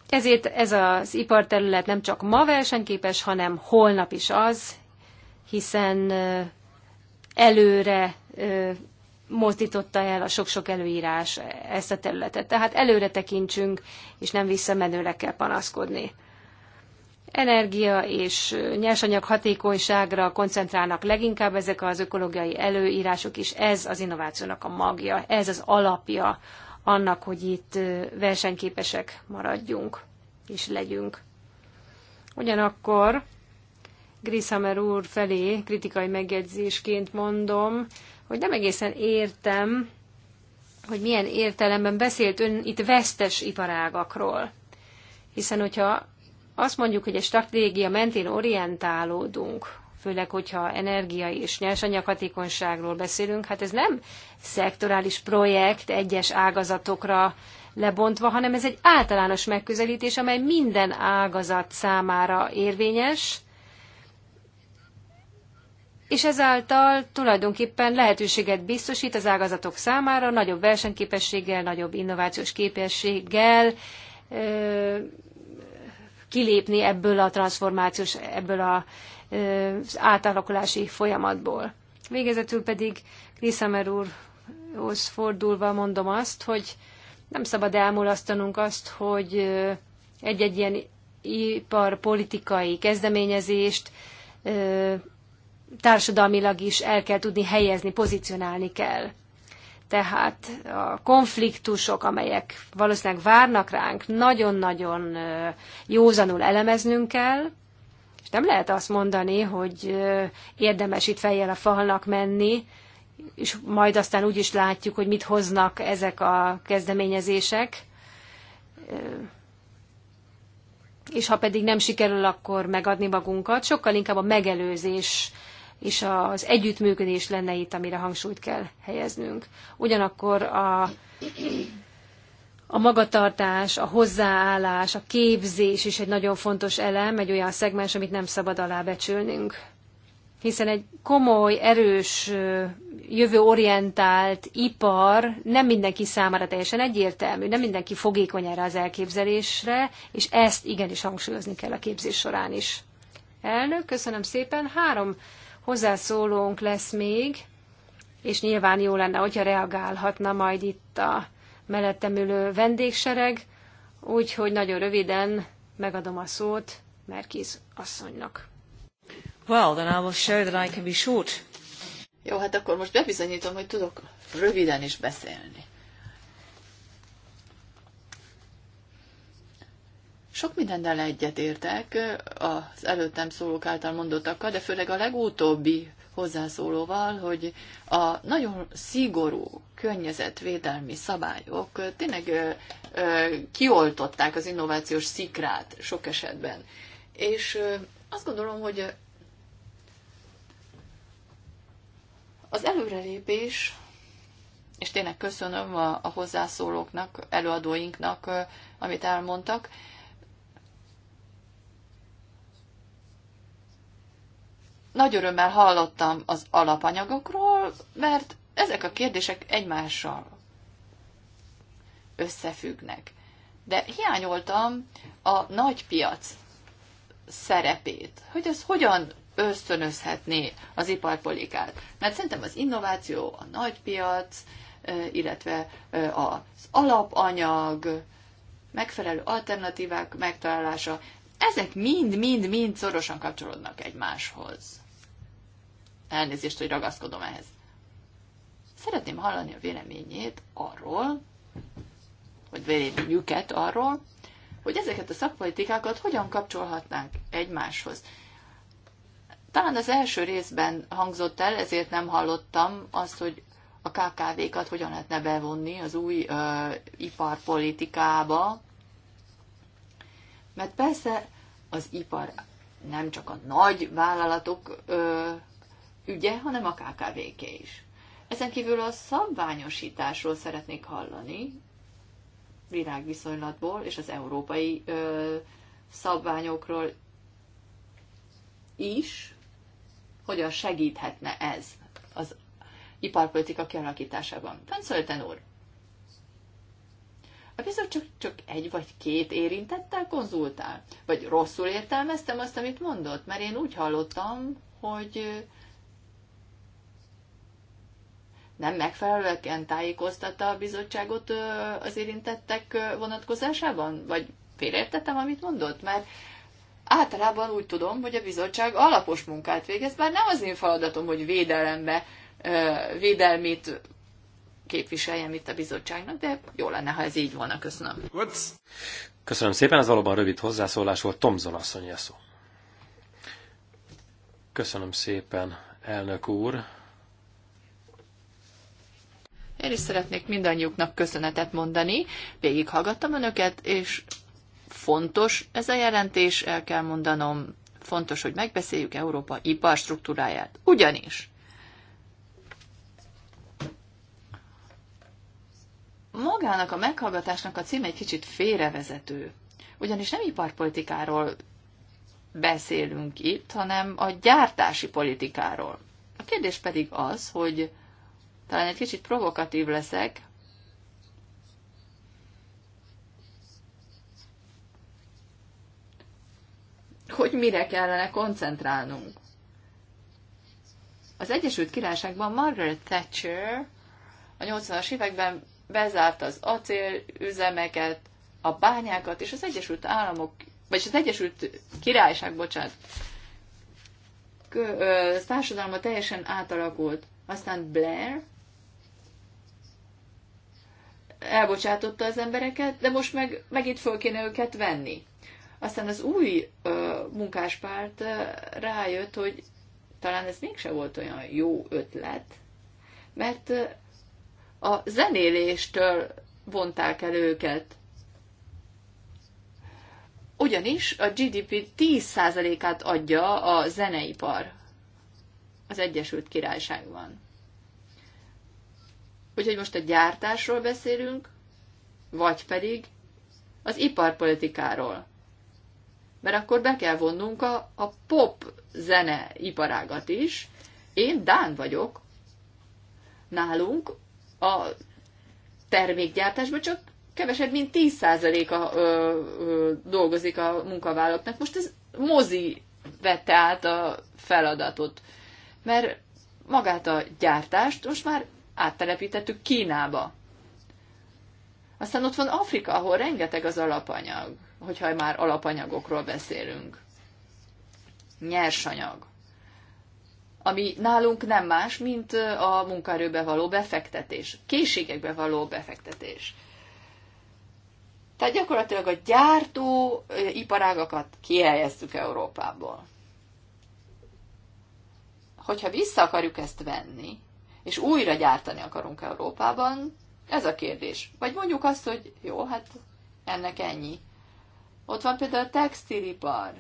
Ezért ez az iparterület nem csak ma versenyképes, hanem holnap is az, hiszen előre mozdította el a sok-sok előírás ezt a területet. Tehát előre tekintsünk, és nem visszamenőleg kell panaszkodni. Energia és nyersanyag hatékonyságra koncentrálnak leginkább ezek az ökológiai előírások, és ez az innovációnak a magja, ez az alapja annak, hogy itt versenyképesek maradjunk és legyünk. Ugyanakkor Grishammer úr felé kritikai megjegyzésként mondom, hogy nem egészen értem, hogy milyen értelemben beszélt ön itt vesztes iparágakról. Hiszen, hogyha azt mondjuk, hogy egy stratégia mentén orientálódunk, főleg, hogyha energia és nyersanyaghatékonyságról beszélünk, hát ez nem szektorális projekt egyes ágazatokra lebontva, hanem ez egy általános megközelítés, amely minden ágazat számára érvényes, és ezáltal tulajdonképpen lehetőséget biztosít az ágazatok számára nagyobb versenyképességgel, nagyobb innovációs képességgel kilépni ebből a transformációs, ebből a az átalakulási folyamatból. Végezetül pedig Kriszamer úrhoz fordulva mondom azt, hogy nem szabad elmulasztanunk azt, hogy egy-egy ilyen iparpolitikai kezdeményezést társadalmilag is el kell tudni helyezni, pozícionálni kell. Tehát a konfliktusok, amelyek valószínűleg várnak ránk, nagyon-nagyon józanul elemeznünk kell, és nem lehet azt mondani, hogy érdemes itt fejjel a falnak menni, és majd aztán úgy is látjuk, hogy mit hoznak ezek a kezdeményezések. És ha pedig nem sikerül, akkor megadni magunkat, sokkal inkább a megelőzés és az együttműködés lenne itt, amire hangsúlyt kell helyeznünk. Ugyanakkor a a magatartás, a hozzáállás, a képzés is egy nagyon fontos elem, egy olyan szegmens, amit nem szabad alábecsülnünk. Hiszen egy komoly, erős, jövőorientált ipar nem mindenki számára teljesen egyértelmű, nem mindenki fogékony erre az elképzelésre, és ezt igenis hangsúlyozni kell a képzés során is. Elnök, köszönöm szépen. Három hozzászólónk lesz még, és nyilván jó lenne, hogyha reagálhatna majd itt a mellettem ülő vendégsereg, úgyhogy nagyon röviden megadom a szót Merkiz asszonynak. Well, then I will show that I can be short. Jó, hát akkor most bebizonyítom, hogy tudok röviden is beszélni. Sok mindennel egyetértek az előttem szólók által mondottakkal, de főleg a legutóbbi hozzászólóval, hogy a nagyon szigorú környezetvédelmi szabályok tényleg kioltották az innovációs szikrát sok esetben. És azt gondolom, hogy az előrelépés, és tényleg köszönöm a, hozzászólóknak, előadóinknak, amit elmondtak, Nagy örömmel hallottam az alapanyagokról, mert ezek a kérdések egymással összefüggnek. De hiányoltam a nagy piac szerepét, hogy ez hogyan ösztönözhetné az iparpolikát. Mert szerintem az innováció, a nagy piac, illetve az alapanyag, megfelelő alternatívák megtalálása, ezek mind-mind-mind szorosan kapcsolódnak egymáshoz. Elnézést, hogy ragaszkodom ehhez. Szeretném hallani a véleményét arról, vagy véleményüket arról, hogy ezeket a szakpolitikákat hogyan kapcsolhatnánk egymáshoz. Talán az első részben hangzott el, ezért nem hallottam azt, hogy a KKV-kat hogyan lehetne bevonni az új ö, iparpolitikába, mert persze az ipar nem csak a nagy vállalatok ö, ügye, hanem a KKV-ké is. Ezen kívül a szabványosításról szeretnék hallani, világviszonylatból és az európai ö, szabványokról is, hogyan segíthetne ez az iparpolitika kialakításában. Fenszölten úr, a bizottság csak egy vagy két érintettel konzultál? Vagy rosszul értelmeztem azt, amit mondott? Mert én úgy hallottam, hogy nem megfelelően tájékoztatta a bizottságot az érintettek vonatkozásában? Vagy félreértettem, amit mondott? Mert általában úgy tudom, hogy a bizottság alapos munkát végez, bár nem az én feladatom, hogy védelembe, védelmét képviseljem itt a bizottságnak, de jó lenne, ha ez így volna. Köszönöm. Köszönöm szépen, az valóban rövid hozzászólás volt. Tomzon asszony szó. Köszönöm szépen, elnök úr. Én is szeretnék mindannyiuknak köszönetet mondani. Végighallgattam önöket, és fontos ez a jelentés, el kell mondanom, fontos, hogy megbeszéljük Európa iparstruktúráját. Ugyanis magának a meghallgatásnak a cím egy kicsit félrevezető. Ugyanis nem iparpolitikáról beszélünk itt, hanem a gyártási politikáról. A kérdés pedig az, hogy talán egy kicsit provokatív leszek, hogy mire kellene koncentrálnunk. Az Egyesült Királyságban Margaret Thatcher a 80-as években bezárt az acélüzemeket, a bányákat, és az Egyesült Államok, vagy az Egyesült Királyság, bocsánat, társadalma teljesen átalakult. Aztán Blair elbocsátotta az embereket, de most meg megint föl kéne őket venni. Aztán az új ö, munkáspárt ö, rájött, hogy talán ez mégse volt olyan jó ötlet, mert ö, a zenéléstől vonták el őket. Ugyanis a GDP 10%-át adja a zeneipar az Egyesült Királyságban. Úgyhogy most a gyártásról beszélünk, vagy pedig az iparpolitikáról. Mert akkor be kell vonnunk a, a pop zene iparágat is. Én Dán vagyok. Nálunk a termékgyártásban csak kevesebb, mint 10%-a dolgozik a munkavállalóknak. Most ez mozi vette át a feladatot, mert magát a gyártást most már áttelepítettük Kínába. Aztán ott van Afrika, ahol rengeteg az alapanyag, hogyha már alapanyagokról beszélünk. Nyersanyag. Ami nálunk nem más, mint a munkaerőbe való befektetés, készségekbe való befektetés. Tehát gyakorlatilag a gyártó iparágakat kihelyeztük Európából. Hogyha vissza akarjuk ezt venni, és újra gyártani akarunk Európában, ez a kérdés. Vagy mondjuk azt, hogy jó, hát ennek ennyi. Ott van például a textilipar.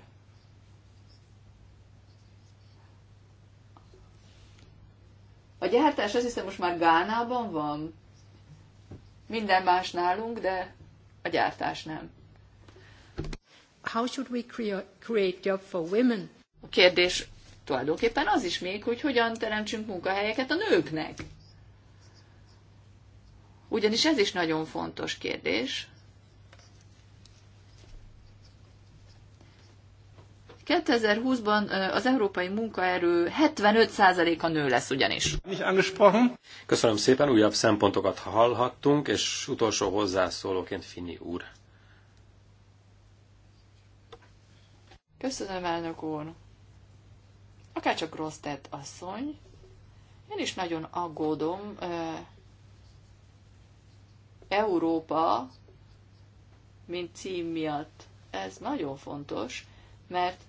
A gyártás azt hiszem most már Gánában van. Minden más nálunk, de a gyártás nem. How should we create job for women? A kérdés tulajdonképpen az is még, hogy hogyan teremtsünk munkahelyeket a nőknek. Ugyanis ez is nagyon fontos kérdés. 2020-ban az európai munkaerő 75%-a nő lesz ugyanis. Köszönöm szépen, újabb szempontokat hallhattunk, és utolsó hozzászólóként Fini úr. Köszönöm, elnök úr akárcsak rossz tett asszony, én is nagyon aggódom, Európa, mint cím miatt. Ez nagyon fontos, mert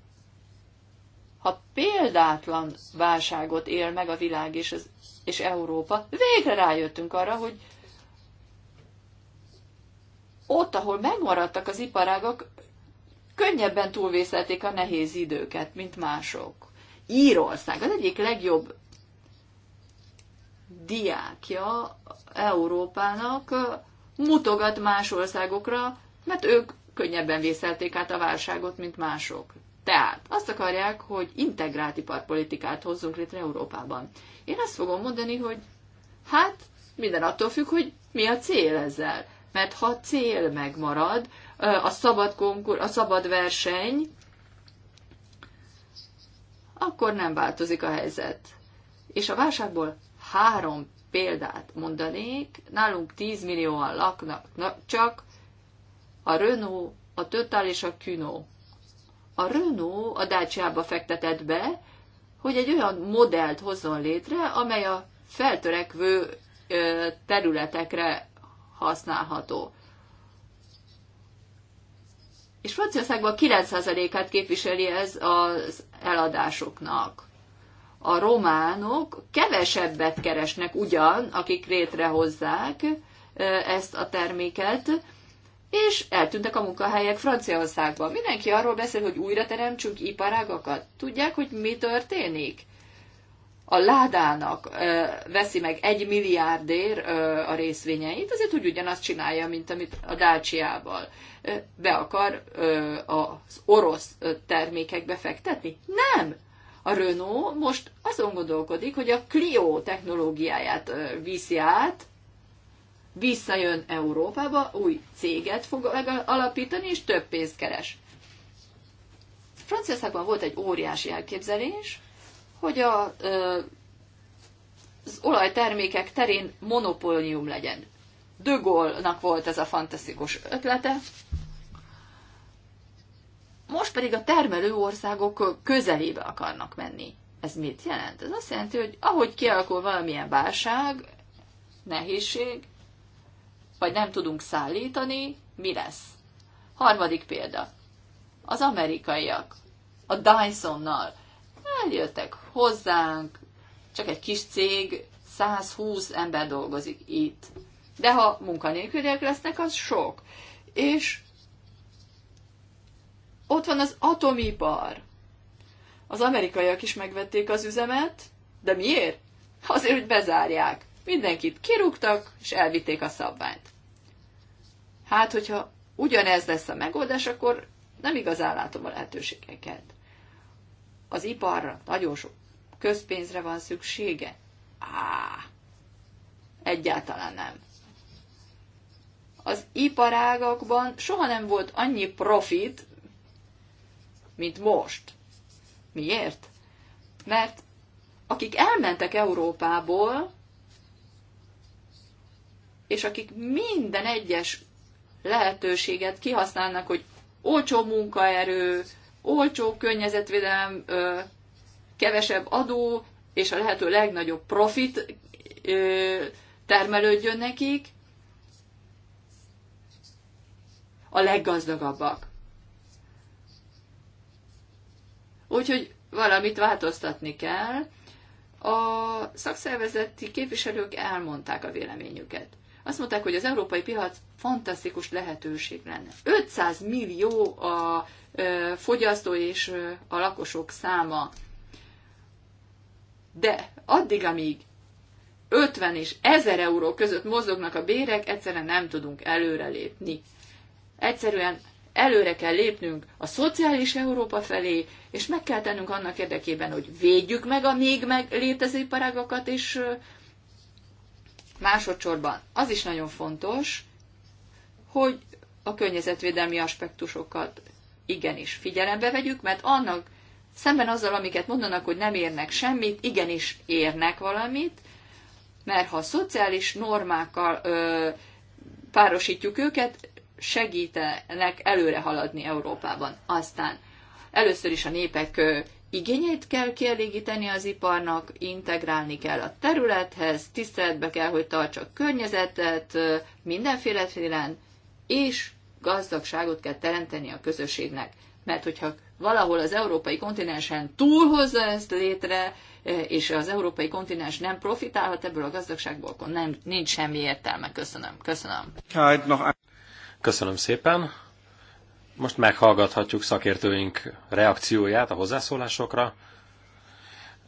ha példátlan válságot él meg a világ és, az, és Európa, végre rájöttünk arra, hogy ott, ahol megmaradtak az iparágak, könnyebben túlvészelték a nehéz időket, mint mások. Írország az egyik legjobb diákja Európának mutogat más országokra, mert ők könnyebben vészelték át a válságot, mint mások. Tehát azt akarják, hogy integrált iparpolitikát hozzunk létre Európában. Én azt fogom mondani, hogy hát minden attól függ, hogy mi a cél ezzel. Mert ha a cél megmarad, a szabad, konkur- a szabad verseny, akkor nem változik a helyzet. És a válságból három példát mondanék, nálunk 10 millióan laknak na, csak, a Renault, a Total és a Cuno. A Renault a Dacia-ba fektetett be, hogy egy olyan modellt hozzon létre, amely a feltörekvő területekre használható és Franciaországban 9%-át képviseli ez az eladásoknak. A románok kevesebbet keresnek ugyan, akik létrehozzák ezt a terméket, és eltűntek a munkahelyek Franciaországban. Mindenki arról beszél, hogy újra teremtsünk iparágakat. Tudják, hogy mi történik? a ládának ö, veszi meg egy milliárdért ö, a részvényeit, azért úgy ugyanazt csinálja, mint amit a Dácsiával be akar ö, az orosz termékekbe fektetni. Nem! A Renault most azon gondolkodik, hogy a Clio technológiáját ö, viszi át, visszajön Európába, új céget fog alapítani, és több pénzt keres. Franciaországban volt egy óriási elképzelés, hogy a, az olajtermékek terén monopólium legyen. Dögolnak volt ez a fantasztikus ötlete, most pedig a termelő országok közelébe akarnak menni. Ez mit jelent? Ez azt jelenti, hogy ahogy kialakul valamilyen válság, nehézség, vagy nem tudunk szállítani, mi lesz? Harmadik példa. Az amerikaiak a Dysonnal eljöttek hozzánk, csak egy kis cég, 120 ember dolgozik itt. De ha munkanélküliek lesznek, az sok. És ott van az atomipar. Az amerikaiak is megvették az üzemet, de miért? Azért, hogy bezárják. Mindenkit kirúgtak, és elvitték a szabványt. Hát, hogyha ugyanez lesz a megoldás, akkor nem igazán látom a lehetőségeket az iparra nagyon sok közpénzre van szüksége? Á, egyáltalán nem. Az iparágakban soha nem volt annyi profit, mint most. Miért? Mert akik elmentek Európából, és akik minden egyes lehetőséget kihasználnak, hogy olcsó munkaerő, olcsó környezetvédelem, kevesebb adó, és a lehető legnagyobb profit termelődjön nekik, a leggazdagabbak. Úgyhogy valamit változtatni kell. A szakszervezeti képviselők elmondták a véleményüket. Azt mondták, hogy az európai piac fantasztikus lehetőség lenne. 500 millió a fogyasztó és a lakosok száma. De addig, amíg 50 és 1000 euró között mozognak a bérek, egyszerűen nem tudunk előrelépni. Egyszerűen előre kell lépnünk a szociális Európa felé, és meg kell tennünk annak érdekében, hogy védjük meg a még meg létező iparágokat, és másodszorban az is nagyon fontos, hogy a környezetvédelmi aspektusokat igenis figyelembe vegyük, mert annak szemben azzal, amiket mondanak, hogy nem érnek semmit, igenis érnek valamit, mert ha a szociális normákkal ö, párosítjuk őket, segítenek előre haladni Európában. Aztán először is a népek ö, igényét kell kielégíteni az iparnak, integrálni kell a területhez, tiszteletbe kell, hogy tartsa a környezetet, mindenféle és gazdagságot kell teremteni a közösségnek. Mert hogyha valahol az európai kontinensen túlhozza ezt létre, e, és az európai kontinens nem profitálhat ebből a gazdagságból, akkor nem, nincs semmi értelme. Köszönöm. Köszönöm. Köszönöm szépen. Most meghallgathatjuk szakértőink reakcióját a hozzászólásokra.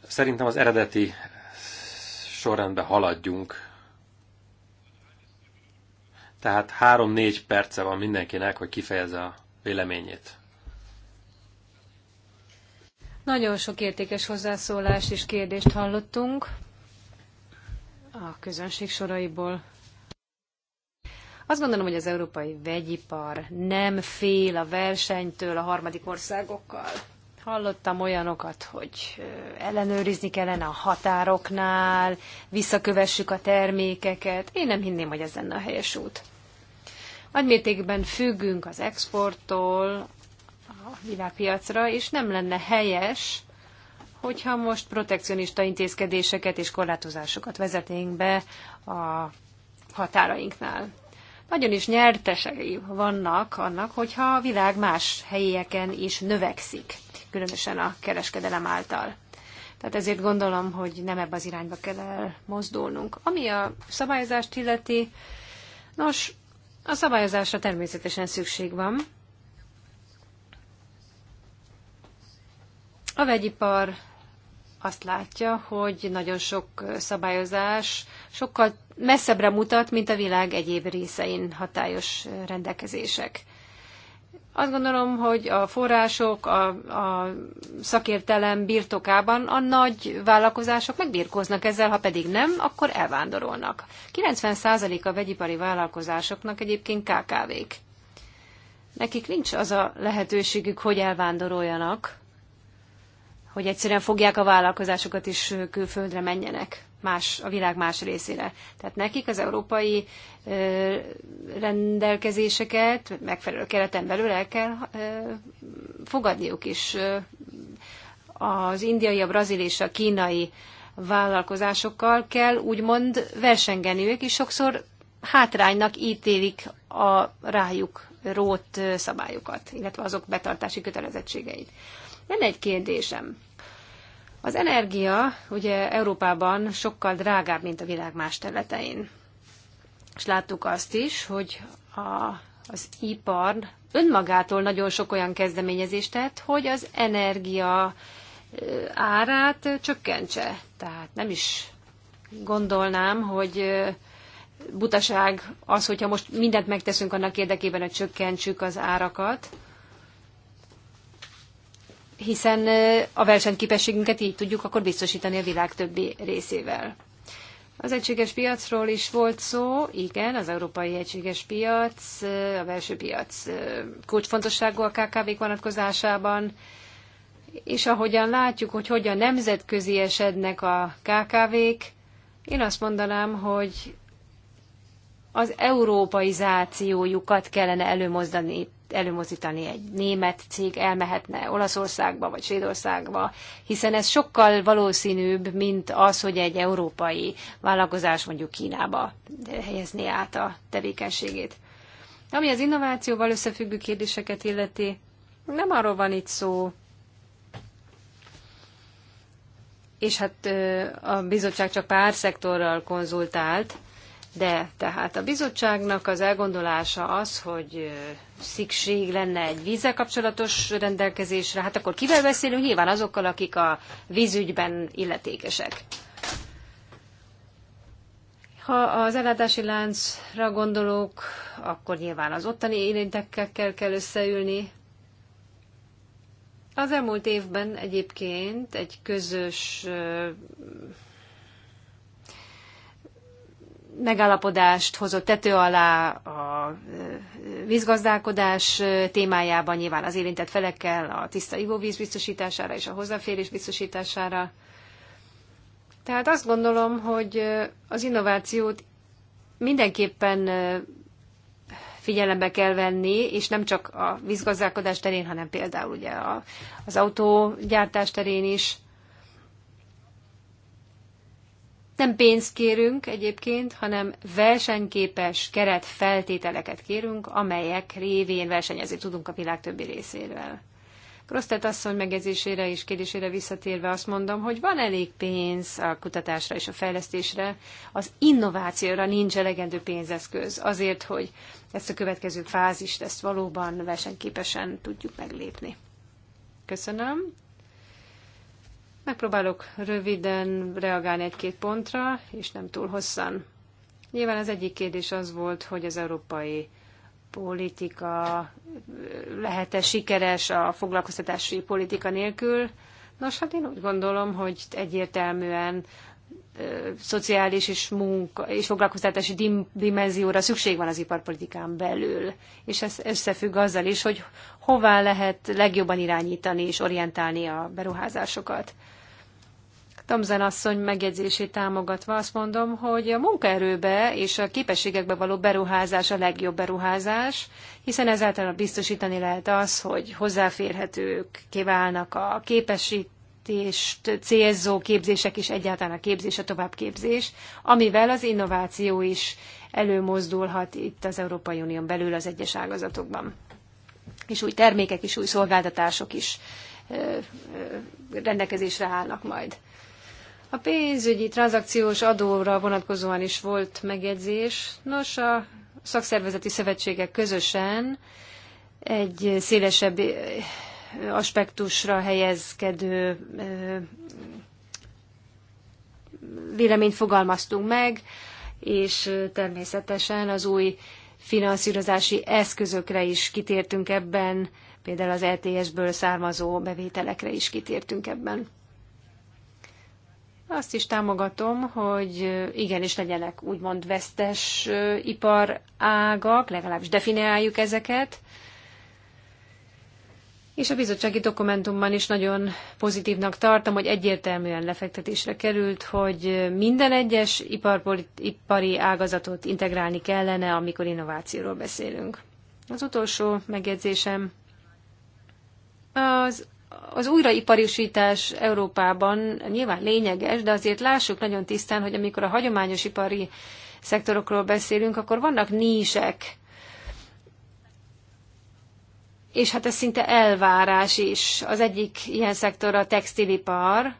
Szerintem az eredeti sorrendben haladjunk tehát 3-4 perce van mindenkinek, hogy kifejezze a véleményét. Nagyon sok értékes hozzászólást és kérdést hallottunk a közönség soraiból. Azt gondolom, hogy az európai vegyipar nem fél a versenytől a harmadik országokkal. Hallottam olyanokat, hogy ellenőrizni kellene a határoknál, visszakövessük a termékeket. Én nem hinném, hogy ez lenne a helyes út. Nagy mértékben függünk az exporttól a világpiacra, és nem lenne helyes, hogyha most protekcionista intézkedéseket és korlátozásokat vezetnénk be a határainknál. Nagyon is nyertesei vannak annak, hogyha a világ más helyeken is növekszik, különösen a kereskedelem által. Tehát ezért gondolom, hogy nem ebbe az irányba kell mozdulnunk. Ami a szabályozást illeti, nos, a szabályozásra természetesen szükség van. A vegyipar azt látja, hogy nagyon sok szabályozás sokkal messzebbre mutat, mint a világ egyéb részein hatályos rendelkezések. Azt gondolom, hogy a források, a, a szakértelem birtokában a nagy vállalkozások megbírkoznak ezzel, ha pedig nem, akkor elvándorolnak. 90% a vegyipari vállalkozásoknak egyébként KKV-k. Nekik nincs az a lehetőségük, hogy elvándoroljanak, hogy egyszerűen fogják a vállalkozásokat is külföldre menjenek más, a világ más részére. Tehát nekik az európai rendelkezéseket megfelelő kereten belül el kell fogadniuk is. Az indiai, a brazil és a kínai vállalkozásokkal kell úgymond versengeniük, és sokszor hátránynak ítélik a rájuk rót szabályokat, illetve azok betartási kötelezettségeit. Lenne egy kérdésem. Az energia ugye Európában sokkal drágább, mint a világ más területein. És láttuk azt is, hogy a, az ipar önmagától nagyon sok olyan kezdeményezést tett, hogy az energia árát csökkentse. Tehát nem is gondolnám, hogy butaság az, hogyha most mindent megteszünk annak érdekében, hogy csökkentsük az árakat, hiszen a versenyképességünket így tudjuk akkor biztosítani a világ többi részével. Az egységes piacról is volt szó, igen, az európai egységes piac, a belső piac kulcsfontosságú a KKV-k vonatkozásában, és ahogyan látjuk, hogy hogyan nemzetközi esednek a KKV-k, én azt mondanám, hogy az európaizációjukat kellene előmozdani előmozítani egy német cég elmehetne Olaszországba vagy Svédországba, hiszen ez sokkal valószínűbb, mint az, hogy egy európai vállalkozás mondjuk Kínába helyezné át a tevékenységét. Ami az innovációval összefüggő kérdéseket illeti, nem arról van itt szó, és hát a bizottság csak pár szektorral konzultált, de tehát a bizottságnak az elgondolása az, hogy szükség lenne egy vízzel kapcsolatos rendelkezésre, hát akkor kivel beszélünk? Nyilván azokkal, akik a vízügyben illetékesek. Ha az eladási láncra gondolok, akkor nyilván az ottani érintekkel kell, kell összeülni. Az elmúlt évben egyébként egy közös megállapodást hozott tető alá a vízgazdálkodás témájában, nyilván az érintett felekkel a tiszta ivóvíz biztosítására és a hozzáférés biztosítására. Tehát azt gondolom, hogy az innovációt mindenképpen figyelembe kell venni, és nem csak a vízgazdálkodás terén, hanem például ugye az autógyártás terén is. Nem pénzt kérünk egyébként, hanem versenyképes keret feltételeket kérünk, amelyek révén versenyezni tudunk a világ többi részével. Krosztet asszony megjegyzésére és kérdésére visszatérve azt mondom, hogy van elég pénz a kutatásra és a fejlesztésre, az innovációra nincs elegendő pénzeszköz azért, hogy ezt a következő fázist, ezt valóban versenyképesen tudjuk meglépni. Köszönöm. Megpróbálok röviden reagálni egy-két pontra, és nem túl hosszan. Nyilván az egyik kérdés az volt, hogy az európai politika lehet-e sikeres a foglalkoztatási politika nélkül. Nos, hát én úgy gondolom, hogy egyértelműen szociális és munka és foglalkoztatási dim, dimenzióra szükség van az iparpolitikán belül, és ez összefügg azzal is, hogy hová lehet legjobban irányítani és orientálni a beruházásokat. Tomzen asszony megjegyzését támogatva azt mondom, hogy a munkaerőbe és a képességekbe való beruházás a legjobb beruházás, hiszen ezáltal biztosítani lehet az, hogy hozzáférhetők kiválnak a képesít, fejlesztést célzó képzések is egyáltalán a képzés, a továbbképzés, amivel az innováció is előmozdulhat itt az Európai Unión belül az egyes ágazatokban. És új termékek is, új szolgáltatások is rendelkezésre állnak majd. A pénzügyi tranzakciós adóra vonatkozóan is volt megjegyzés. Nos, a szakszervezeti szövetségek közösen egy szélesebb aspektusra helyezkedő véleményt fogalmaztunk meg, és természetesen az új finanszírozási eszközökre is kitértünk ebben, például az LTS-ből e származó bevételekre is kitértünk ebben. Azt is támogatom, hogy igenis legyenek úgymond vesztes iparágak, legalábbis definiáljuk ezeket, és a bizottsági dokumentumban is nagyon pozitívnak tartom, hogy egyértelműen lefektetésre került, hogy minden egyes ipari ágazatot integrálni kellene, amikor innovációról beszélünk. Az utolsó megjegyzésem az, az újraiparosítás Európában nyilván lényeges, de azért lássuk nagyon tisztán, hogy amikor a hagyományos ipari szektorokról beszélünk, akkor vannak nísek, és hát ez szinte elvárás is. Az egyik ilyen szektor a textilipar,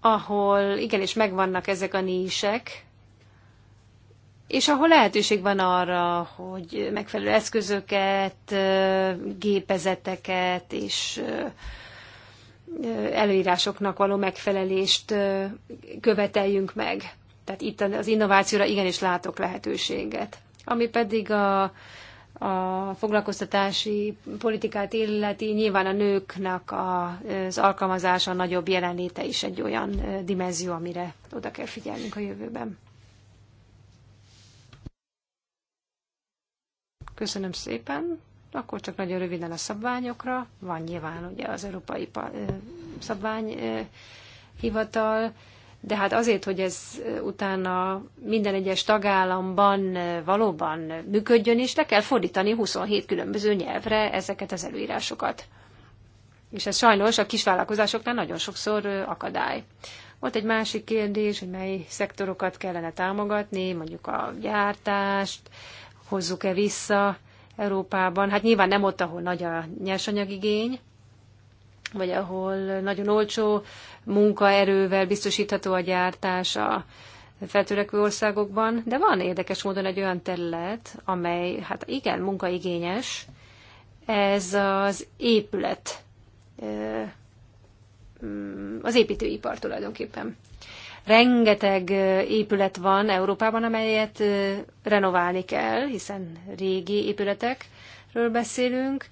ahol igenis megvannak ezek a nísek, és ahol lehetőség van arra, hogy megfelelő eszközöket, gépezeteket és előírásoknak való megfelelést követeljünk meg. Tehát itt az innovációra igenis látok lehetőséget. Ami pedig a a foglalkoztatási politikát illeti, nyilván a nőknek az alkalmazása, a nagyobb jelenléte is egy olyan dimenzió, amire oda kell figyelnünk a jövőben. Köszönöm szépen. Akkor csak nagyon röviden a szabványokra. Van nyilván ugye az Európai Szabványhivatal. Hivatal de hát azért, hogy ez utána minden egyes tagállamban valóban működjön is, le kell fordítani 27 különböző nyelvre ezeket az előírásokat. És ez sajnos a kisvállalkozásoknál nagyon sokszor akadály. Volt egy másik kérdés, hogy mely szektorokat kellene támogatni, mondjuk a gyártást, hozzuk-e vissza Európában. Hát nyilván nem ott, ahol nagy a nyersanyagigény, vagy ahol nagyon olcsó munkaerővel biztosítható a gyártás a feltörekvő országokban, de van érdekes módon egy olyan terület, amely, hát igen, munkaigényes, ez az épület, mm, az építőipar tulajdonképpen. Rengeteg épület van Európában, amelyet renoválni kell, hiszen régi épületekről beszélünk,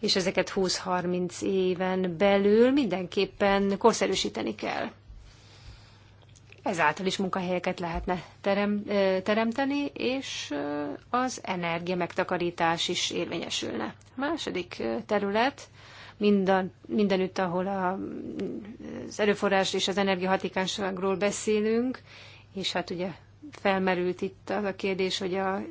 és ezeket 20-30 éven belül mindenképpen korszerűsíteni kell. Ezáltal is munkahelyeket lehetne terem, teremteni, és az energia megtakarítás is érvényesülne. A második terület, minden, mindenütt, ahol a, az erőforrás és az energiahatékonyságról beszélünk, és hát ugye felmerült itt az a kérdés, hogy a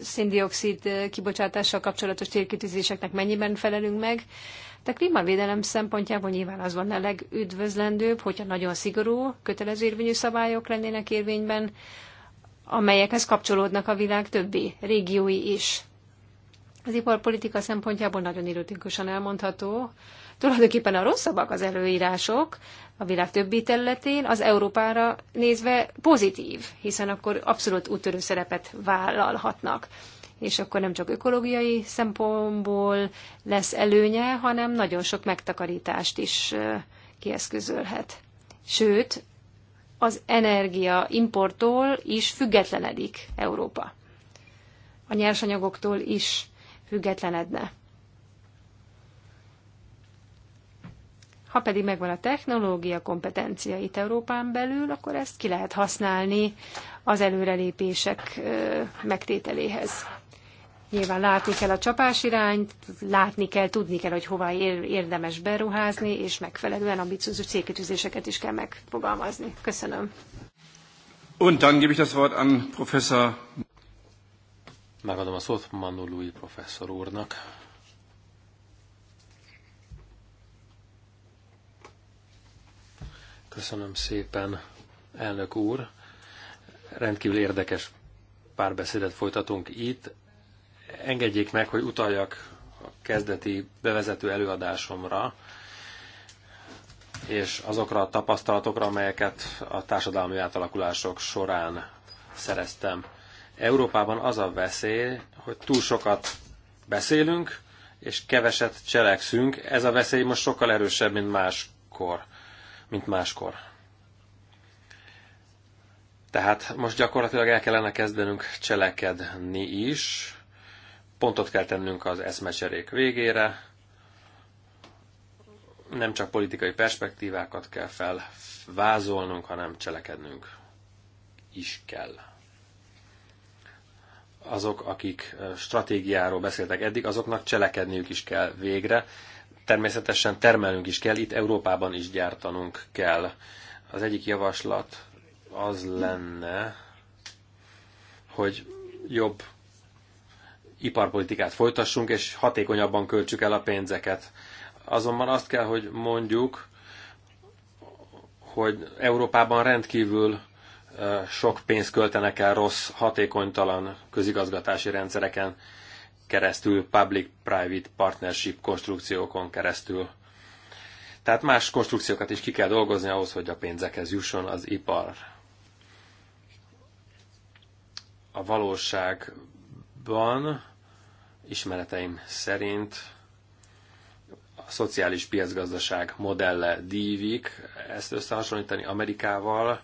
széndiokszid kibocsátással kapcsolatos célkitűzéseknek mennyiben felelünk meg. De klímavédelem szempontjából nyilván az van a legüdvözlendőbb, hogyha nagyon szigorú, kötelező érvényű szabályok lennének érvényben, amelyekhez kapcsolódnak a világ többi régiói is. Az iparpolitika szempontjából nagyon irőtünkösen elmondható, Tulajdonképpen a rosszabbak az előírások a világ többi területén, az Európára nézve pozitív, hiszen akkor abszolút úttörő szerepet vállalhatnak és akkor nem csak ökológiai szempontból lesz előnye, hanem nagyon sok megtakarítást is kieszközölhet. Sőt, az energia importtól is függetlenedik Európa. A nyersanyagoktól is függetlenedne. Ha pedig megvan a technológia kompetencia itt Európán belül, akkor ezt ki lehet használni az előrelépések megtételéhez. Nyilván látni kell a csapás irányt, látni kell, tudni kell, hogy hova érdemes beruházni, és megfelelően ambiciózus célkitűzéseket is kell megfogalmazni. Köszönöm. Und dann gebe ich das Wort an Professor. Megadom a szót Lui professzor úrnak. Köszönöm szépen, elnök úr. Rendkívül érdekes párbeszédet folytatunk itt. Engedjék meg, hogy utaljak a kezdeti bevezető előadásomra, és azokra a tapasztalatokra, amelyeket a társadalmi átalakulások során szereztem. Európában az a veszély, hogy túl sokat beszélünk, és keveset cselekszünk. Ez a veszély most sokkal erősebb, mint máskor mint máskor. Tehát most gyakorlatilag el kellene kezdenünk cselekedni is. Pontot kell tennünk az eszmecserék végére. Nem csak politikai perspektívákat kell felvázolnunk, hanem cselekednünk is kell. Azok, akik stratégiáról beszéltek eddig, azoknak cselekedniük is kell végre, természetesen termelnünk is kell, itt Európában is gyártanunk kell. Az egyik javaslat az lenne, hogy jobb iparpolitikát folytassunk, és hatékonyabban költsük el a pénzeket. Azonban azt kell, hogy mondjuk, hogy Európában rendkívül sok pénzt költenek el rossz, hatékonytalan közigazgatási rendszereken keresztül, public-private partnership konstrukciókon keresztül. Tehát más konstrukciókat is ki kell dolgozni ahhoz, hogy a pénzekhez jusson az ipar. A valóságban ismereteim szerint a szociális piacgazdaság modelle dívik, ezt összehasonlítani Amerikával,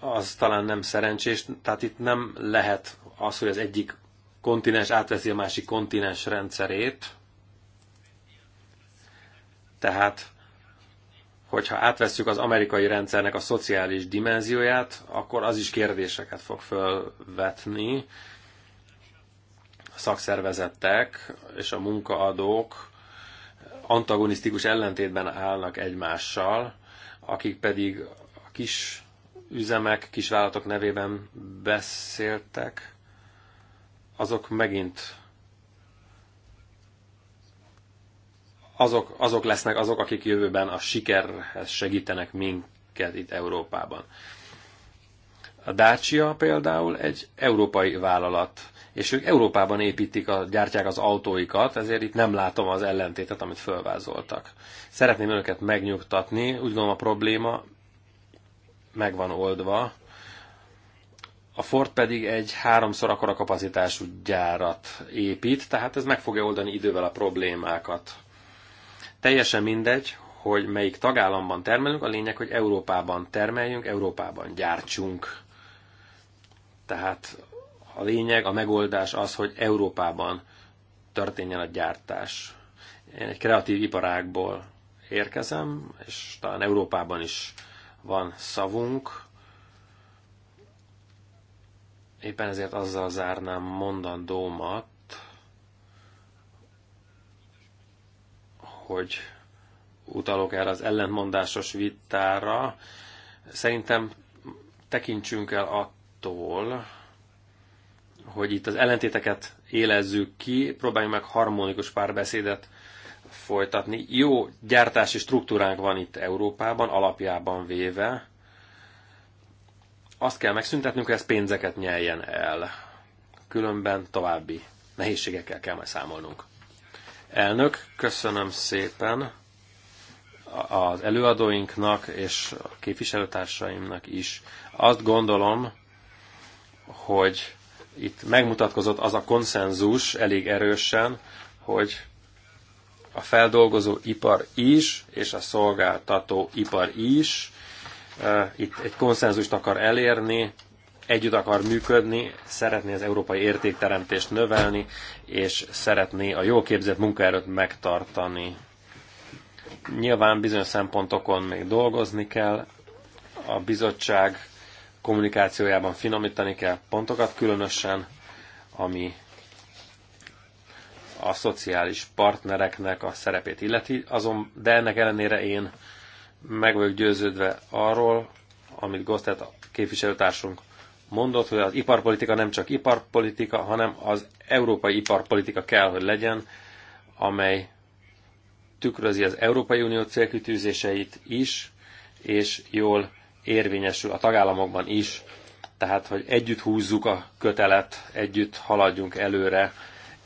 az talán nem szerencsés, tehát itt nem lehet az, hogy az egyik kontinens átveszi a másik kontinens rendszerét, tehát hogyha átveszük az amerikai rendszernek a szociális dimenzióját, akkor az is kérdéseket fog felvetni A szakszervezetek és a munkaadók antagonisztikus ellentétben állnak egymással, akik pedig a kis üzemek, kisvállalatok nevében beszéltek, azok megint azok, azok lesznek azok, akik jövőben a sikerhez segítenek minket itt Európában. A Dacia például egy európai vállalat, és ők Európában építik, a, gyártják az autóikat, ezért itt nem látom az ellentétet, amit fölvázoltak. Szeretném önöket megnyugtatni, úgy gondolom a probléma meg van oldva. A Ford pedig egy háromszor akkora kapacitású gyárat épít, tehát ez meg fogja oldani idővel a problémákat. Teljesen mindegy, hogy melyik tagállamban termelünk, a lényeg, hogy Európában termeljünk, Európában gyártsunk. Tehát a lényeg, a megoldás az, hogy Európában történjen a gyártás. Én egy kreatív iparágból érkezem, és talán Európában is van szavunk. Éppen ezért azzal zárnám mondandómat, hogy utalok erre az ellentmondásos vitára. Szerintem tekintsünk el attól, hogy itt az ellentéteket élezzük ki, próbáljunk meg harmonikus párbeszédet folytatni. Jó gyártási struktúránk van itt Európában, alapjában véve. Azt kell megszüntetnünk, hogy ez pénzeket nyeljen el. Különben további nehézségekkel kell majd számolnunk. Elnök, köszönöm szépen az előadóinknak és a képviselőtársaimnak is. Azt gondolom, hogy itt megmutatkozott az a konszenzus elég erősen, hogy a feldolgozó ipar is, és a szolgáltató ipar is itt egy konszenzust akar elérni, együtt akar működni, szeretné az európai értékteremtést növelni, és szeretné a jó képzett munkaerőt megtartani. Nyilván bizonyos szempontokon még dolgozni kell, a bizottság kommunikációjában finomítani kell pontokat, különösen ami a szociális partnereknek a szerepét illeti, azon, de ennek ellenére én meg vagyok győződve arról, amit a képviselőtársunk mondott, hogy az iparpolitika nem csak iparpolitika, hanem az európai iparpolitika kell, hogy legyen, amely tükrözi az Európai Unió célkütőzéseit is, és jól érvényesül a tagállamokban is, tehát hogy együtt húzzuk a kötelet, együtt haladjunk előre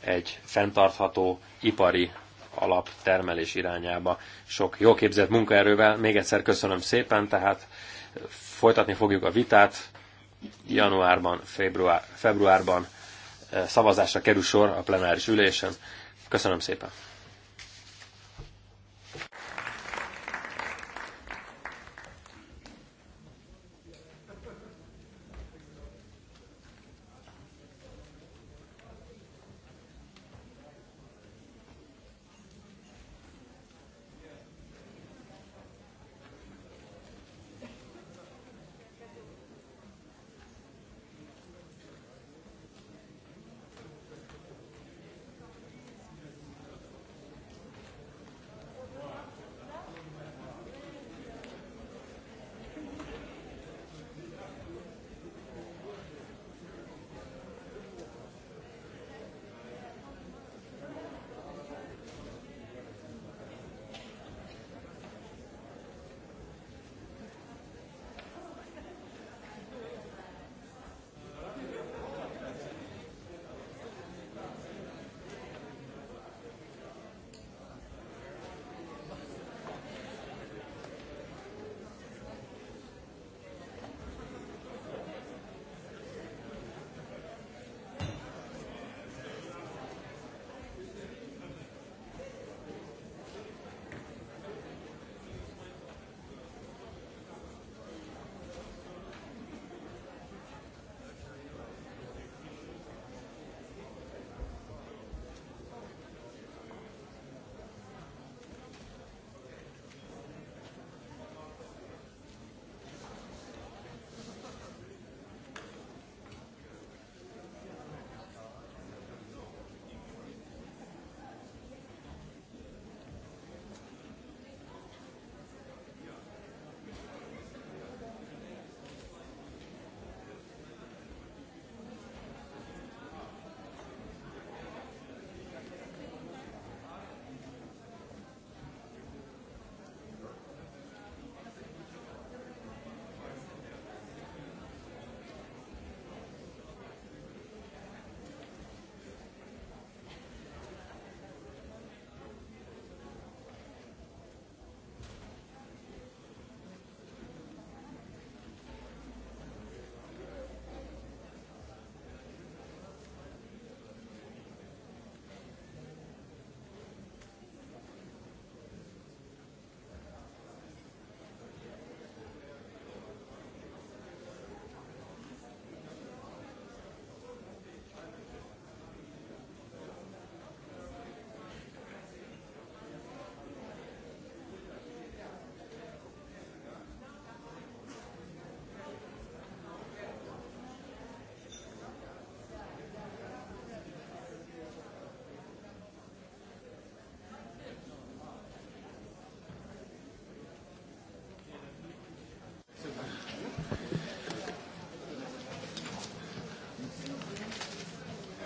egy fenntartható ipari alaptermelés irányába sok jó képzett munkaerővel. Még egyszer köszönöm szépen, tehát folytatni fogjuk a vitát. Januárban, február, februárban eh, szavazásra kerül sor a plenáris ülésen. Köszönöm szépen!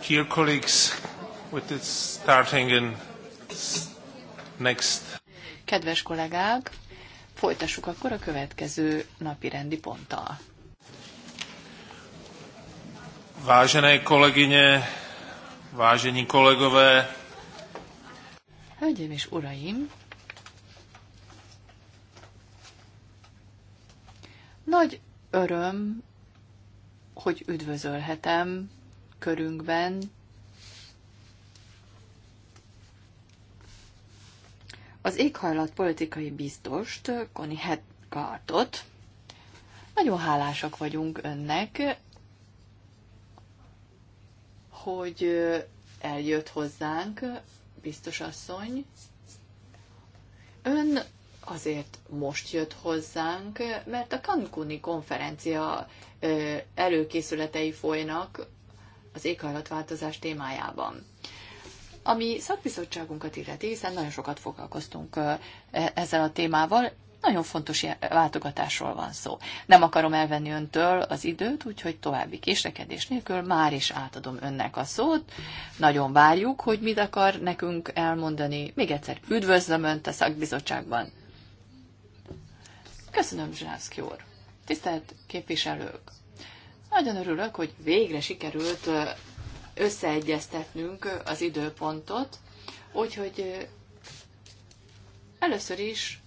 Dear colleagues, with it starting in next. Kedves kollégák, folytassuk akkor a következő napi rendi ponttal. Vážené kolegyne, vážení kolegové. Hölgyeim és uraim, nagy öröm, hogy üdvözölhetem körünkben az éghajlat politikai biztost, Koni Hedgartot. Nagyon hálásak vagyunk önnek, hogy eljött hozzánk, biztos asszony. Ön azért most jött hozzánk, mert a Cancuni konferencia előkészületei folynak az éghajlatváltozás témájában. Ami szakbizottságunkat illeti, hiszen nagyon sokat foglalkoztunk e, ezzel a témával, nagyon fontos váltogatásról van szó. Nem akarom elvenni öntől az időt, úgyhogy további késlekedés nélkül már is átadom önnek a szót. Nagyon várjuk, hogy mit akar nekünk elmondani. Még egyszer üdvözlöm önt a szakbizottságban. Köszönöm, Zsászki úr. Tisztelt képviselők! Nagyon örülök, hogy végre sikerült összeegyeztetnünk az időpontot, úgyhogy először is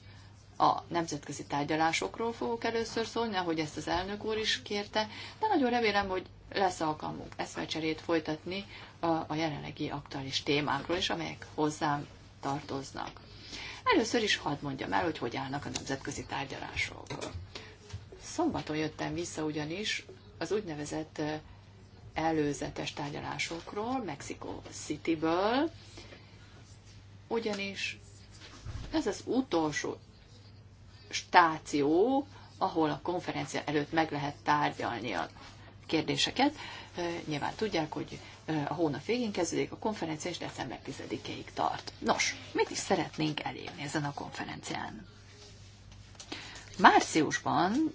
a nemzetközi tárgyalásokról fogok először szólni, ahogy ezt az elnök úr is kérte, de nagyon remélem, hogy lesz alkalmunk eszmecserét folytatni a jelenlegi aktuális témákról is, amelyek hozzám tartoznak. Először is hadd mondjam el, hogy hogy állnak a nemzetközi tárgyalások. Szombaton jöttem vissza ugyanis az úgynevezett előzetes tárgyalásokról, Mexico Cityből, ugyanis ez az utolsó stáció, ahol a konferencia előtt meg lehet tárgyalni a kérdéseket. Nyilván tudják, hogy a hónap végén kezdődik a konferencia, és december 10-ig tart. Nos, mit is szeretnénk elérni ezen a konferencián? Márciusban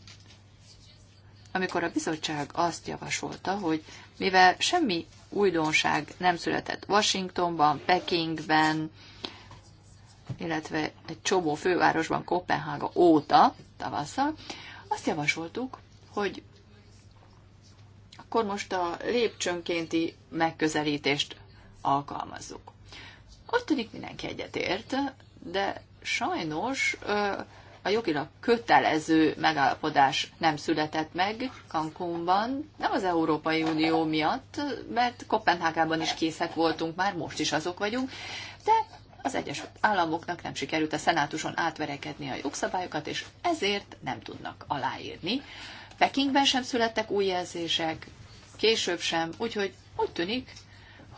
amikor a bizottság azt javasolta, hogy mivel semmi újdonság nem született Washingtonban, Pekingben, illetve egy csomó fővárosban, Kopenhága óta, tavasszal, azt javasoltuk, hogy akkor most a lépcsönkénti megközelítést alkalmazzuk. Ott tűnik mindenki egyetért, de sajnos a jogilag kötelező megállapodás nem született meg Cancúnban, nem az Európai Unió miatt, mert Kopenhágában is készek voltunk már, most is azok vagyunk, de az egyes államoknak nem sikerült a szenátuson átverekedni a jogszabályokat, és ezért nem tudnak aláírni. Pekingben sem születtek új jelzések, később sem, úgyhogy úgy tűnik,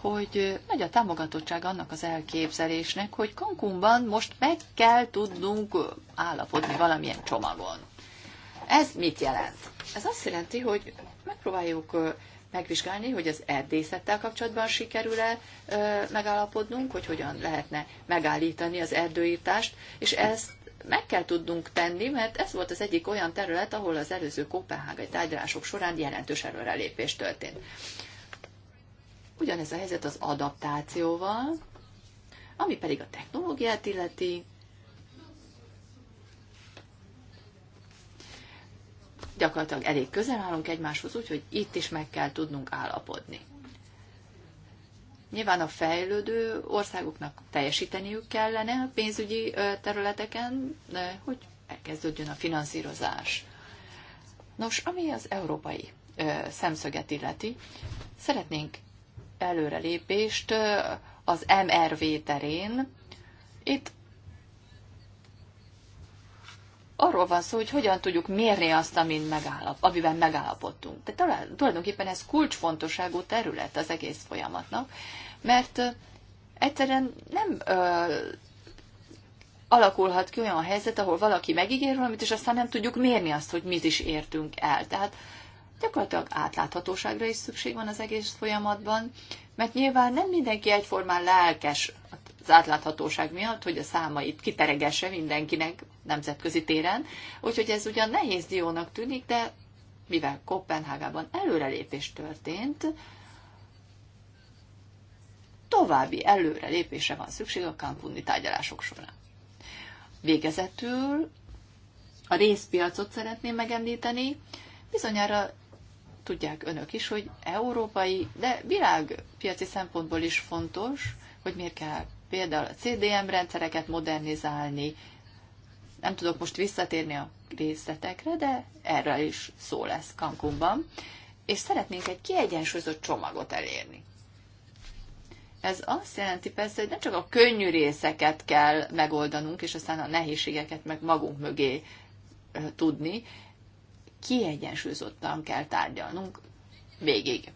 hogy nagy a támogatottság annak az elképzelésnek, hogy Cancúnban most meg kell tudnunk állapodni valamilyen csomagon. Ez mit jelent? Ez azt jelenti, hogy megpróbáljuk megvizsgálni, hogy az erdészettel kapcsolatban sikerül-e megállapodnunk, hogy hogyan lehetne megállítani az erdőírtást, és ezt meg kell tudnunk tenni, mert ez volt az egyik olyan terület, ahol az előző kopenhágai tárgyalások során jelentős előrelépés történt. Ugyanez a helyzet az adaptációval, ami pedig a technológiát illeti. Gyakorlatilag elég közel állunk egymáshoz, úgyhogy itt is meg kell tudnunk állapodni. Nyilván a fejlődő országoknak teljesíteniük kellene a pénzügyi területeken, hogy elkezdődjön a finanszírozás. Nos, ami az európai szemszöget illeti, szeretnénk előrelépést az MRV terén. Itt arról van szó, hogy hogyan tudjuk mérni azt, amin megállap, amiben megállapodtunk. De talán, tulajdonképpen ez kulcsfontosságú terület az egész folyamatnak, mert egyszerűen nem ö, alakulhat ki olyan helyzet, ahol valaki megígér valamit, és aztán nem tudjuk mérni azt, hogy mit is értünk el. Tehát Gyakorlatilag átláthatóságra is szükség van az egész folyamatban, mert nyilván nem mindenki egyformán lelkes az átláthatóság miatt, hogy a számait kiteregesse mindenkinek nemzetközi téren. Úgyhogy ez ugyan nehéz diónak tűnik, de mivel Kopenhágában előrelépés történt, további előrelépésre van szükség a kampunni tárgyalások során. Végezetül a részpiacot szeretném megemlíteni. Bizonyára tudják önök is, hogy európai, de világpiaci szempontból is fontos, hogy miért kell például a CDM rendszereket modernizálni. Nem tudok most visszatérni a részletekre, de erre is szó lesz Cancunban. És szeretnénk egy kiegyensúlyozott csomagot elérni. Ez azt jelenti persze, hogy nem csak a könnyű részeket kell megoldanunk, és aztán a nehézségeket meg magunk mögé tudni, kiegyensúlyozottan kell tárgyalnunk végig.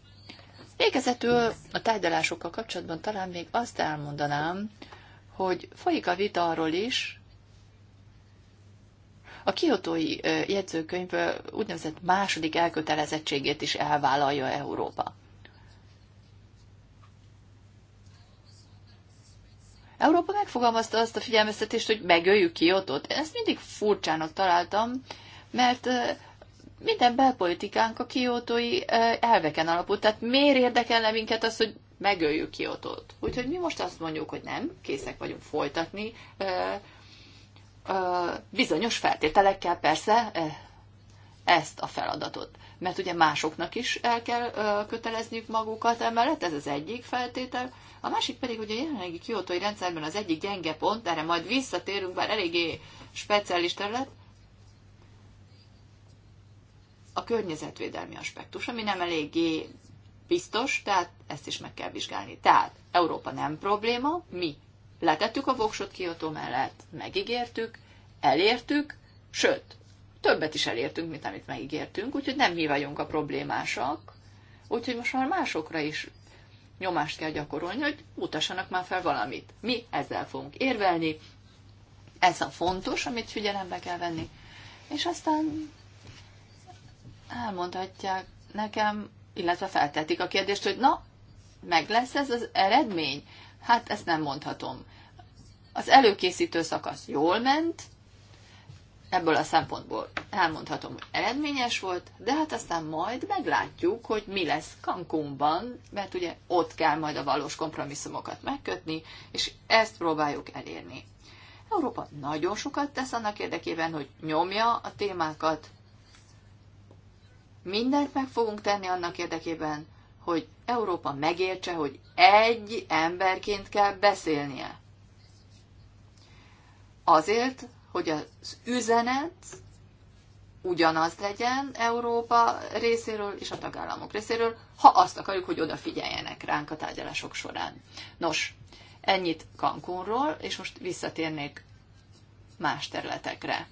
Végezetül a tárgyalásokkal kapcsolatban talán még azt elmondanám, hogy folyik a vita arról is, a kiotói jegyzőkönyv úgynevezett második elkötelezettségét is elvállalja Európa. Európa megfogalmazta azt a figyelmeztetést, hogy megöljük Kiotót. Ezt mindig furcsának találtam, mert minden belpolitikánk a kiótói elveken alapul. Tehát miért érdekelne minket az, hogy megöljük kiótót? Úgyhogy mi most azt mondjuk, hogy nem, készek vagyunk folytatni, bizonyos feltételekkel persze ezt a feladatot. Mert ugye másoknak is el kell kötelezniük magukat emellett, ez az egyik feltétel. A másik pedig, hogy a jelenlegi kiotói rendszerben az egyik gyenge pont, erre majd visszatérünk, bár eléggé speciális terület, a környezetvédelmi aspektus, ami nem eléggé biztos, tehát ezt is meg kell vizsgálni. Tehát Európa nem probléma, mi letettük a voksot kiotó mellett, megígértük, elértük, sőt, többet is elértünk, mint amit megígértünk, úgyhogy nem mi vagyunk a problémásak, úgyhogy most már másokra is nyomást kell gyakorolni, hogy mutassanak már fel valamit. Mi ezzel fogunk érvelni, ez a fontos, amit figyelembe kell venni, és aztán elmondhatják nekem, illetve feltetik a kérdést, hogy na, meg lesz ez az eredmény? Hát ezt nem mondhatom. Az előkészítő szakasz jól ment, ebből a szempontból elmondhatom, hogy eredményes volt, de hát aztán majd meglátjuk, hogy mi lesz Cancúnban, mert ugye ott kell majd a valós kompromisszumokat megkötni, és ezt próbáljuk elérni. Európa nagyon sokat tesz annak érdekében, hogy nyomja a témákat, Mindent meg fogunk tenni annak érdekében, hogy Európa megértse, hogy egy emberként kell beszélnie. Azért, hogy az üzenet ugyanaz legyen Európa részéről és a tagállamok részéről, ha azt akarjuk, hogy odafigyeljenek ránk a tárgyalások során. Nos, ennyit Cancúnról, és most visszatérnék más területekre.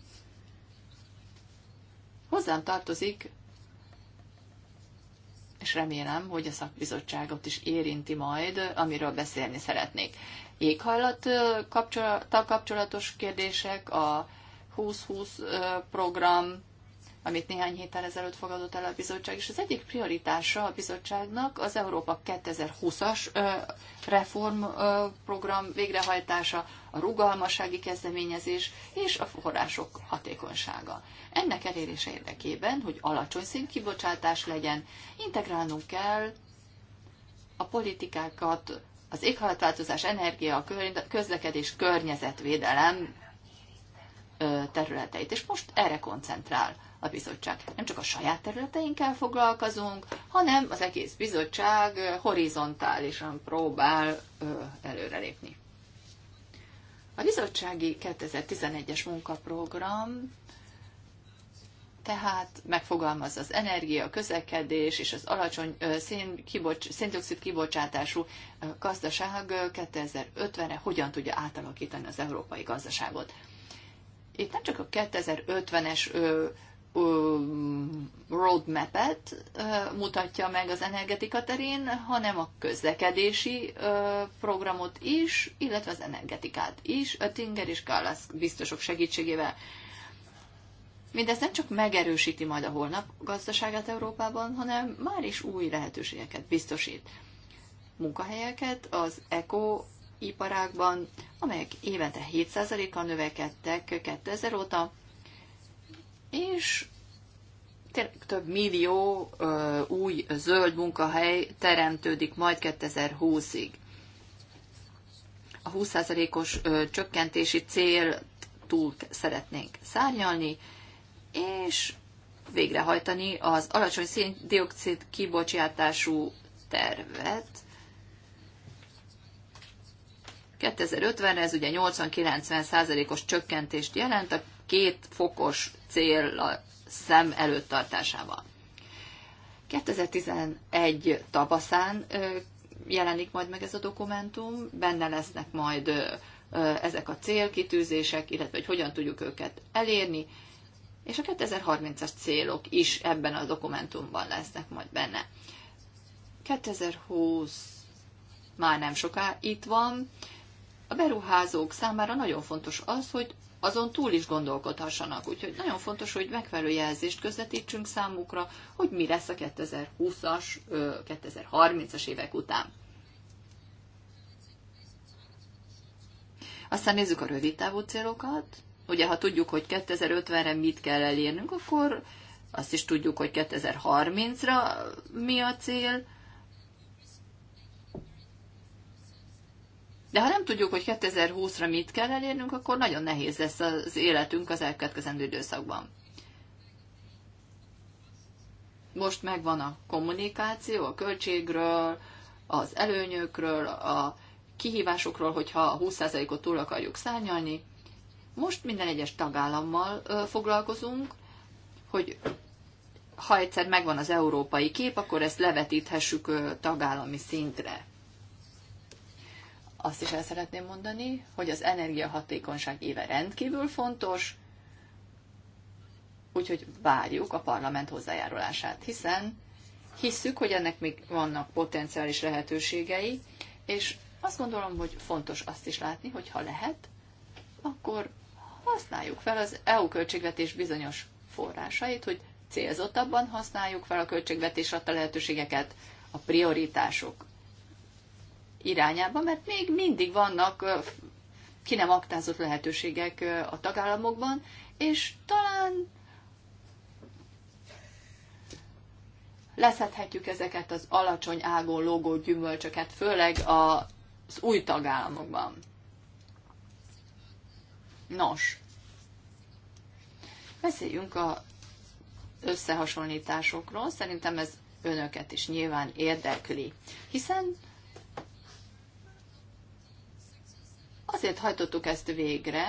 Hozzám tartozik és remélem, hogy a szakbizottságot is érinti majd, amiről beszélni szeretnék. Éghajlat kapcsolattal kapcsolatos kérdések, a 2020 program, amit néhány héttel ezelőtt fogadott el a bizottság, és az egyik prioritása a bizottságnak az Európa 2020-as reformprogram végrehajtása, a rugalmassági kezdeményezés és a források hatékonysága. Ennek elérése érdekében, hogy alacsony szintkibocsátás legyen, integrálnunk kell a politikákat, az éghajlatváltozás, energia, a közlekedés, környezetvédelem területeit, és most erre koncentrál a bizottság. Nem csak a saját területeinkkel foglalkozunk, hanem az egész bizottság horizontálisan próbál előrelépni. A bizottsági 2011-es munkaprogram tehát megfogalmaz az energia, közlekedés és az alacsony szén, széndiokszid kibocsátású gazdaság 2050-re hogyan tudja átalakítani az európai gazdaságot. Itt nem csak a 2050-es roadmap-et mutatja meg az energetika terén, hanem a közlekedési programot is, illetve az energetikát is, Öttinger és Gallas biztosok segítségével. Mindez nem csak megerősíti majd a holnap gazdaságát Európában, hanem már is új lehetőségeket biztosít. Munkahelyeket az eko iparákban, amelyek évente 7%-kal növekedtek 2000 óta, és több millió ö, új zöld munkahely teremtődik majd 2020-ig. A 20%-os csökkentési cél túl szeretnénk szárnyalni, és végrehajtani az alacsony széndiokszid kibocsátású tervet. 2050-re ez ugye 80-90 százalékos csökkentést jelent, a két fokos cél a szem előtt tartásával. 2011 tavaszán jelenik majd meg ez a dokumentum, benne lesznek majd ezek a célkitűzések, illetve hogy hogyan tudjuk őket elérni, és a 2030-as célok is ebben a dokumentumban lesznek majd benne. 2020 már nem soká itt van. A beruházók számára nagyon fontos az, hogy azon túl is gondolkodhassanak. Úgyhogy nagyon fontos, hogy megfelelő jelzést közvetítsünk számukra, hogy mi lesz a 2020-as, 2030-as évek után. Aztán nézzük a rövid távú célokat. Ugye, ha tudjuk, hogy 2050-re mit kell elérnünk, akkor azt is tudjuk, hogy 2030-ra mi a cél, De ha nem tudjuk, hogy 2020-ra mit kell elérnünk, akkor nagyon nehéz lesz az életünk az elkövetkezendő időszakban. Most megvan a kommunikáció a költségről, az előnyökről, a kihívásokról, hogyha a 20%-ot túl akarjuk szárnyalni. Most minden egyes tagállammal foglalkozunk, hogy ha egyszer megvan az európai kép, akkor ezt levetíthessük tagállami szintre. Azt is el szeretném mondani, hogy az energiahatékonyság éve rendkívül fontos, úgyhogy várjuk a parlament hozzájárulását, hiszen hisszük, hogy ennek még vannak potenciális lehetőségei, és azt gondolom, hogy fontos azt is látni, hogy ha lehet, akkor használjuk fel az EU költségvetés bizonyos forrásait, hogy célzottabban használjuk fel a költségvetés adta lehetőségeket, a prioritások irányába, mert még mindig vannak ki nem aktázott lehetőségek a tagállamokban, és talán leszedhetjük ezeket az alacsony ágon lógó gyümölcsöket, főleg az új tagállamokban. Nos, beszéljünk a összehasonlításokról. Szerintem ez önöket is nyilván érdekli, hiszen Azért hajtottuk ezt végre,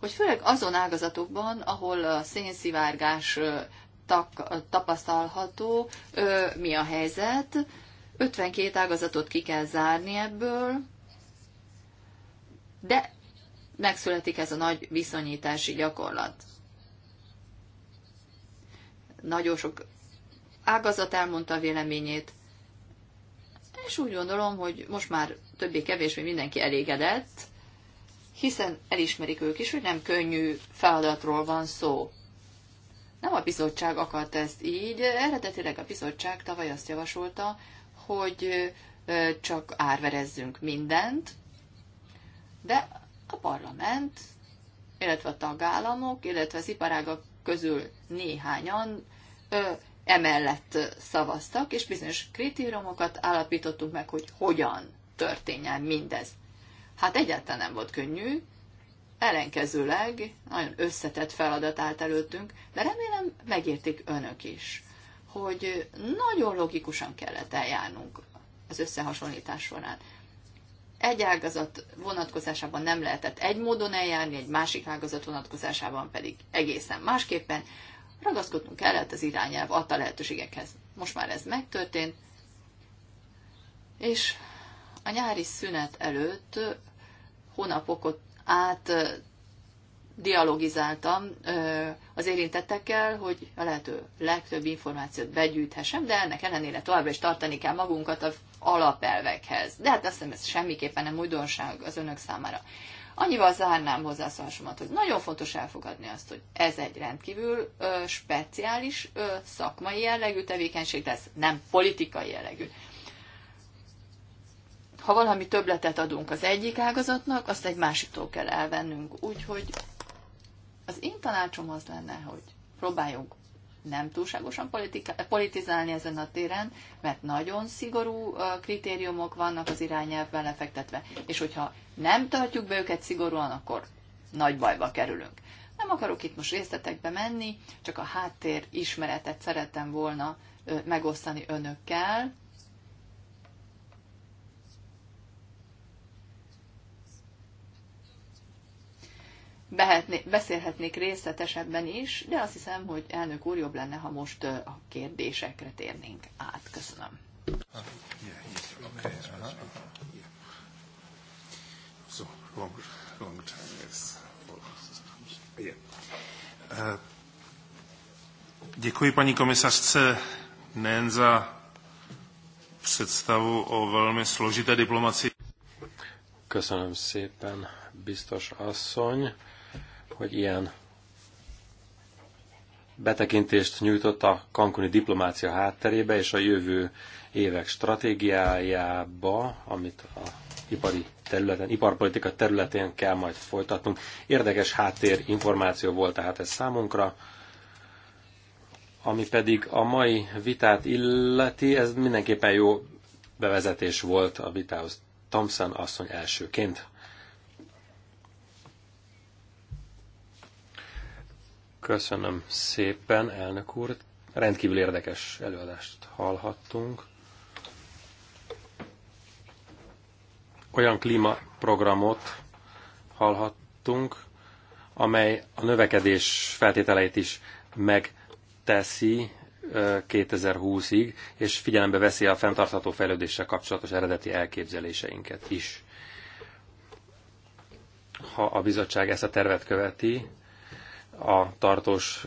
hogy főleg azon ágazatokban, ahol a szénszivárgás tapasztalható, mi a helyzet, 52 ágazatot ki kell zárni ebből, de megszületik ez a nagy viszonyítási gyakorlat. Nagyon sok ágazat elmondta a véleményét, és úgy gondolom, hogy most már többé-kevésbé mindenki elégedett, hiszen elismerik ők is, hogy nem könnyű feladatról van szó. Nem a bizottság akart ezt így, eredetileg a bizottság tavaly azt javasolta, hogy csak árverezzünk mindent, de a parlament, illetve a tagállamok, illetve az iparágak közül néhányan emellett szavaztak, és bizonyos kritériumokat állapítottunk meg, hogy hogyan történjen mindez. Hát egyáltalán nem volt könnyű, ellenkezőleg nagyon összetett feladat állt előttünk, de remélem megértik önök is, hogy nagyon logikusan kellett eljárnunk az összehasonlítás során. Egy ágazat vonatkozásában nem lehetett egy módon eljárni, egy másik ágazat vonatkozásában pedig egészen másképpen. Ragaszkodnunk kellett az irányelv adta lehetőségekhez. Most már ez megtörtént, és a nyári szünet előtt hónapokot át dialogizáltam az érintettekkel, hogy a lehető legtöbb információt begyűjthessem, de ennek ellenére továbbra is tartani kell magunkat az alapelvekhez. De hát azt hiszem, ez semmiképpen nem újdonság az önök számára. Annyival zárnám hozzászólásomat, hogy nagyon fontos elfogadni azt, hogy ez egy rendkívül ö, speciális ö, szakmai jellegű tevékenység lesz, nem politikai jellegű ha valami többletet adunk az egyik ágazatnak, azt egy másiktól kell elvennünk. Úgyhogy az én tanácsom az lenne, hogy próbáljunk nem túlságosan politizálni ezen a téren, mert nagyon szigorú kritériumok vannak az irányelvben lefektetve, és hogyha nem tartjuk be őket szigorúan, akkor nagy bajba kerülünk. Nem akarok itt most részletekbe menni, csak a háttér ismeretet szerettem volna megosztani önökkel, behetné, beszélhetnék részletesebben is, de azt hiszem, hogy elnök úr jobb lenne, ha most a kérdésekre térnénk át. Köszönöm. Děkuji paní komisařce nejen za představu o velmi složité diplomaci. Köszönöm szépen, biztos asszony hogy ilyen betekintést nyújtott a kankuni diplomácia hátterébe és a jövő évek stratégiájába, amit a ipari területen, iparpolitika területén kell majd folytatnunk. Érdekes háttér információ volt tehát ez számunkra, ami pedig a mai vitát illeti, ez mindenképpen jó bevezetés volt a vitához. Thompson asszony elsőként. Köszönöm szépen, elnök úr. Rendkívül érdekes előadást hallhattunk. Olyan klímaprogramot hallhattunk, amely a növekedés feltételeit is megteszi 2020-ig, és figyelembe veszi a fenntartható fejlődéssel kapcsolatos eredeti elképzeléseinket is. Ha a bizottság ezt a tervet követi, a tartós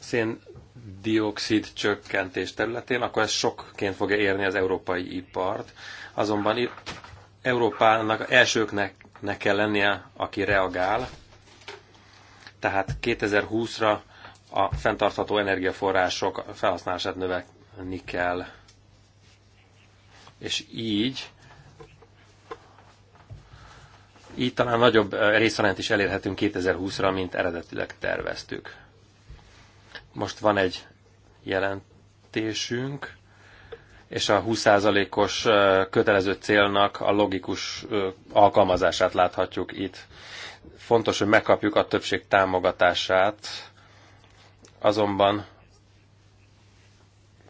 széndiokszid csökkentés területén, akkor ez sokként fogja érni az európai ipart. Azonban itt Európának elsőknek ne kell lennie, aki reagál. Tehát 2020-ra a fenntartható energiaforrások felhasználását növelni kell. És így így talán nagyobb eh, részarányt is elérhetünk 2020-ra, mint eredetileg terveztük. Most van egy jelentésünk, és a 20%-os eh, kötelező célnak a logikus eh, alkalmazását láthatjuk itt. Fontos, hogy megkapjuk a többség támogatását, azonban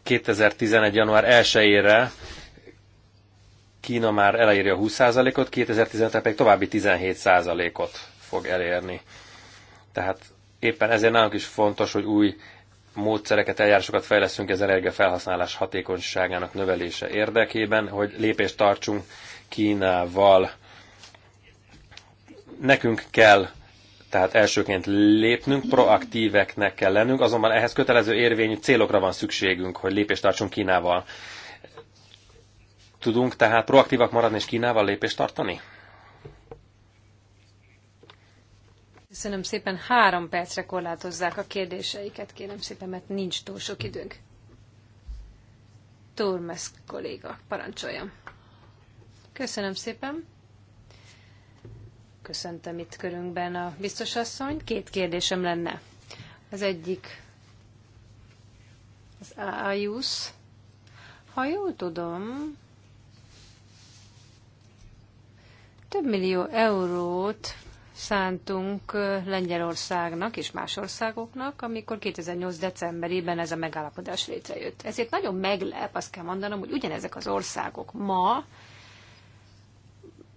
2011. január 1-ére Kína már eléri a 20%-ot, 2015-re pedig további 17%-ot fog elérni. Tehát éppen ezért nálunk is fontos, hogy új módszereket, eljárásokat fejleszünk az energiafelhasználás hatékonyságának növelése érdekében, hogy lépést tartsunk Kínával. Nekünk kell tehát elsőként lépnünk, proaktíveknek kell lennünk, azonban ehhez kötelező érvényű célokra van szükségünk, hogy lépést tartsunk Kínával. Tudunk tehát proaktívak maradni és Kínával lépést tartani? Köszönöm szépen, három percre korlátozzák a kérdéseiket, kérem szépen, mert nincs túl sok időnk. Turmes kolléga, parancsoljam. Köszönöm szépen. Köszöntöm itt körünkben a biztos asszony. Két kérdésem lenne. Az egyik az AIUS. Ha jól tudom, Több millió eurót szántunk Lengyelországnak és más országoknak, amikor 2008. decemberében ez a megállapodás létrejött. Ezért nagyon meglep, azt kell mondanom, hogy ugyanezek az országok ma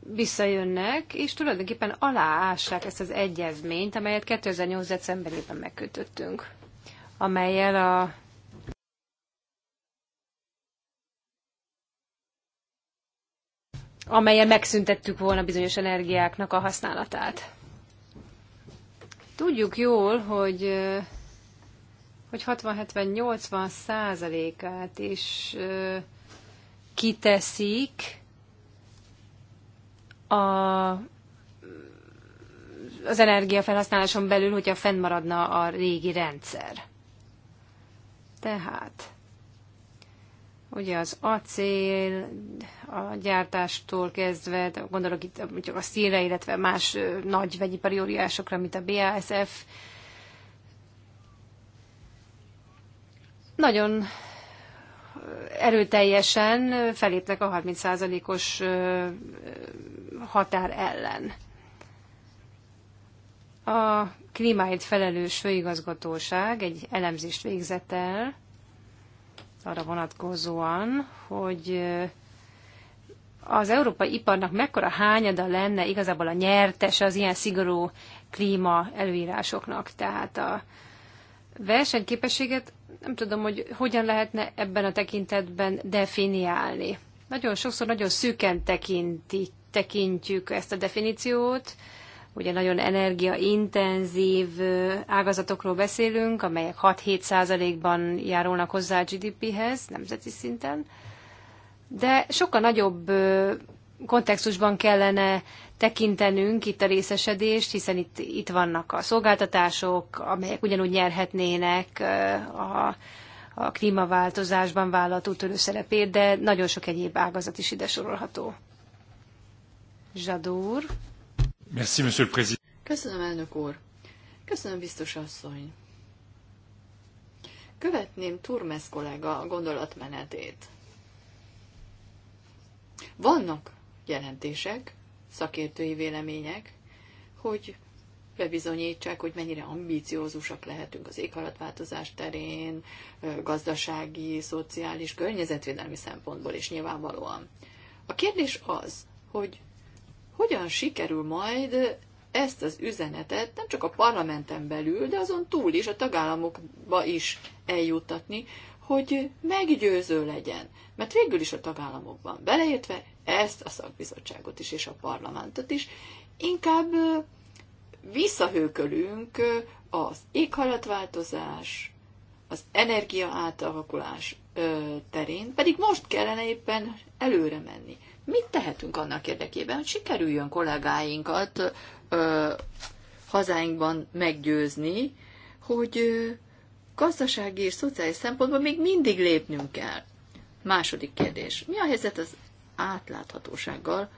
visszajönnek, és tulajdonképpen aláássák ezt az egyezményt, amelyet 2008. decemberében megkötöttünk, amelyel a amelyen megszüntettük volna bizonyos energiáknak a használatát. Tudjuk jól, hogy, hogy 60-70-80 százalékát is kiteszik a, az energiafelhasználáson belül, hogyha fennmaradna a régi rendszer. Tehát Ugye az acél a gyártástól kezdve, gondolok itt mondjuk a szélre, illetve más nagy vegyipari óriásokra, mint a BASF. Nagyon erőteljesen felépnek a 30%-os határ ellen. A klímáért felelős főigazgatóság egy elemzést végzett el, arra vonatkozóan, hogy eh, az európai iparnak mekkora hányada lenne igazából a nyertes az ilyen szigorú klíma előírásoknak. Tehát a versenyképességet nem tudom, hogy hogyan lehetne ebben a tekintetben definiálni. Nagyon sokszor nagyon szűken tekinti, tekintjük ezt a definíciót, ugye nagyon energiaintenzív ágazatokról beszélünk, amelyek 6-7 százalékban járulnak hozzá a GDP-hez nemzeti szinten, de sokkal nagyobb kontextusban kellene tekintenünk itt a részesedést, hiszen itt, itt vannak a szolgáltatások, amelyek ugyanúgy nyerhetnének a, a klímaváltozásban vállalt úttörő szerepét, de nagyon sok egyéb ágazat is ide sorolható. Zsadúr. Merci, monsieur le président. Köszönöm, elnök úr. Köszönöm, biztos asszony. Követném Turmes kollega gondolatmenetét. Vannak jelentések, szakértői vélemények, hogy bebizonyítsák, hogy mennyire ambíciózusak lehetünk az éghajlatváltozás terén, gazdasági, szociális, környezetvédelmi szempontból is nyilvánvalóan. A kérdés az, hogy hogyan sikerül majd ezt az üzenetet nem csak a parlamenten belül, de azon túl is, a tagállamokba is eljuttatni, hogy meggyőző legyen. Mert végül is a tagállamokban beleértve ezt a szakbizottságot is és a parlamentet is, inkább visszahőkölünk az éghajlatváltozás, az energia átalakulás terén, pedig most kellene éppen előre menni. Mit tehetünk annak érdekében, hogy sikerüljön kollégáinkat ö, hazáinkban meggyőzni, hogy ö, gazdasági és szociális szempontból még mindig lépnünk kell? Második kérdés. Mi a helyzet az átláthatósággal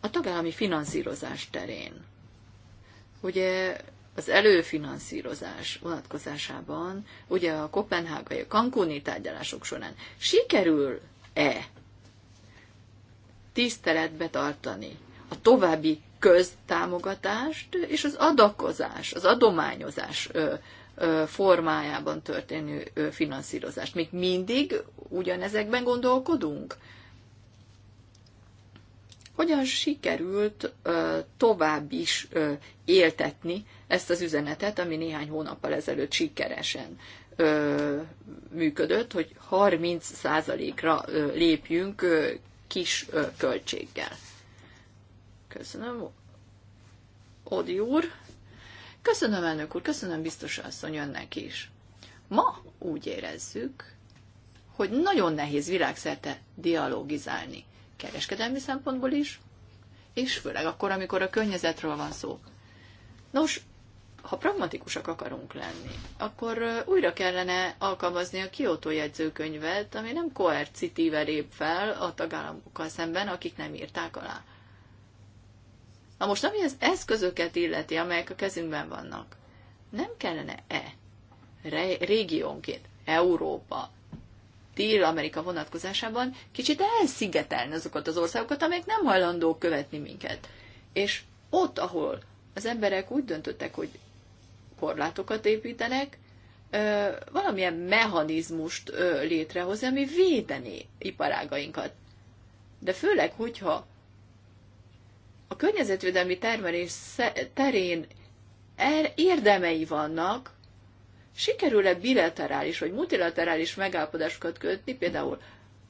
a tagállami finanszírozás terén? Ugye az előfinanszírozás vonatkozásában, ugye a kopenhágai, a kankóni tárgyalások során sikerül-e tiszteletbe tartani a további köztámogatást és az adakozás, az adományozás formájában történő finanszírozást. Még mindig ugyanezekben gondolkodunk? Hogyan sikerült tovább is éltetni ezt az üzenetet, ami néhány hónappal ezelőtt sikeresen működött, hogy 30%-ra lépjünk kis költséggel. Köszönöm. Odi úr. Köszönöm, elnök úr, köszönöm biztos asszony önnek is. Ma úgy érezzük, hogy nagyon nehéz világszerte dialogizálni. Kereskedelmi szempontból is, és főleg akkor, amikor a környezetről van szó. Nos, ha pragmatikusak akarunk lenni, akkor újra kellene alkalmazni a Kyoto jegyzőkönyvet, ami nem koercitíve lép fel a tagállamokkal szemben, akik nem írták alá. Na most, ami az eszközöket illeti, amelyek a kezünkben vannak, nem kellene-e re- régiónként Európa, Dél-Amerika vonatkozásában kicsit elszigetelni azokat az országokat, amelyek nem hajlandók követni minket. És ott, ahol az emberek úgy döntöttek, hogy korlátokat építenek, valamilyen mechanizmust létrehozni, ami védeni iparágainkat. De főleg, hogyha a környezetvédelmi termelés terén er-, érdemei vannak, sikerül-e bilaterális vagy multilaterális megállapodásokat kötni, például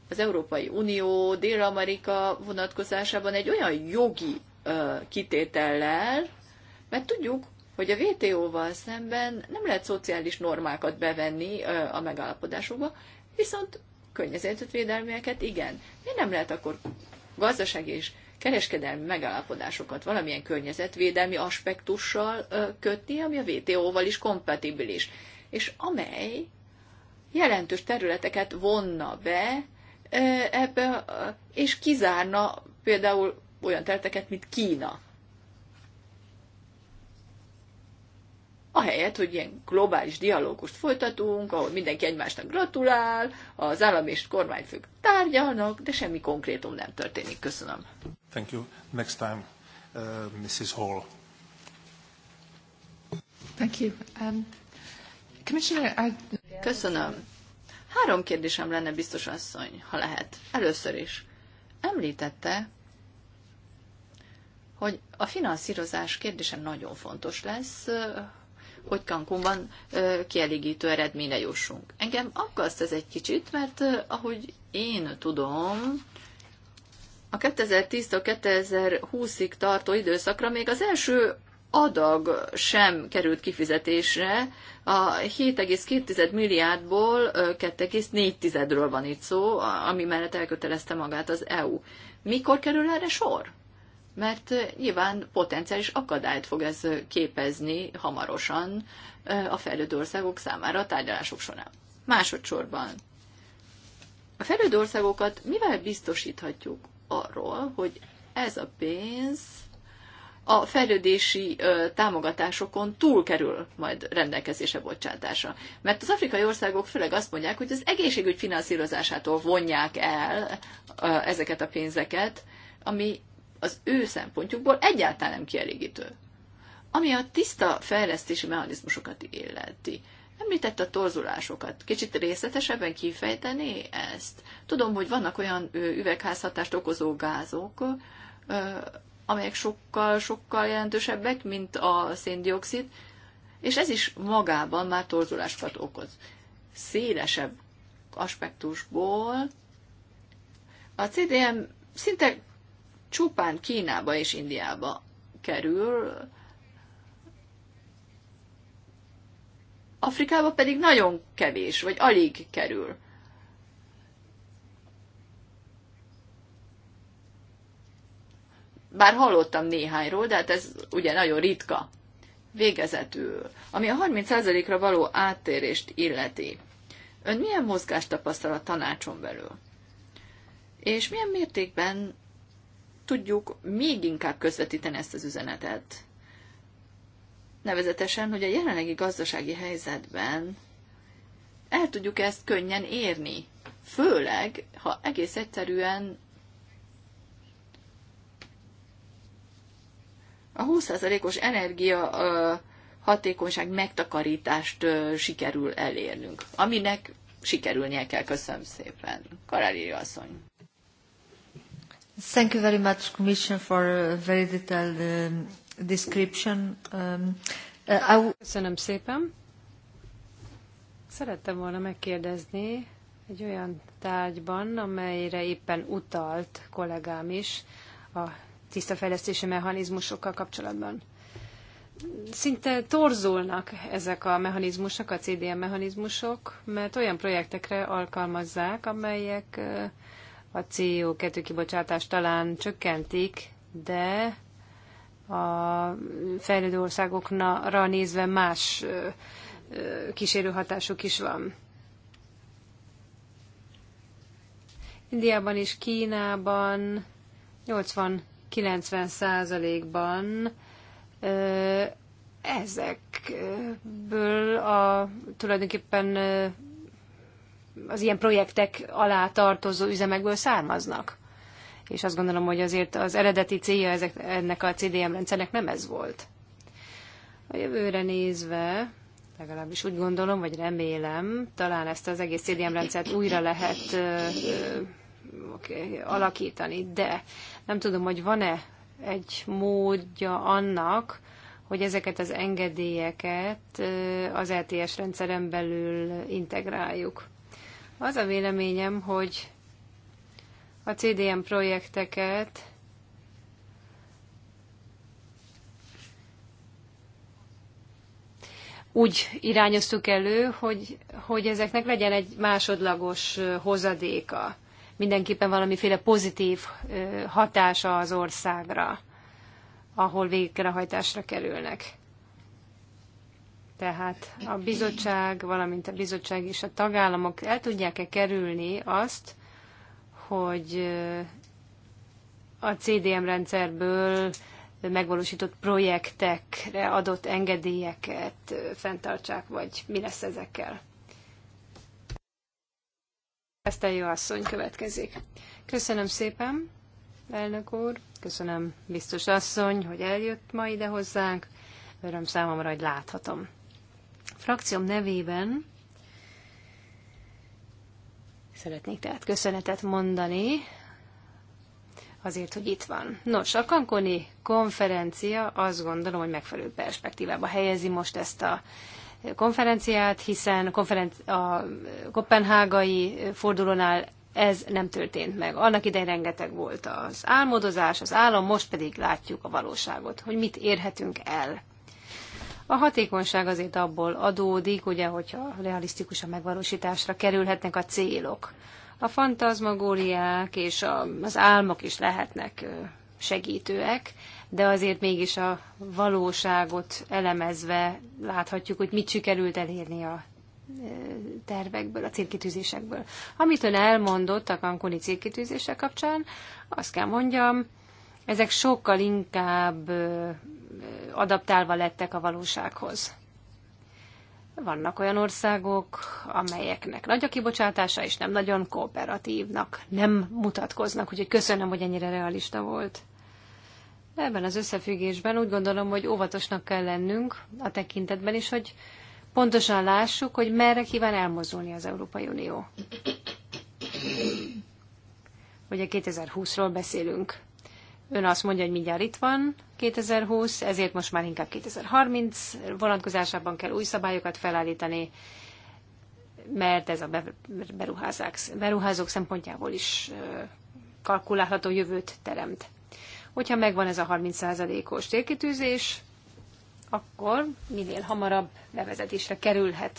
az Európai Unió, Dél-Amerika vonatkozásában egy olyan jogi kitétellel, mert tudjuk, hogy a vto val szemben nem lehet szociális normákat bevenni a megállapodásokba, viszont környezetvédelmieket igen. Miért nem lehet akkor gazdaság és kereskedelmi megállapodásokat valamilyen környezetvédelmi aspektussal kötni, ami a vto val is kompatibilis, és amely jelentős területeket vonna be ebbe, és kizárna például olyan területeket, mint Kína ahelyett, hogy ilyen globális dialógust folytatunk, ahol mindenki egymásnak gratulál, az állam és kormányfők tárgyalnak, de semmi konkrétum nem történik. Köszönöm. Thank you. Next time, uh, Mrs. Hall. Thank you. Um, Commissioner, I... Köszönöm. Három kérdésem lenne, biztos asszony, ha lehet. Először is. Említette, hogy a finanszírozás kérdése nagyon fontos lesz, hogy Cancunban kielégítő eredményre jussunk. Engem aggaszt ez egy kicsit, mert ahogy én tudom, a 2010-től 2020-ig tartó időszakra még az első adag sem került kifizetésre, a 7,2 milliárdból 2,4-ről van itt szó, ami mellett elkötelezte magát az EU. Mikor kerül erre sor? mert nyilván potenciális akadályt fog ez képezni hamarosan a fejlődő országok számára a tárgyalások során. Másodszorban a fejlődő országokat mivel biztosíthatjuk arról, hogy ez a pénz a fejlődési támogatásokon túl kerül majd rendelkezésre bocsátása. Mert az afrikai országok főleg azt mondják, hogy az egészségügy finanszírozásától vonják el ezeket a pénzeket, ami az ő szempontjukból egyáltalán nem kielégítő. Ami a tiszta fejlesztési mechanizmusokat illeti. Említett a torzulásokat. Kicsit részletesebben kifejteni ezt? Tudom, hogy vannak olyan üvegházhatást okozó gázok, amelyek sokkal-sokkal jelentősebbek, mint a széndiokszid, és ez is magában már torzulásokat okoz. Szélesebb aspektusból a CDM szinte csupán Kínába és Indiába kerül, Afrikába pedig nagyon kevés, vagy alig kerül. Bár hallottam néhányról, de hát ez ugye nagyon ritka. Végezetül, ami a 30%-ra való áttérést illeti. Ön milyen mozgást tapasztal a tanácson belül? És milyen mértékben tudjuk még inkább közvetíteni ezt az üzenetet. Nevezetesen, hogy a jelenlegi gazdasági helyzetben el tudjuk ezt könnyen érni. Főleg, ha egész egyszerűen a 20%-os energia hatékonyság megtakarítást sikerül elérnünk, aminek sikerülnie kell. Köszönöm szépen. Karelíri asszony. Thank you very much, Commission, for a very detailed um, description. Um, uh, I Köszönöm szépen. Szerettem volna megkérdezni egy olyan tárgyban, amelyre éppen utalt kollégám is a tiszta fejlesztési mechanizmusokkal kapcsolatban. Szinte torzulnak ezek a mechanizmusok, a CDM mechanizmusok, mert olyan projektekre alkalmazzák, amelyek uh, a CO2 kibocsátást talán csökkentik, de a fejlődő országokra nézve más kísérő hatásuk is van. Indiában és Kínában 80-90 százalékban ezekből a tulajdonképpen az ilyen projektek alá tartozó üzemekből származnak. És azt gondolom, hogy azért az eredeti célja ezek, ennek a CDM rendszernek nem ez volt. A jövőre nézve, legalábbis úgy gondolom, vagy remélem, talán ezt az egész CDM rendszert újra lehet ö, ö, alakítani, de nem tudom, hogy van-e egy módja annak, hogy ezeket az engedélyeket az LTS e rendszeren belül integráljuk. Az a véleményem, hogy a CDM projekteket úgy irányoztuk elő, hogy, hogy ezeknek legyen egy másodlagos hozadéka. Mindenképpen valamiféle pozitív hatása az országra, ahol végrehajtásra kerülnek. Tehát a bizottság, valamint a bizottság és a tagállamok el tudják-e kerülni azt, hogy a CDM rendszerből megvalósított projektekre adott engedélyeket fenntartsák, vagy mi lesz ezekkel? Ezt a jó asszony következik. Köszönöm szépen, elnök úr, köszönöm biztos asszony, hogy eljött ma ide hozzánk. Öröm számomra, hogy láthatom. Frakcióm nevében szeretnék tehát köszönetet mondani azért, hogy itt van. Nos, a Kankoni konferencia azt gondolom, hogy megfelelő perspektívába helyezi most ezt a konferenciát, hiszen a, konferenci- a kopenhágai fordulónál ez nem történt meg. Annak idején rengeteg volt az álmodozás, az álom, most pedig látjuk a valóságot, hogy mit érhetünk el. A hatékonyság azért abból adódik, ugye, hogyha realisztikus a megvalósításra kerülhetnek a célok. A fantazmagóriák és a az álmok is lehetnek segítőek, de azért mégis a valóságot elemezve láthatjuk, hogy mit sikerült elérni a tervekből, a célkitűzésekből. Amit ön elmondott a kankuni célkitűzések kapcsán, azt kell mondjam, ezek sokkal inkább adaptálva lettek a valósághoz. Vannak olyan országok, amelyeknek nagy a kibocsátása, és nem nagyon kooperatívnak, nem mutatkoznak, úgyhogy köszönöm, hogy ennyire realista volt. Ebben az összefüggésben úgy gondolom, hogy óvatosnak kell lennünk a tekintetben is, hogy pontosan lássuk, hogy merre kíván elmozdulni az Európai Unió. Ugye 2020-ról beszélünk. Ön azt mondja, hogy mindjárt itt van 2020, ezért most már inkább 2030 vonatkozásában kell új szabályokat felállítani, mert ez a beruházók szempontjából is kalkulálható jövőt teremt. Hogyha megvan ez a 30%-os térkitűzés, akkor minél hamarabb bevezetésre kerülhet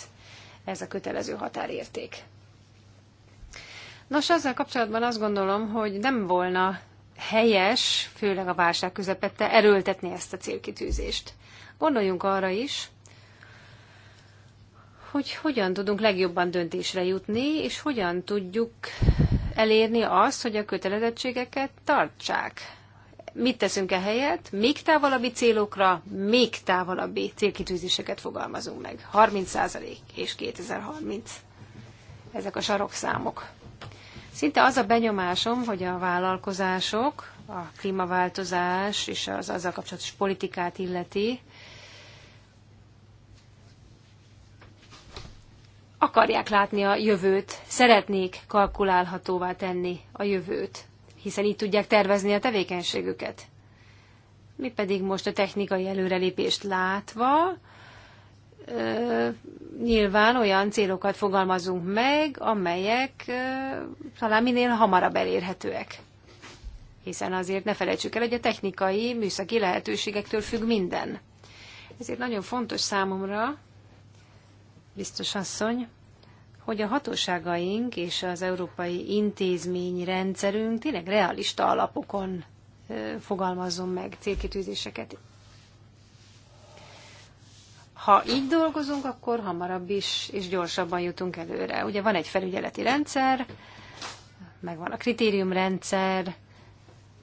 ez a kötelező határérték. Nos, ezzel kapcsolatban azt gondolom, hogy nem volna helyes, főleg a válság közepette erőltetni ezt a célkitűzést. Gondoljunk arra is, hogy hogyan tudunk legjobban döntésre jutni, és hogyan tudjuk elérni azt, hogy a kötelezettségeket tartsák. Mit teszünk e helyet? Még távolabbi célokra, még távolabbi célkitűzéseket fogalmazunk meg. 30% és 2030. Ezek a sarokszámok. Szinte az a benyomásom, hogy a vállalkozások a klímaváltozás és az azzal kapcsolatos politikát illeti, akarják látni a jövőt, szeretnék kalkulálhatóvá tenni a jövőt, hiszen így tudják tervezni a tevékenységüket. Mi pedig most a technikai előrelépést látva, nyilván olyan célokat fogalmazunk meg, amelyek talán minél hamarabb elérhetőek. Hiszen azért ne felejtsük el, hogy a technikai, műszaki lehetőségektől függ minden. Ezért nagyon fontos számomra, biztos asszony, hogy a hatóságaink és az európai intézményrendszerünk tényleg realista alapokon fogalmazzon meg célkitűzéseket. Ha így dolgozunk, akkor hamarabb is és gyorsabban jutunk előre. Ugye van egy felügyeleti rendszer, megvan a kritériumrendszer,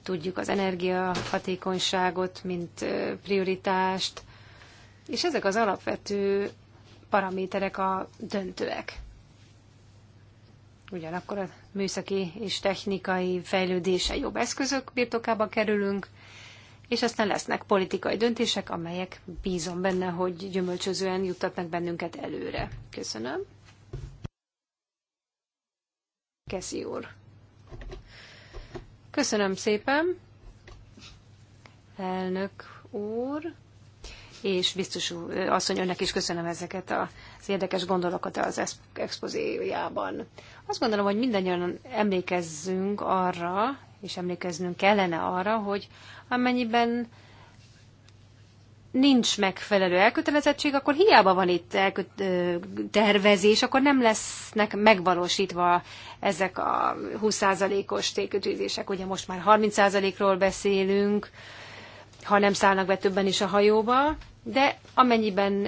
tudjuk az energiahatékonyságot, mint prioritást, és ezek az alapvető paraméterek a döntőek. Ugyanakkor a műszaki és technikai fejlődése jobb eszközök birtokába kerülünk, és aztán lesznek politikai döntések, amelyek bízom benne, hogy gyümölcsözően juttatnak bennünket előre. Köszönöm. Keszi úr. Köszönöm szépen, elnök úr, és biztos asszony, önnek is köszönöm ezeket a az érdekes gondolatokat az expozíjában. Azt gondolom, hogy mindannyian emlékezzünk arra, és emlékeznünk kellene arra, hogy amennyiben nincs megfelelő elkötelezettség, akkor hiába van itt elkö- tervezés, akkor nem lesznek megvalósítva ezek a 20%-os tékötőzések. Ugye most már 30%-ról beszélünk, ha nem szállnak be többen is a hajóba, de amennyiben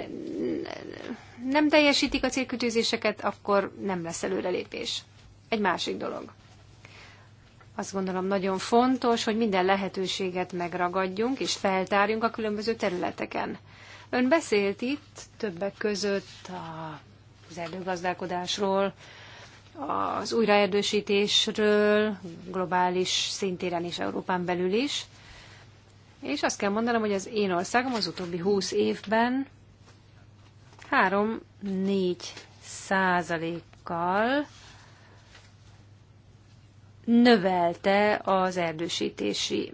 nem teljesítik a célkötőzéseket, akkor nem lesz előrelépés. Egy másik dolog azt gondolom nagyon fontos, hogy minden lehetőséget megragadjunk és feltárjunk a különböző területeken. Ön beszélt itt többek között az erdőgazdálkodásról, az újraerdősítésről, globális szintéren és Európán belül is. És azt kell mondanom, hogy az én országom az utóbbi 20 évben 3-4 százalékkal növelte az erdősítési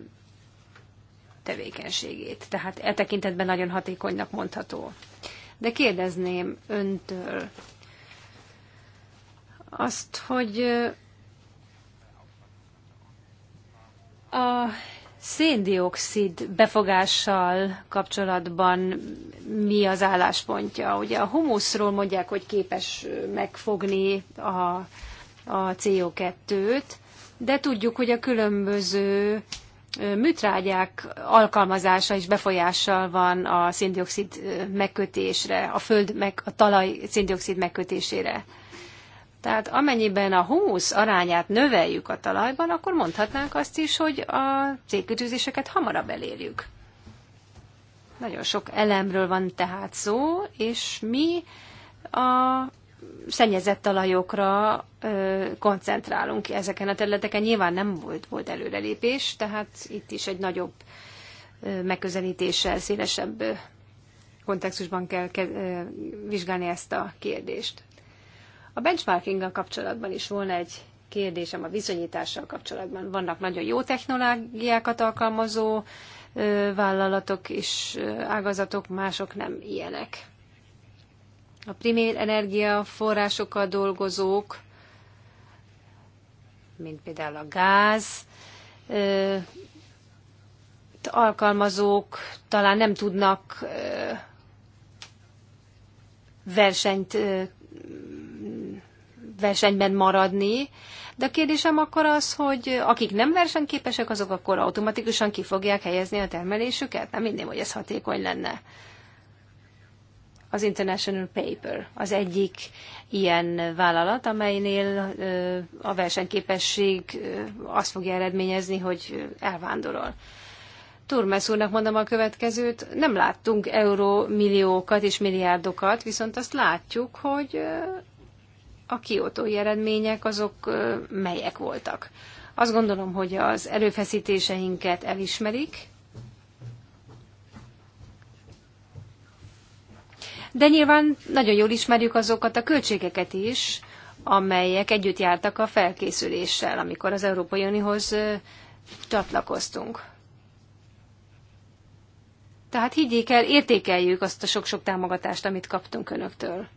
tevékenységét. Tehát e tekintetben nagyon hatékonynak mondható. De kérdezném öntől azt, hogy a széndiokszid befogással kapcsolatban mi az álláspontja? Ugye a humuszról mondják, hogy képes megfogni a, a CO2-t, de tudjuk, hogy a különböző műtrágyák alkalmazása is befolyással van a széndiokszid megkötésre, a föld meg a talaj széndiokszid megkötésére. Tehát amennyiben a humusz arányát növeljük a talajban, akkor mondhatnánk azt is, hogy a célkütőzéseket hamarabb elérjük. Nagyon sok elemről van tehát szó, és mi a szennyezett talajokra ö, koncentrálunk ezeken a területeken. Nyilván nem volt, volt előrelépés, tehát itt is egy nagyobb ö, megközelítéssel, szélesebb ö, kontextusban kell ke, ö, vizsgálni ezt a kérdést. A benchmarkinggal kapcsolatban is volna egy kérdésem a viszonyítással kapcsolatban. Vannak nagyon jó technológiákat alkalmazó ö, vállalatok és ö, ágazatok, mások nem ilyenek a primér energiaforrásokkal dolgozók, mint például a gáz, alkalmazók talán nem tudnak versenyt, versenyben maradni, de a kérdésem akkor az, hogy akik nem versenyképesek, azok akkor automatikusan ki fogják helyezni a termelésüket? Nem inném, hogy ez hatékony lenne az International Paper, az egyik ilyen vállalat, amelynél a versenyképesség azt fogja eredményezni, hogy elvándorol. Turmes úrnak mondom a következőt, nem láttunk eurómilliókat és milliárdokat, viszont azt látjuk, hogy a kiotói eredmények azok melyek voltak. Azt gondolom, hogy az erőfeszítéseinket elismerik, de nyilván nagyon jól ismerjük azokat a költségeket is, amelyek együtt jártak a felkészüléssel, amikor az Európai Unióhoz csatlakoztunk. Tehát higgyék el, értékeljük azt a sok-sok támogatást, amit kaptunk önöktől.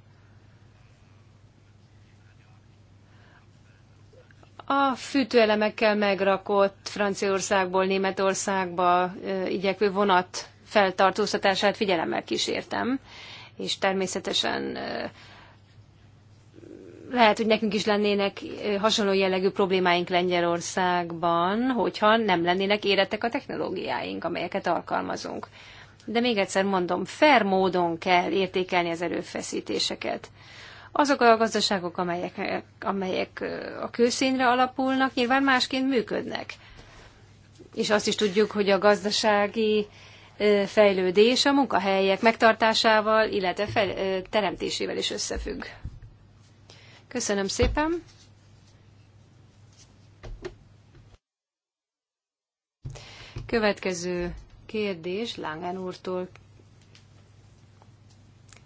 A fűtőelemekkel megrakott Franciaországból Németországba igyekvő vonat feltartóztatását figyelemmel kísértem, és természetesen lehet, hogy nekünk is lennének hasonló jellegű problémáink Lengyelországban, hogyha nem lennének érettek a technológiáink, amelyeket alkalmazunk. De még egyszer mondom, fair módon kell értékelni az erőfeszítéseket. Azok a gazdaságok, amelyek, amelyek a kőszínre alapulnak, nyilván másként működnek. És azt is tudjuk, hogy a gazdasági fejlődés a munkahelyek megtartásával, illetve fel, teremtésével is összefügg. Köszönöm szépen! Következő kérdés Langen úrtól.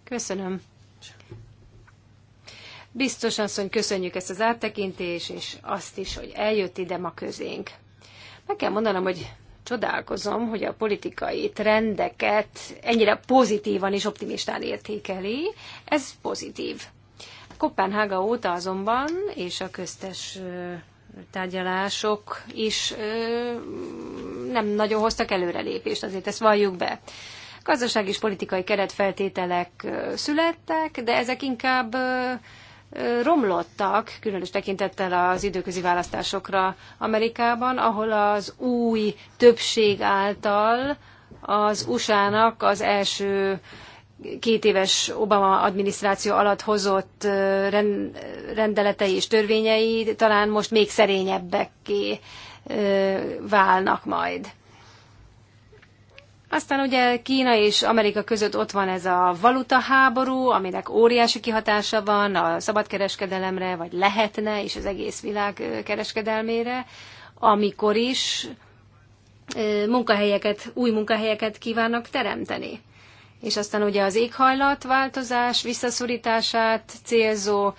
Köszönöm. Biztos asszony, köszönjük ezt az áttekintés, és azt is, hogy eljött ide ma közénk. Meg kell mondanom, hogy csodálkozom, hogy a politikai trendeket ennyire pozitívan és optimistán értékeli. Ez pozitív. Kopenhága óta azonban, és a köztes tárgyalások is nem nagyon hoztak előrelépést, azért ezt valljuk be. Gazdaság és politikai keretfeltételek születtek, de ezek inkább romlottak, különös tekintettel az időközi választásokra Amerikában, ahol az új többség által az USA-nak az első két éves Obama adminisztráció alatt hozott rendeletei és törvényei talán most még szerényebbekké válnak majd. Aztán ugye Kína és Amerika között ott van ez a valuta háború, aminek óriási kihatása van a szabadkereskedelemre, vagy lehetne, és az egész világ kereskedelmére, amikor is munkahelyeket, új munkahelyeket kívánnak teremteni. És aztán ugye az éghajlatváltozás visszaszorítását célzó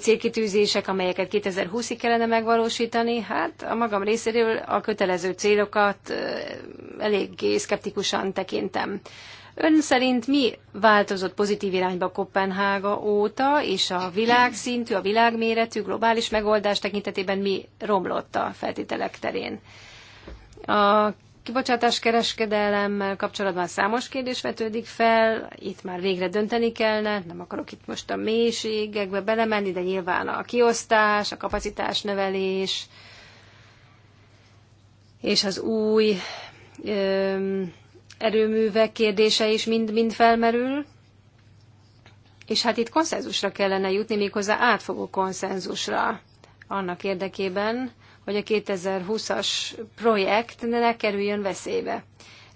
célkitűzések, amelyeket 2020-ig kellene megvalósítani. Hát a magam részéről a kötelező célokat eléggé szkeptikusan tekintem. Ön szerint mi változott pozitív irányba Kopenhága óta, és a világszintű, a világméretű globális megoldás tekintetében mi romlott a feltételek terén? A kibocsátás kereskedelemmel kapcsolatban számos kérdés vetődik fel, itt már végre dönteni kellene, nem akarok itt most a mélységekbe belemenni, de nyilván a kiosztás, a kapacitás növelés, és az új öm, erőművek kérdése is mind-mind felmerül, és hát itt konszenzusra kellene jutni, méghozzá átfogó konszenzusra annak érdekében, hogy a 2020-as projekt ne kerüljön veszélybe.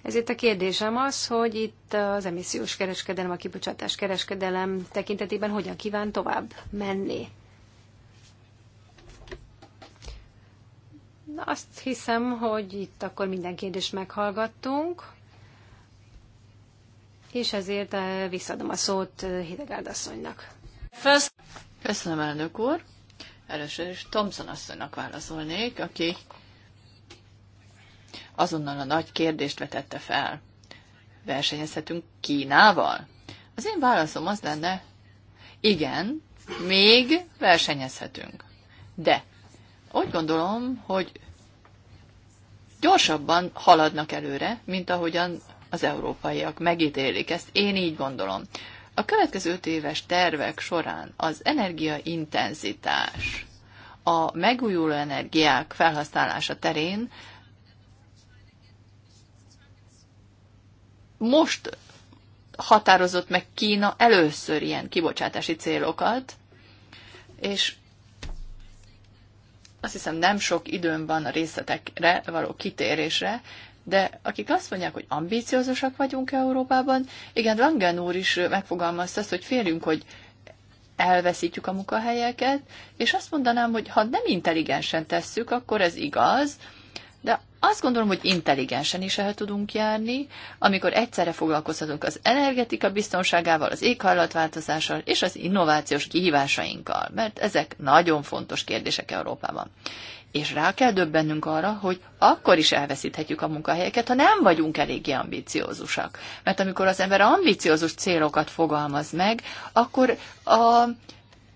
Ezért a kérdésem az, hogy itt az emissziós kereskedelem, a kibocsátás kereskedelem tekintetében hogyan kíván tovább menni. Na, Azt hiszem, hogy itt akkor minden kérdést meghallgattunk, és ezért eh, visszadom a szót eh, Hidegárd asszonynak. Köszönöm, elnök úr! Először is Thompson asszonynak válaszolnék, aki azonnal a nagy kérdést vetette fel. Versenyezhetünk Kínával? Az én válaszom az lenne, igen, még versenyezhetünk. De úgy gondolom, hogy gyorsabban haladnak előre, mint ahogyan az európaiak megítélik ezt. Én így gondolom. A következő éves tervek során az energiaintenzitás a megújuló energiák felhasználása terén most határozott meg Kína először ilyen kibocsátási célokat, és azt hiszem nem sok időm van a részletekre való kitérésre, de akik azt mondják, hogy ambíciózusak vagyunk Európában, igen, Langen úr is megfogalmazta azt, hogy félünk, hogy elveszítjük a munkahelyeket, és azt mondanám, hogy ha nem intelligensen tesszük, akkor ez igaz, de azt gondolom, hogy intelligensen is el tudunk járni, amikor egyszerre foglalkozhatunk az energetika biztonságával, az éghajlatváltozással és az innovációs kihívásainkkal, mert ezek nagyon fontos kérdések Európában és rá kell döbbennünk arra, hogy akkor is elveszíthetjük a munkahelyeket, ha nem vagyunk eléggé ambiciózusak. Mert amikor az ember ambiciózus célokat fogalmaz meg, akkor a,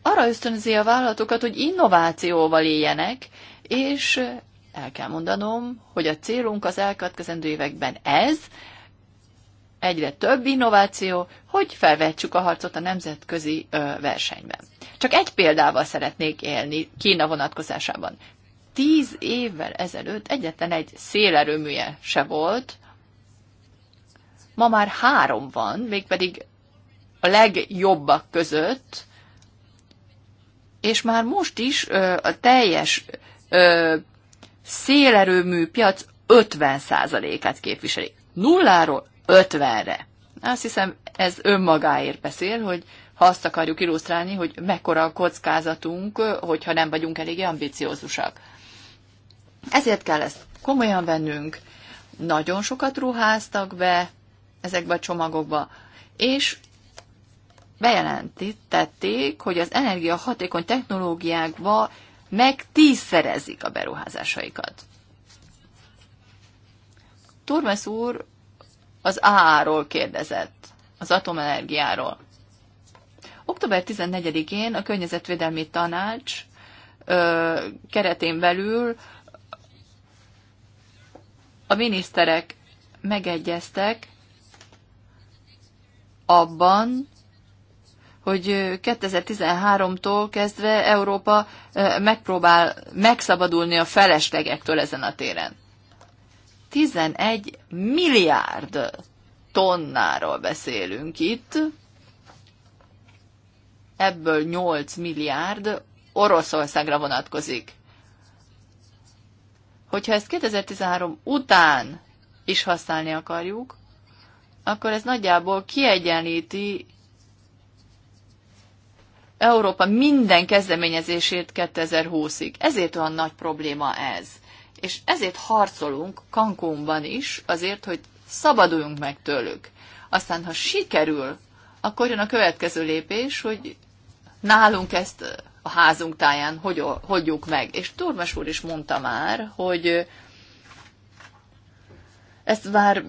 arra ösztönzi a vállalatokat, hogy innovációval éljenek, és el kell mondanom, hogy a célunk az elkövetkezendő években ez, egyre több innováció, hogy felvetsük a harcot a nemzetközi versenyben. Csak egy példával szeretnék élni Kína vonatkozásában tíz évvel ezelőtt egyetlen egy szélerőműje se volt, ma már három van, mégpedig a legjobbak között, és már most is ö, a teljes ö, szélerőmű piac 50%-át képviseli. Nulláról 50-re. Azt hiszem, ez önmagáért beszél, hogy ha azt akarjuk illusztrálni, hogy mekkora a kockázatunk, hogyha nem vagyunk elég ambiciózusak. Ezért kell ezt komolyan vennünk. Nagyon sokat ruháztak be ezekbe a csomagokba, és bejelentették, hogy az energiahatékony technológiákba meg tízszerezik a beruházásaikat. Turmes úr az AA-ról kérdezett, az atomenergiáról. Október 14-én a Környezetvédelmi Tanács ö, keretén belül a miniszterek megegyeztek abban, hogy 2013-tól kezdve Európa megpróbál megszabadulni a feleslegektől ezen a téren. 11 milliárd tonnáról beszélünk itt, ebből 8 milliárd Oroszországra vonatkozik hogyha ezt 2013 után is használni akarjuk, akkor ez nagyjából kiegyenlíti Európa minden kezdeményezését 2020-ig. Ezért olyan nagy probléma ez. És ezért harcolunk Cancúnban is, azért, hogy szabaduljunk meg tőlük. Aztán, ha sikerül, akkor jön a következő lépés, hogy nálunk ezt a házunk táján hogy, hogyjuk meg. És Turmes úr is mondta már, hogy ezt már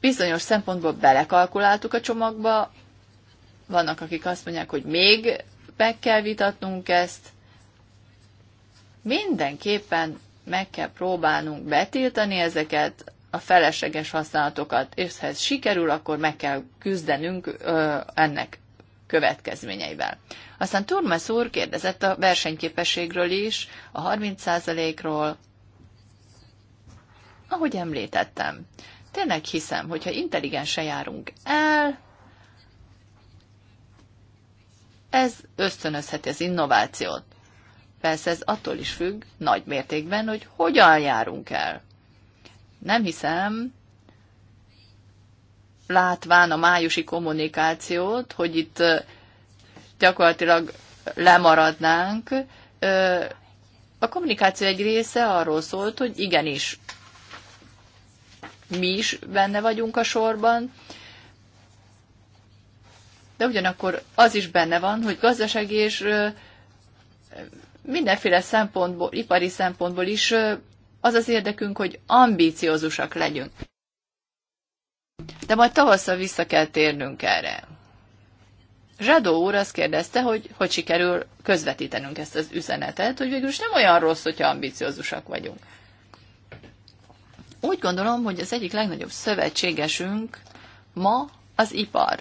bizonyos szempontból belekalkuláltuk a csomagba. Vannak, akik azt mondják, hogy még meg kell vitatnunk ezt. Mindenképpen meg kell próbálnunk betiltani ezeket a felesleges használatokat, és ha ez sikerül, akkor meg kell küzdenünk ö, ennek következményeivel. Aztán Turmes úr kérdezett a versenyképességről is, a 30%-ról, ahogy említettem. Tényleg hiszem, hogyha intelligensen járunk el, ez ösztönözheti az innovációt. Persze ez attól is függ nagy mértékben, hogy hogyan járunk el. Nem hiszem, látván a májusi kommunikációt, hogy itt gyakorlatilag lemaradnánk. A kommunikáció egy része arról szólt, hogy igenis, mi is benne vagyunk a sorban, de ugyanakkor az is benne van, hogy gazdaság és mindenféle szempontból, ipari szempontból is az az érdekünk, hogy ambíciózusak legyünk de majd tavasszal vissza kell térnünk erre. Zsadó úr azt kérdezte, hogy hogy sikerül közvetítenünk ezt az üzenetet, hogy végülis nem olyan rossz, hogyha ambiciózusak vagyunk. Úgy gondolom, hogy az egyik legnagyobb szövetségesünk ma az ipar.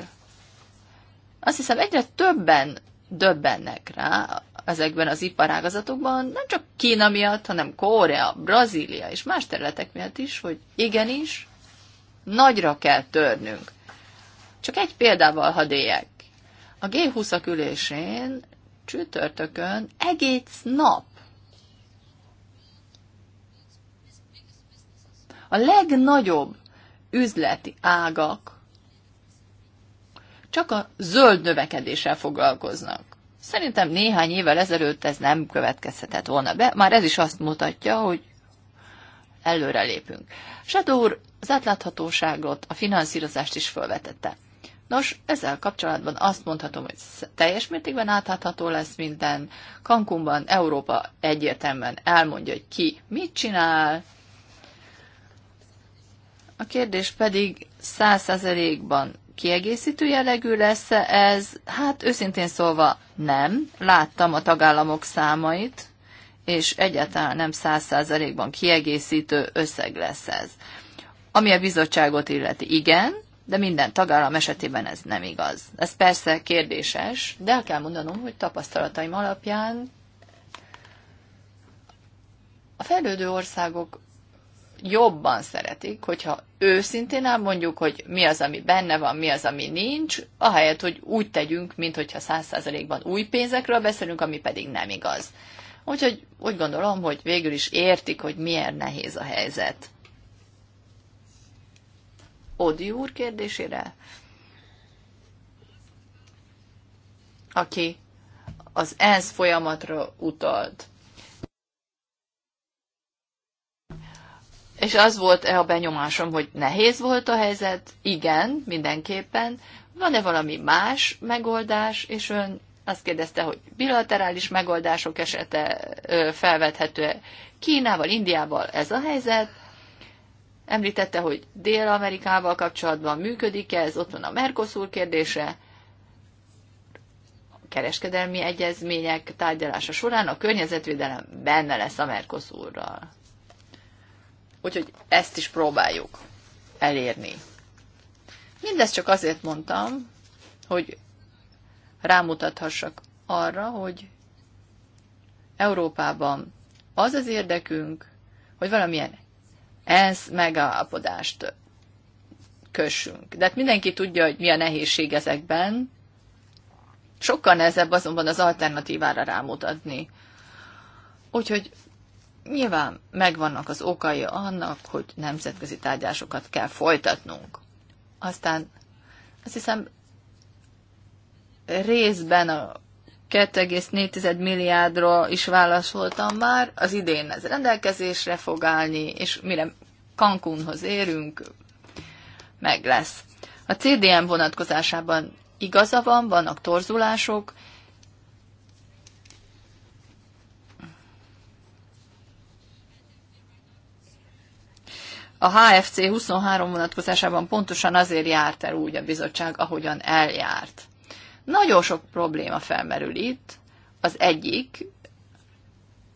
Azt hiszem, egyre többen döbbennek rá ezekben az iparágazatokban, nem csak Kína miatt, hanem Korea, Brazília és más területek miatt is, hogy igenis, nagyra kell törnünk. Csak egy példával hadélyek. A G20-ak ülésén csütörtökön egész nap a legnagyobb üzleti ágak csak a zöld növekedéssel foglalkoznak. Szerintem néhány évvel ezelőtt ez nem következhetett volna be, már ez is azt mutatja, hogy előrelépünk. Sadó úr az átláthatóságot, a finanszírozást is felvetette. Nos, ezzel kapcsolatban azt mondhatom, hogy teljes mértékben átlátható lesz minden. kankumban Európa egyértelműen elmondja, hogy ki mit csinál. A kérdés pedig száz ban kiegészítő jellegű lesz -e ez? Hát őszintén szólva nem. Láttam a tagállamok számait, és egyáltalán nem száz százalékban kiegészítő összeg lesz ez. Ami a bizottságot illeti, igen, de minden tagállam esetében ez nem igaz. Ez persze kérdéses, de el kell mondanom, hogy tapasztalataim alapján a fejlődő országok jobban szeretik, hogyha őszintén elmondjuk, hogy mi az, ami benne van, mi az, ami nincs, ahelyett, hogy úgy tegyünk, mint hogyha száz százalékban új pénzekről beszélünk, ami pedig nem igaz. Úgyhogy úgy gondolom, hogy végül is értik, hogy miért nehéz a helyzet. Odi úr kérdésére, aki az ENSZ folyamatra utalt. És az volt-e a benyomásom, hogy nehéz volt a helyzet? Igen, mindenképpen. Van-e valami más megoldás, és ön azt kérdezte, hogy bilaterális megoldások esete felvethető-e Kínával, Indiával ez a helyzet. Említette, hogy Dél-Amerikával kapcsolatban működik ez, ott van a Mercosur kérdése, a kereskedelmi egyezmények tárgyalása során a környezetvédelem benne lesz a Mercosurral. Úgyhogy ezt is próbáljuk elérni. Mindezt csak azért mondtam, hogy rámutathassak arra, hogy Európában az az érdekünk, hogy valamilyen ENSZ megállapodást kössünk. De hát mindenki tudja, hogy mi a nehézség ezekben. Sokkal nehezebb azonban az alternatívára rámutatni. Úgyhogy nyilván megvannak az okai annak, hogy nemzetközi tárgyásokat kell folytatnunk. Aztán azt hiszem részben a 2,4 milliárdról is válaszoltam már, az idén ez rendelkezésre fog állni, és mire Cancúnhoz érünk, meg lesz. A CDM vonatkozásában igaza van, vannak torzulások, A HFC 23 vonatkozásában pontosan azért járt el úgy a bizottság, ahogyan eljárt. Nagyon sok probléma felmerül itt. Az egyik,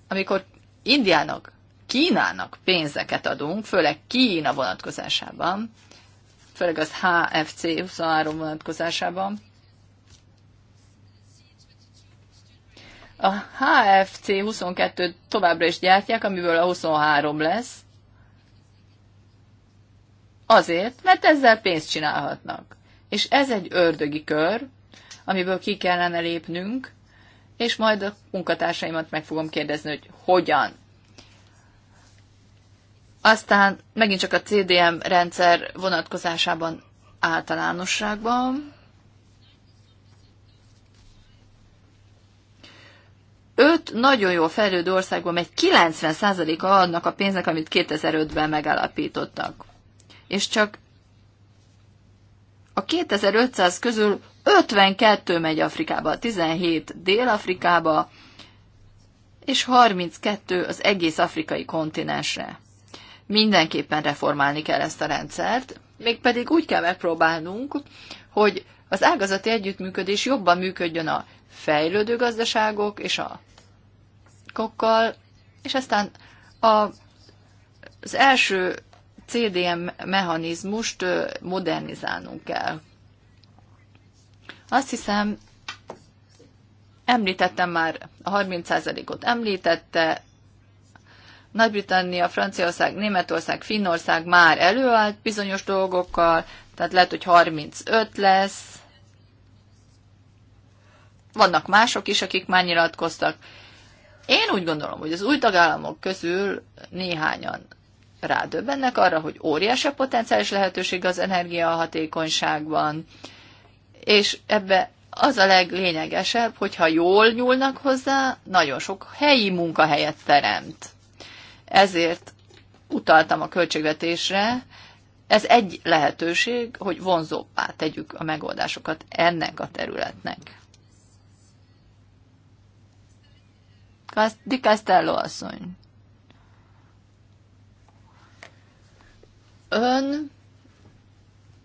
amikor Indiának, Kínának pénzeket adunk, főleg Kína vonatkozásában, főleg az HFC 23 vonatkozásában, A HFC 22 továbbra is gyártják, amiből a 23 lesz. Azért, mert ezzel pénzt csinálhatnak. És ez egy ördögi kör, amiből ki kellene lépnünk, és majd a munkatársaimat meg fogom kérdezni, hogy hogyan. Aztán megint csak a CDM rendszer vonatkozásában általánosságban. Öt nagyon jól fejlődő országban megy 90%-a annak a pénznek, amit 2005-ben megállapítottak. És csak a 2500 közül 52 megy Afrikába, 17 Dél-Afrikába, és 32 az egész afrikai kontinensre. Mindenképpen reformálni kell ezt a rendszert, mégpedig úgy kell megpróbálnunk, hogy az ágazati együttműködés jobban működjön a fejlődő gazdaságok és a kokkal, és aztán a, az első CDM mechanizmust modernizálnunk kell. Azt hiszem, említettem már, a 30%-ot említette, Nagy-Britannia, Franciaország, Németország, Finnország már előállt bizonyos dolgokkal, tehát lehet, hogy 35 lesz. Vannak mások is, akik már nyilatkoztak. Én úgy gondolom, hogy az új tagállamok közül néhányan rádöbbennek arra, hogy óriási a potenciális lehetőség az energiahatékonyságban, és ebbe az a leglényegesebb, hogyha jól nyúlnak hozzá, nagyon sok helyi munkahelyet teremt. Ezért utaltam a költségvetésre, ez egy lehetőség, hogy vonzóbbá tegyük a megoldásokat ennek a területnek. Di Castello asszony. Ön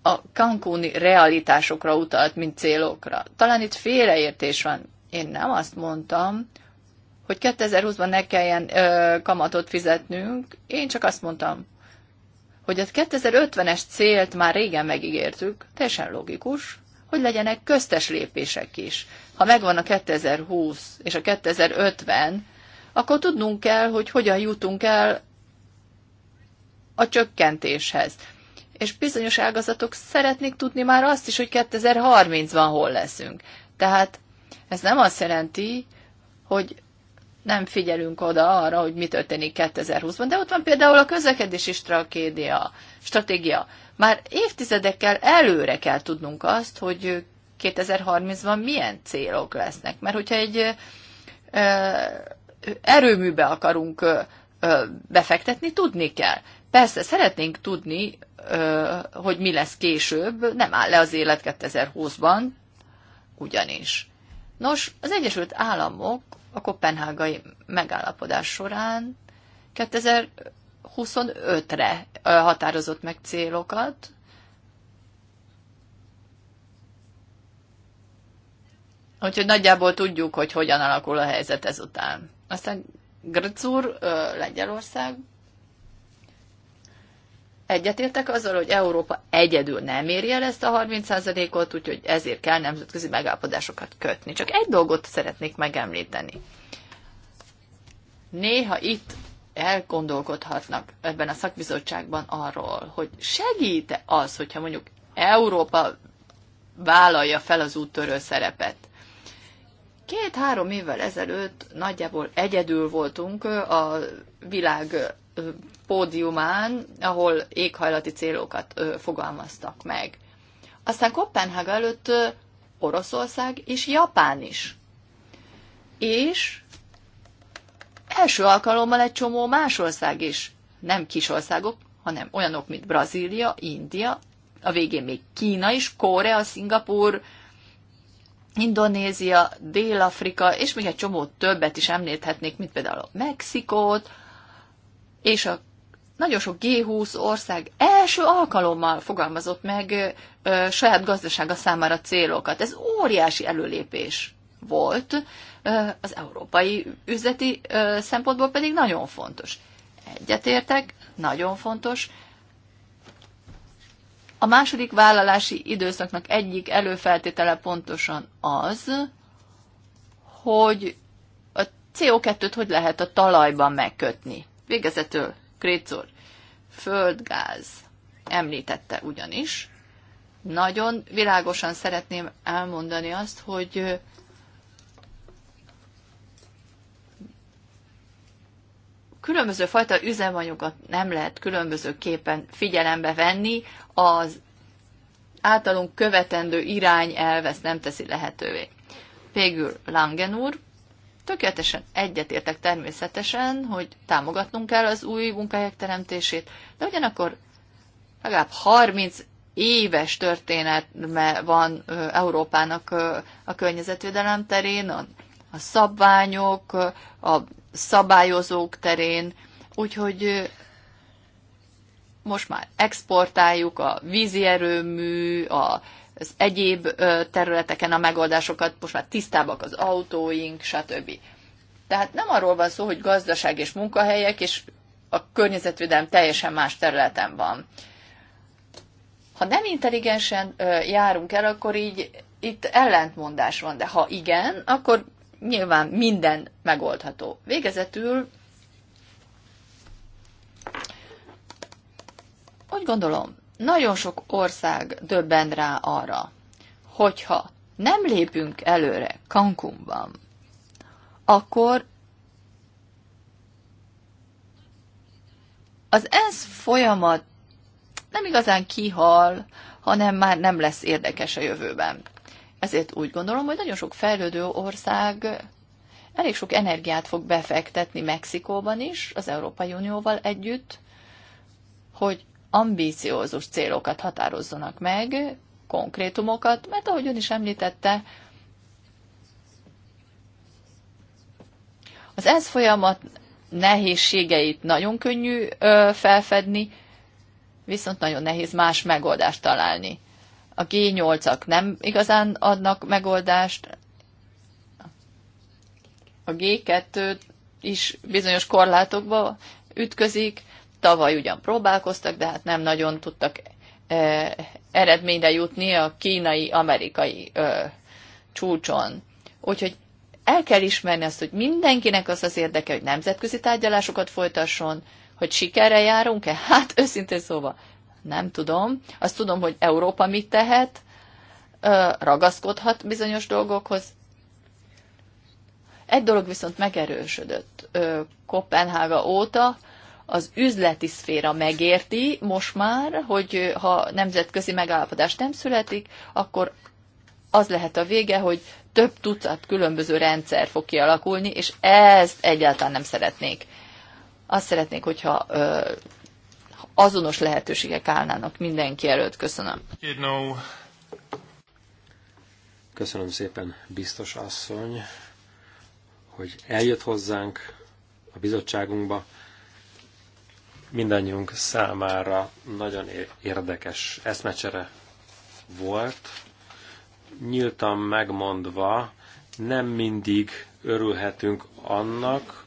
a kankúni realitásokra utalt, mint célokra. Talán itt félreértés van. Én nem azt mondtam, hogy 2020-ban ne kelljen ö, kamatot fizetnünk. Én csak azt mondtam, hogy a 2050-es célt már régen megígértük, teljesen logikus, hogy legyenek köztes lépések is. Ha megvan a 2020 és a 2050, akkor tudnunk kell, hogy hogyan jutunk el a csökkentéshez. És bizonyos ágazatok szeretnék tudni már azt is, hogy 2030-ban hol leszünk. Tehát ez nem azt jelenti, hogy nem figyelünk oda arra, hogy mi történik 2020-ban, de ott van például a közlekedési stratégia. stratégia. Már évtizedekkel előre kell tudnunk azt, hogy 2030-ban milyen célok lesznek. Mert hogyha egy erőműbe akarunk befektetni, tudni kell. Persze szeretnénk tudni, hogy mi lesz később, nem áll le az élet 2020-ban, ugyanis. Nos, az Egyesült Államok a kopenhágai megállapodás során 2025-re határozott meg célokat, Úgyhogy nagyjából tudjuk, hogy hogyan alakul a helyzet ezután. Aztán Grzur Lengyelország egyetértek azzal, hogy Európa egyedül nem éri el ezt a 30%-ot, úgyhogy ezért kell nemzetközi megállapodásokat kötni. Csak egy dolgot szeretnék megemlíteni. Néha itt elgondolkodhatnak ebben a szakbizottságban arról, hogy segít az, hogyha mondjuk Európa vállalja fel az úttörő szerepet. Két-három évvel ezelőtt nagyjából egyedül voltunk a világ pódiumán, ahol éghajlati célokat fogalmaztak meg. Aztán Kopenhága előtt Oroszország és Japán is. És első alkalommal egy csomó más ország is. Nem kis országok, hanem olyanok, mint Brazília, India, a végén még Kína is, Korea, Szingapur, Indonézia, Dél-Afrika, és még egy csomó többet is említhetnék, mint például Mexikót, és a nagyon sok G20 ország első alkalommal fogalmazott meg ö, saját gazdasága számára célokat. Ez óriási előlépés volt, ö, az európai üzleti ö, szempontból pedig nagyon fontos. Egyetértek, nagyon fontos. A második vállalási időszaknak egyik előfeltétele pontosan az, hogy a CO2-t hogy lehet a talajban megkötni Végezetül Krécor földgáz említette ugyanis. Nagyon világosan szeretném elmondani azt, hogy különböző fajta üzemanyagokat nem lehet különbözőképpen figyelembe venni, az általunk követendő irány elvesz nem teszi lehetővé. Végül Langen úr Tökéletesen egyetértek természetesen, hogy támogatnunk kell az új munkahelyek teremtését, de ugyanakkor legalább 30 éves történetme van Európának a környezetvédelem terén, a szabványok, a szabályozók terén, úgyhogy most már exportáljuk a vízi erőmű, a az egyéb területeken a megoldásokat, most már tisztábbak az autóink, stb. Tehát nem arról van szó, hogy gazdaság és munkahelyek, és a környezetvédelem teljesen más területen van. Ha nem intelligensen járunk el, akkor így itt ellentmondás van, de ha igen, akkor nyilván minden megoldható. Végezetül úgy gondolom, nagyon sok ország döbben rá arra, hogyha nem lépünk előre Cancúnban, akkor az ENSZ folyamat nem igazán kihal, hanem már nem lesz érdekes a jövőben. Ezért úgy gondolom, hogy nagyon sok fejlődő ország elég sok energiát fog befektetni Mexikóban is, az Európai Unióval együtt, hogy ambíciózus célokat határozzanak meg, konkrétumokat, mert ahogy ön is említette, az ez folyamat nehézségeit nagyon könnyű ö, felfedni, viszont nagyon nehéz más megoldást találni. A G8-ak nem igazán adnak megoldást, a G2 is bizonyos korlátokba ütközik, Tavaly ugyan próbálkoztak, de hát nem nagyon tudtak eh, eredményre jutni a kínai-amerikai csúcson. Úgyhogy el kell ismerni azt, hogy mindenkinek az az érdeke, hogy nemzetközi tárgyalásokat folytasson, hogy sikerre járunk-e? Hát őszintén szóval nem tudom. Azt tudom, hogy Európa mit tehet, ragaszkodhat bizonyos dolgokhoz. Egy dolog viszont megerősödött Kopenhága óta, az üzleti szféra megérti most már, hogy ha nemzetközi megállapodás nem születik, akkor az lehet a vége, hogy több tucat különböző rendszer fog kialakulni, és ezt egyáltalán nem szeretnék. Azt szeretnék, hogyha ö, azonos lehetőségek állnának mindenki előtt. Köszönöm. Köszönöm szépen, biztos asszony, hogy eljött hozzánk a bizottságunkba mindannyiunk számára nagyon érdekes eszmecsere volt. Nyíltan megmondva, nem mindig örülhetünk annak,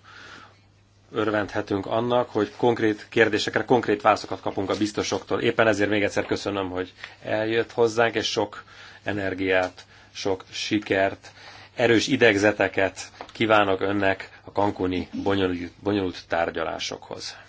örvendhetünk annak, hogy konkrét kérdésekre konkrét válaszokat kapunk a biztosoktól. Éppen ezért még egyszer köszönöm, hogy eljött hozzánk, és sok energiát, sok sikert, erős idegzeteket kívánok önnek a kankuni bonyolult, bonyolult tárgyalásokhoz.